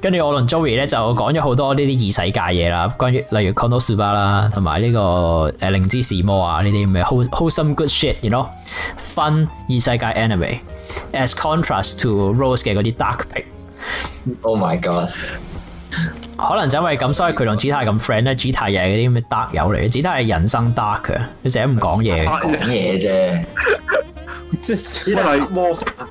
跟住我同 Joey 咧就講咗好多呢啲異世界嘢啦，關於例如 Konosuba 啦，同埋呢個誒零之使魔啊呢啲咩，wholesome some good shit，you know，fun 異世界 anime，as contrast to Rose 嘅嗰啲 dark。Oh my god！可能就係因為咁，所以佢同 Gtai 咁 friend 咧，Gtai 又係嗰啲咩 dark 友嚟，Gtai 係人生 dark 嘅，佢成日唔講嘢，講嘢啫。黐線，黐埋。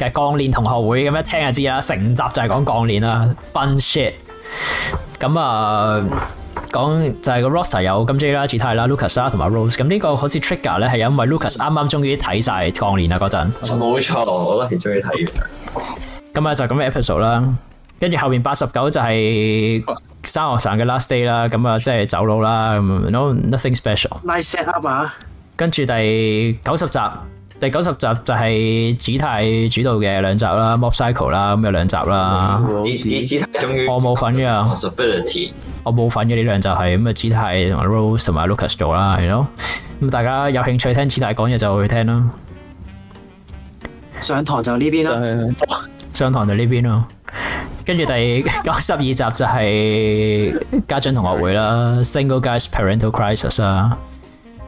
嘅鋼煉同學會咁樣聽就知啦，成集就係講鋼煉啦，fun shit。咁啊，講就係個 roster 有金 J 啦、史泰拉、Lucas 啦同埋 Rose。咁呢個好似 trigger 咧，係因為 Lucas 啱啱終於睇晒鋼煉啊嗰陣。冇錯，我嗰時終於睇完。咁啊，就咁嘅 episode 啦，跟住後面八十九就係三學生嘅 last day 啦，咁啊即係走佬啦，no nothing special。Nice set up 啊嘛！跟住第九十集。第九十集就係子太主導嘅、哦哦哦哦、兩集啦，Motorcycle 啦，咁有兩集啦。我冇份嘅，我冇份嘅，呢兩集係咁啊，子太同埋 Rose 同埋 Lucas 做啦，係咯。咁大家有興趣聽子太講嘢就去聽啦。上堂就呢邊啦，上堂就呢邊咯。跟住第九十二集就係家長同學會啦 ，Single Guys Parental Crisis 啊。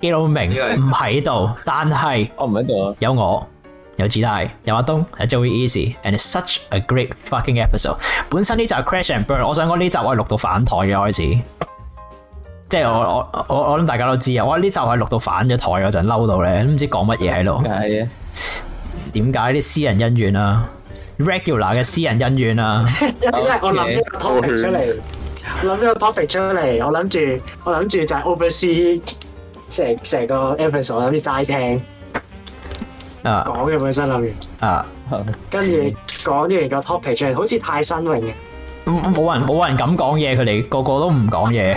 記錄明唔喺度，但係我唔喺度。有我，有志大，有阿東，有 Joey Easy，and it's such a great fucking episode。本身呢集係 crash and burn，我想講呢集我係錄到反台嘅開始，即係我我我我諗大家都知啊。我呢集我係錄到反咗台，嗰陣嬲到咧，都唔知講乜嘢喺度。點解？點解啲私人恩怨啊？regular 嘅私人恩怨啊。我諗呢個 topic 出嚟，我諗呢個 topic 出嚟，我諗住我諗住就係 oversee。成成個 episode 諗住齋聽，啊講嘅本身諗嘅，啊跟住講完個 topic 出嚟，好似太新穎嘅，冇人冇人敢講嘢，佢哋個個都唔講嘢。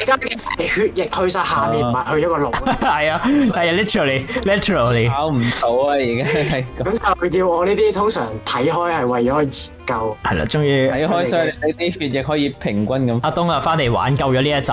而家嘅血液去曬下面，唔係去咗個腦。係啊，係啊，literally，literally。跑唔到啊，而家係。咁就要我呢啲通常睇開係為咗去研究。係啦，終於睇開，所以呢啲血液可以平均咁。阿東啊，翻嚟挽救咗呢一集。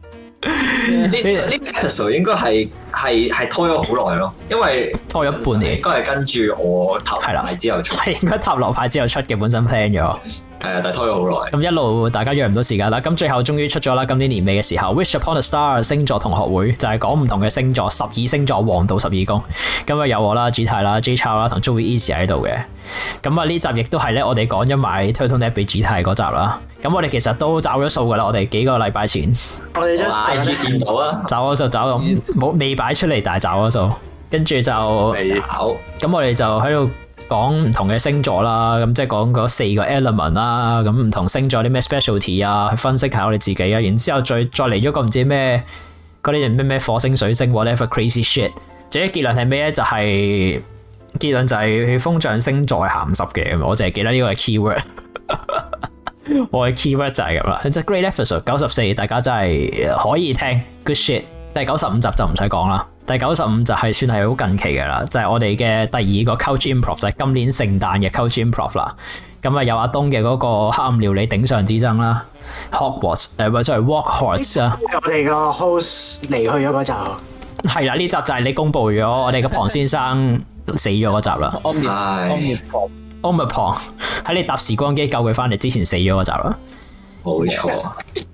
呢呢呢 c a s t e 應該係係係拖咗好耐咯，因為拖咗半年，應該係跟住我塔羅牌之後出，係 該塔羅牌之後出嘅，本身 plan 咗。 係啊，但係拖咗好耐。咁一路大家約唔到時間啦。咁最後終於出咗啦。今年年尾嘅時候，Wish Upon the Star 星座同學會就係講唔同嘅星座，十二星座黃道十二宮。今日有我啦，G 泰啦，J 超啦，同 Joey Easy 喺度嘅。咁啊，呢集亦都係咧，我哋講咗埋推通貼俾 G 泰嗰集啦。咁我哋其實都找咗數噶啦。我哋幾個禮拜前，我哋都可以見到啊。 找咗數找咁，冇未擺出嚟，但係走咗數。跟住就咁我哋就喺度。講唔同嘅星座啦，咁即係講嗰四個 element 啦，咁唔同星座啲咩 specialty 啊，去分析下我哋自己啊，然之後再再嚟咗個唔知咩嗰啲人咩咩火星水星 whatever crazy shit，最啲結論係咩咧？就係、是、結論就係風象星座鹹濕嘅，我淨係記得呢個係 keyword， 我嘅 keyword 就係咁啦，即係 great episode 九十四，大家真係可以聽 good shit，第九十五集就唔使講啦。第九十五就係算係好近期嘅啦，就係、是，我哋嘅第二個 Couch Improv 就係今年聖誕嘅 Couch Improv 啦。咁、嗯、啊，有阿東嘅嗰個黑暗料理頂上之爭啦，Hogwarts 誒，唔係，即係 Walkhorts 啊。Walk Hots, 我哋個 host 離去咗嗰集係啦，呢集就係你公布咗我哋個龐先生死咗嗰集啦。阿滅阿滅龐阿滅龐喺你搭時光機救佢翻嚟之前死咗嗰集啦，冇錯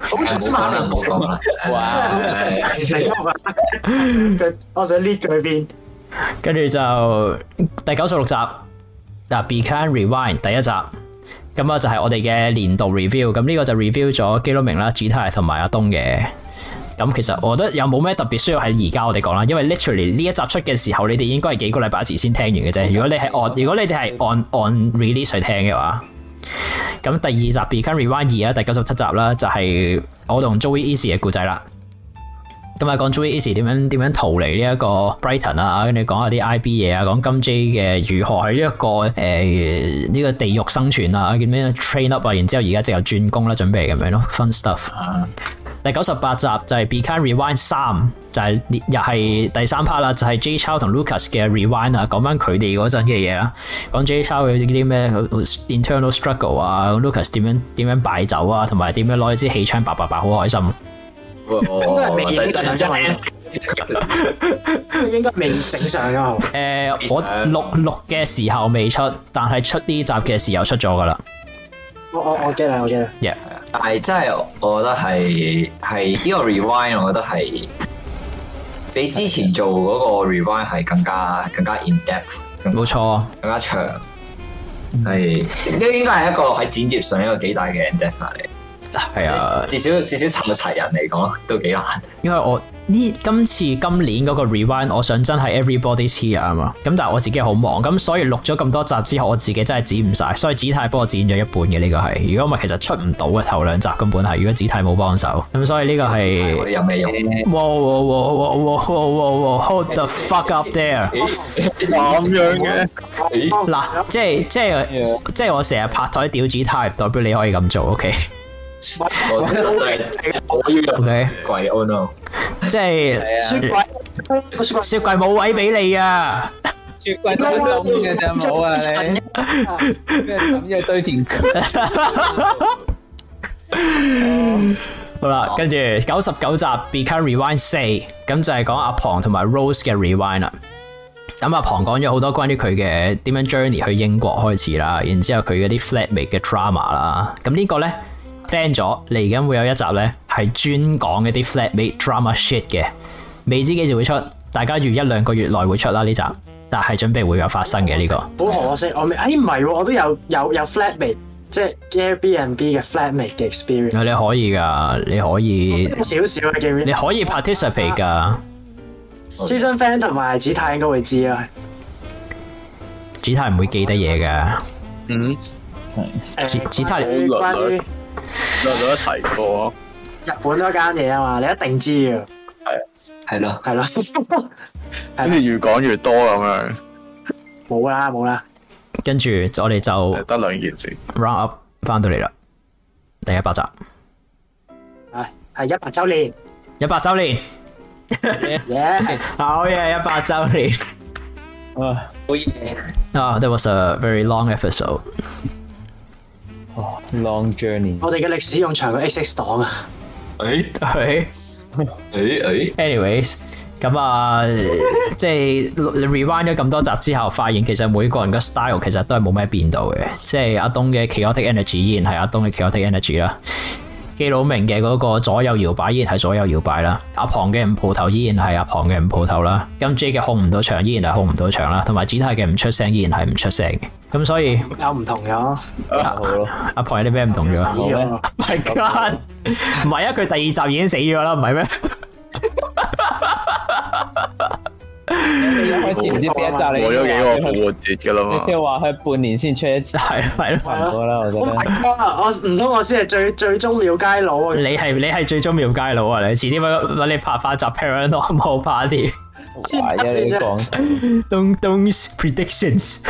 好重啊！真係好重啊！我就呢在邊，跟住 就第九十六集嗱 Be Kind Rewind 第一集，咁啊就係我哋嘅年度 review，咁呢個就 review 咗基佬明啦、Gtai 同埋阿東嘅。咁其實我覺得有冇咩特別需要喺而家我哋講啦，因為 literally 呢一集出嘅時候，你哋應該係幾個禮拜前先聽完嘅啫。如果你係 on，如果你哋係 on, on on release 去聽嘅話。咁第二集《Become Rewind 二》啦，第九十七集啦，就係、是、我同 Joey Easy 嘅故仔啦。咁啊，講 Joey Easy 點樣點樣逃離呢一個 Brighton 啊，跟住講下啲 IB 嘢啊，講金 J 嘅如何喺呢一個誒呢、呃這個地獄生存啊，叫咩 Train Up 啊，然之後而家即有又轉工啦，準備嚟咁樣咯，Fun Stuff。第九十八集就係 Beacon Rewind 三，就係入係第三 part 啦，就係 Jay Chou 同 Lucas 嘅 Rewind 啊，講翻佢哋嗰陣嘅嘢啦，講 Jay Chou 佢啲咩 internal struggle 啊，Lucas 點樣點樣擺酒啊，同埋點樣攞支氣槍白白白好開心。是未 應該未影上啊？誒， 我錄錄嘅時候未出，但係出呢集嘅時候出咗噶啦。我我我 get 啦，我 get 啊，我 yeah. 但係真係，我覺得係係呢個 rewind，我覺得係比之前做嗰個 rewind 係更加更加 in depth，冇錯，更加長。係呢 應該係一個喺剪接上一個幾大嘅 adjust 嚟。係啊，至少至少插湊齊人嚟講都幾難，因為我。呢，今次今年嗰個 Rewind，我想真係 everybody here 啊嘛。咁但係我自己好忙，咁所以錄咗咁多集之後，我自己真係剪唔晒。所以子泰幫我剪咗一半嘅呢個係。如果唔係，其實出唔到嘅頭兩集根本係。如果子泰冇幫手，咁所以呢個係。有咩用呢？哇 Hold the fuck up there！咁樣嘅？嗱， 即係即係即係我成日拍台屌子泰，代表你可以咁做，OK？嗯 okay。哦 no、即係、啊、雪櫃雪櫃冇位俾你啊！雪櫃都堆嘢就冇啊，你啊啊你啊啊 嗯、好啦，跟住九十九集 Be Kind Rewind 四，咁就係講阿龐同埋 Rose 嘅 Rewind 啦。咁阿龐講咗好多關於佢嘅點樣 journey 去英國開始啦，然之後佢嗰啲 flatmate 嘅 trauma 啦，咁呢個咧。friend 咗，嚟緊會有一集咧，係專講一啲 flatmate drama shit 嘅。未知幾時會出，大家預一兩個月內會出啦呢集，但係準備會有發生嘅呢、這個。好可惜，我未，哎，唔係、啊，我都有有有 flatmate，即係 Air B n B 嘅 flatmate 嘅 experience、啊。你可以噶，你可以少少嘅經驗，你可以 participate 噶。資深 friend 同埋紫太應該會知啦。紫太唔會記得嘢噶。嗯，紫太關於。關都係在一齊過，日本多間嘢啊嘛，你一定知嘅，係啊，係咯，係咯，跟住越講越多咁樣，冇啦冇啦，跟住我哋就得兩件事，round up 翻到嚟啦，第一百集，係係一百周年，一百周年，耶，好嘢，一百周年，哦，That was a very long episode。Long journey。我哋嘅歷史用長個 XX 檔、哎哎、啊。誒， 係，誒誒。Anyways，咁啊，即係 rewind 咗咁多集之後，發現其實每個人嘅 style 其實都係冇咩變到嘅。即係阿東嘅 chaotic energy 依然係阿東嘅 chaotic energy 啦。基魯明嘅嗰個左右搖擺依然係左右搖擺啦。阿龐嘅唔蒲頭依然係阿龐嘅唔蒲頭啦。咁 Jay 嘅控唔到場依然係控唔到場啦。同埋 Gtai 嘅唔出聲依然係唔出聲嘅。咁所以有唔同咗，啊啊，阿婆有啲咩唔同咗？My God，唔係啊，佢， 啊、第二集已經死咗啦，唔係咩？ 開始唔知邊一集你嘅，咗幾個復活節噶啦嘛？你先話佢半年先出一次， 啊啊、來來一集，係咯 Party，係咯，係 咯。我唔通我先係最最終廟街佬，你係你係最終廟街佬啊！你遲啲搵你拍翻集 Paranormal Party，你講，Don't Don't Predictions。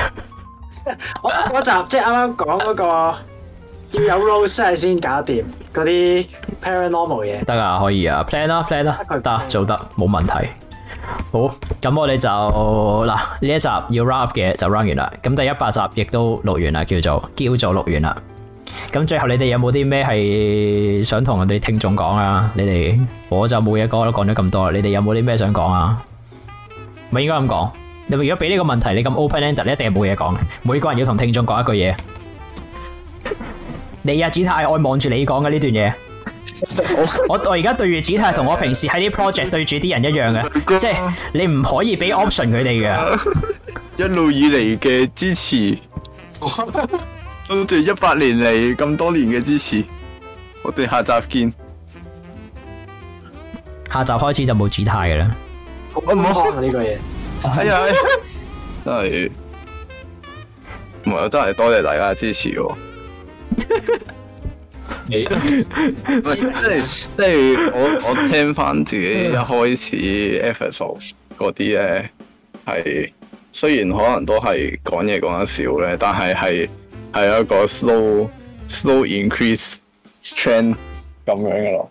我 嗰集即係啱啱講嗰個要有 rose 先搞掂嗰啲 paranormal 嘢得啊可以啊 plan 啦 plan 啦得做得冇問題好咁我哋就嗱呢一集要 rap 嘅就 rap 完啦咁第一百集亦都錄完啦叫做叫做錄完啦咁最後你哋有冇啲咩係想同我哋聽眾講啊你哋我就冇嘢講我都講咗咁多啦你哋有冇啲咩想講啊咪應該咁講。你如果俾呢個問題，你咁 open-ended，你一定係冇嘢講嘅。每個人要同聽眾講一句嘢。你啊，梓泰愛望住你講嘅呢段嘢。 我我而家對住梓泰，同我平時喺啲 project 對住啲人一樣嘅， 即係你唔可以俾 option 佢哋嘅。一路以嚟嘅支，支持，多謝一百年嚟咁多年嘅支持，我哋下集見。下集開始就冇梓泰噶啦。我唔好看呢句嘢。係 啊、哎，真係唔係，真係多謝，謝大家支持。即係即係，我我聽翻自己一開始 episode 嗰啲咧，係雖然可能都係講嘢講得少咧，但係係係一個 slow slow increase trend 咁樣嘅咯。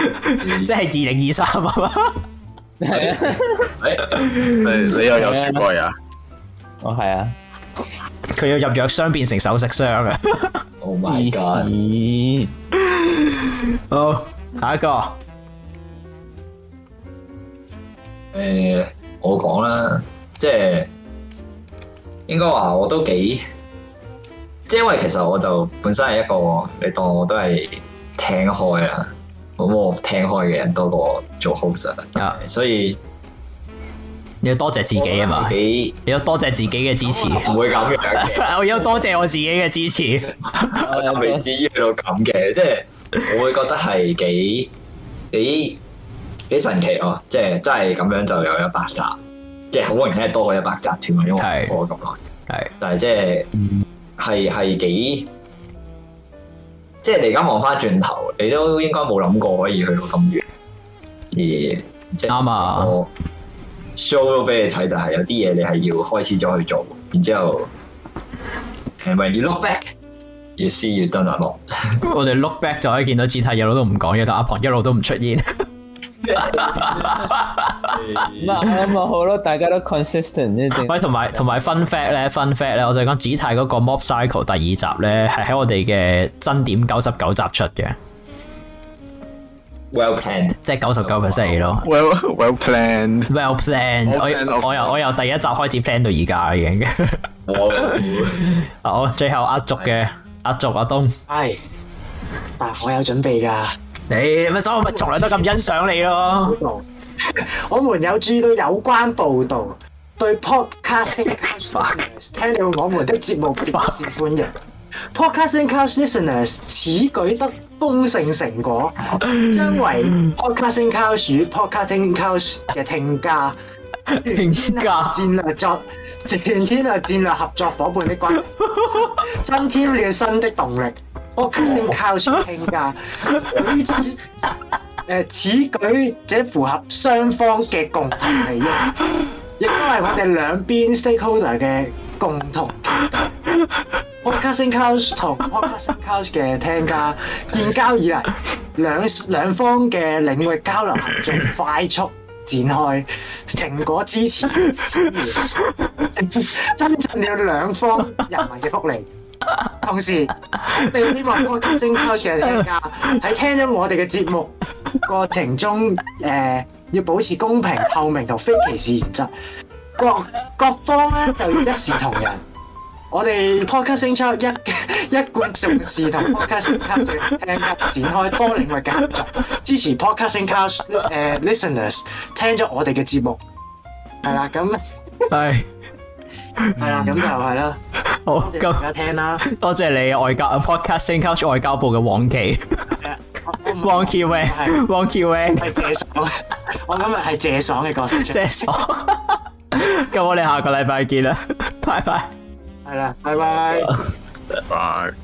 即係二零二三啊！ 是啊欸、你你又有書櫃啊？哦，係啊，佢要入藥箱變成首飾箱啊！Oh my god！ 好，下一個，誒、呃，我講啦，即、就、係、是、應該話我都幾，即、就、係、是、因為其實我就本身係一個，你當我都係聽開啊。咁我聽開嘅人多過做 host 啊，yeah. 所以你要多謝，謝自己啊嘛，你要多謝，謝自己嘅支持，唔會咁樣嘅， 我要多謝，謝我自己嘅支持， 我未至於到咁嘅，即係我會覺得係幾 幾幾神奇咯，即係真係咁樣就有一百集，即係好難聽多過一百集斷，因為播咗咁耐，係，但係即係係係幾。即係你而家望翻轉頭，你都應該冇諗過可以去到咁遠，而即係啱啊！show 俾你睇就係有啲嘢你係要開始咗去做，然之後 and when you look back，you see you done a lot。我哋 look back 就可以見到整體一，一路都唔講嘢，但阿龐一路都唔出現。 唔係咁好咯，大家都 consistent 呢啲。喂，同埋同埋 fun fact 咧，fun fact 咧，我就講 Gtai 嗰個 Mob Cycle 第二集咧，係喺我哋嘅真點九十九集出嘅。Well planned，即係九十九 percent 咯。Well well planned，well planned。我我由我由第一集開始 plan 到而家啦，已經。我我最後壓軸嘅，壓軸阿東。係，嗱我有準備噶。你咪，所以我咪從來都咁欣賞你咯。報導，我們有注意到有關報導，對 podcasting couch 聽了我們的節目表示歡迎。podcasting couch listeners 此舉得豐盛成果，將為 podcasting couch podcasting couch 嘅聽價聽價戰略作戰天啊戰略合作伙伴的關，增添了新的動力。我決勝靠説，聽架，此誒，此舉只符合雙方嘅共同利益，亦都係我哋兩邊 stakeholder 嘅共同期待。我決勝 coach 同我決勝 coach 嘅聽家建交以嚟，兩兩方嘅領域交流合作快速展開，成果支持，增進了兩方人民嘅福利。同時，我哋希望 podcasting 嘅人喺聽咗我哋嘅節目過程中，誒、呃，要保持公平、透明同非歧視原則。各各方咧就要一視同仁。我哋 podcasting 一一貫重視同 podcasting 聽客展開多領域嘅合作，支持 podcasting 誒、呃、listeners 聽咗我哋嘅節目，係啦，咁係。Bye. 係啦，咁就係啦。好，多謝大家聽啦。多謝你外交 Podcasting Couch 外交部嘅王琪。係啊，王琪 wing，王琪 wing 係謝爽。我今日係謝爽嘅角色。謝爽。咁我哋下個禮拜見啦。拜拜。係啦，拜拜。拜拜。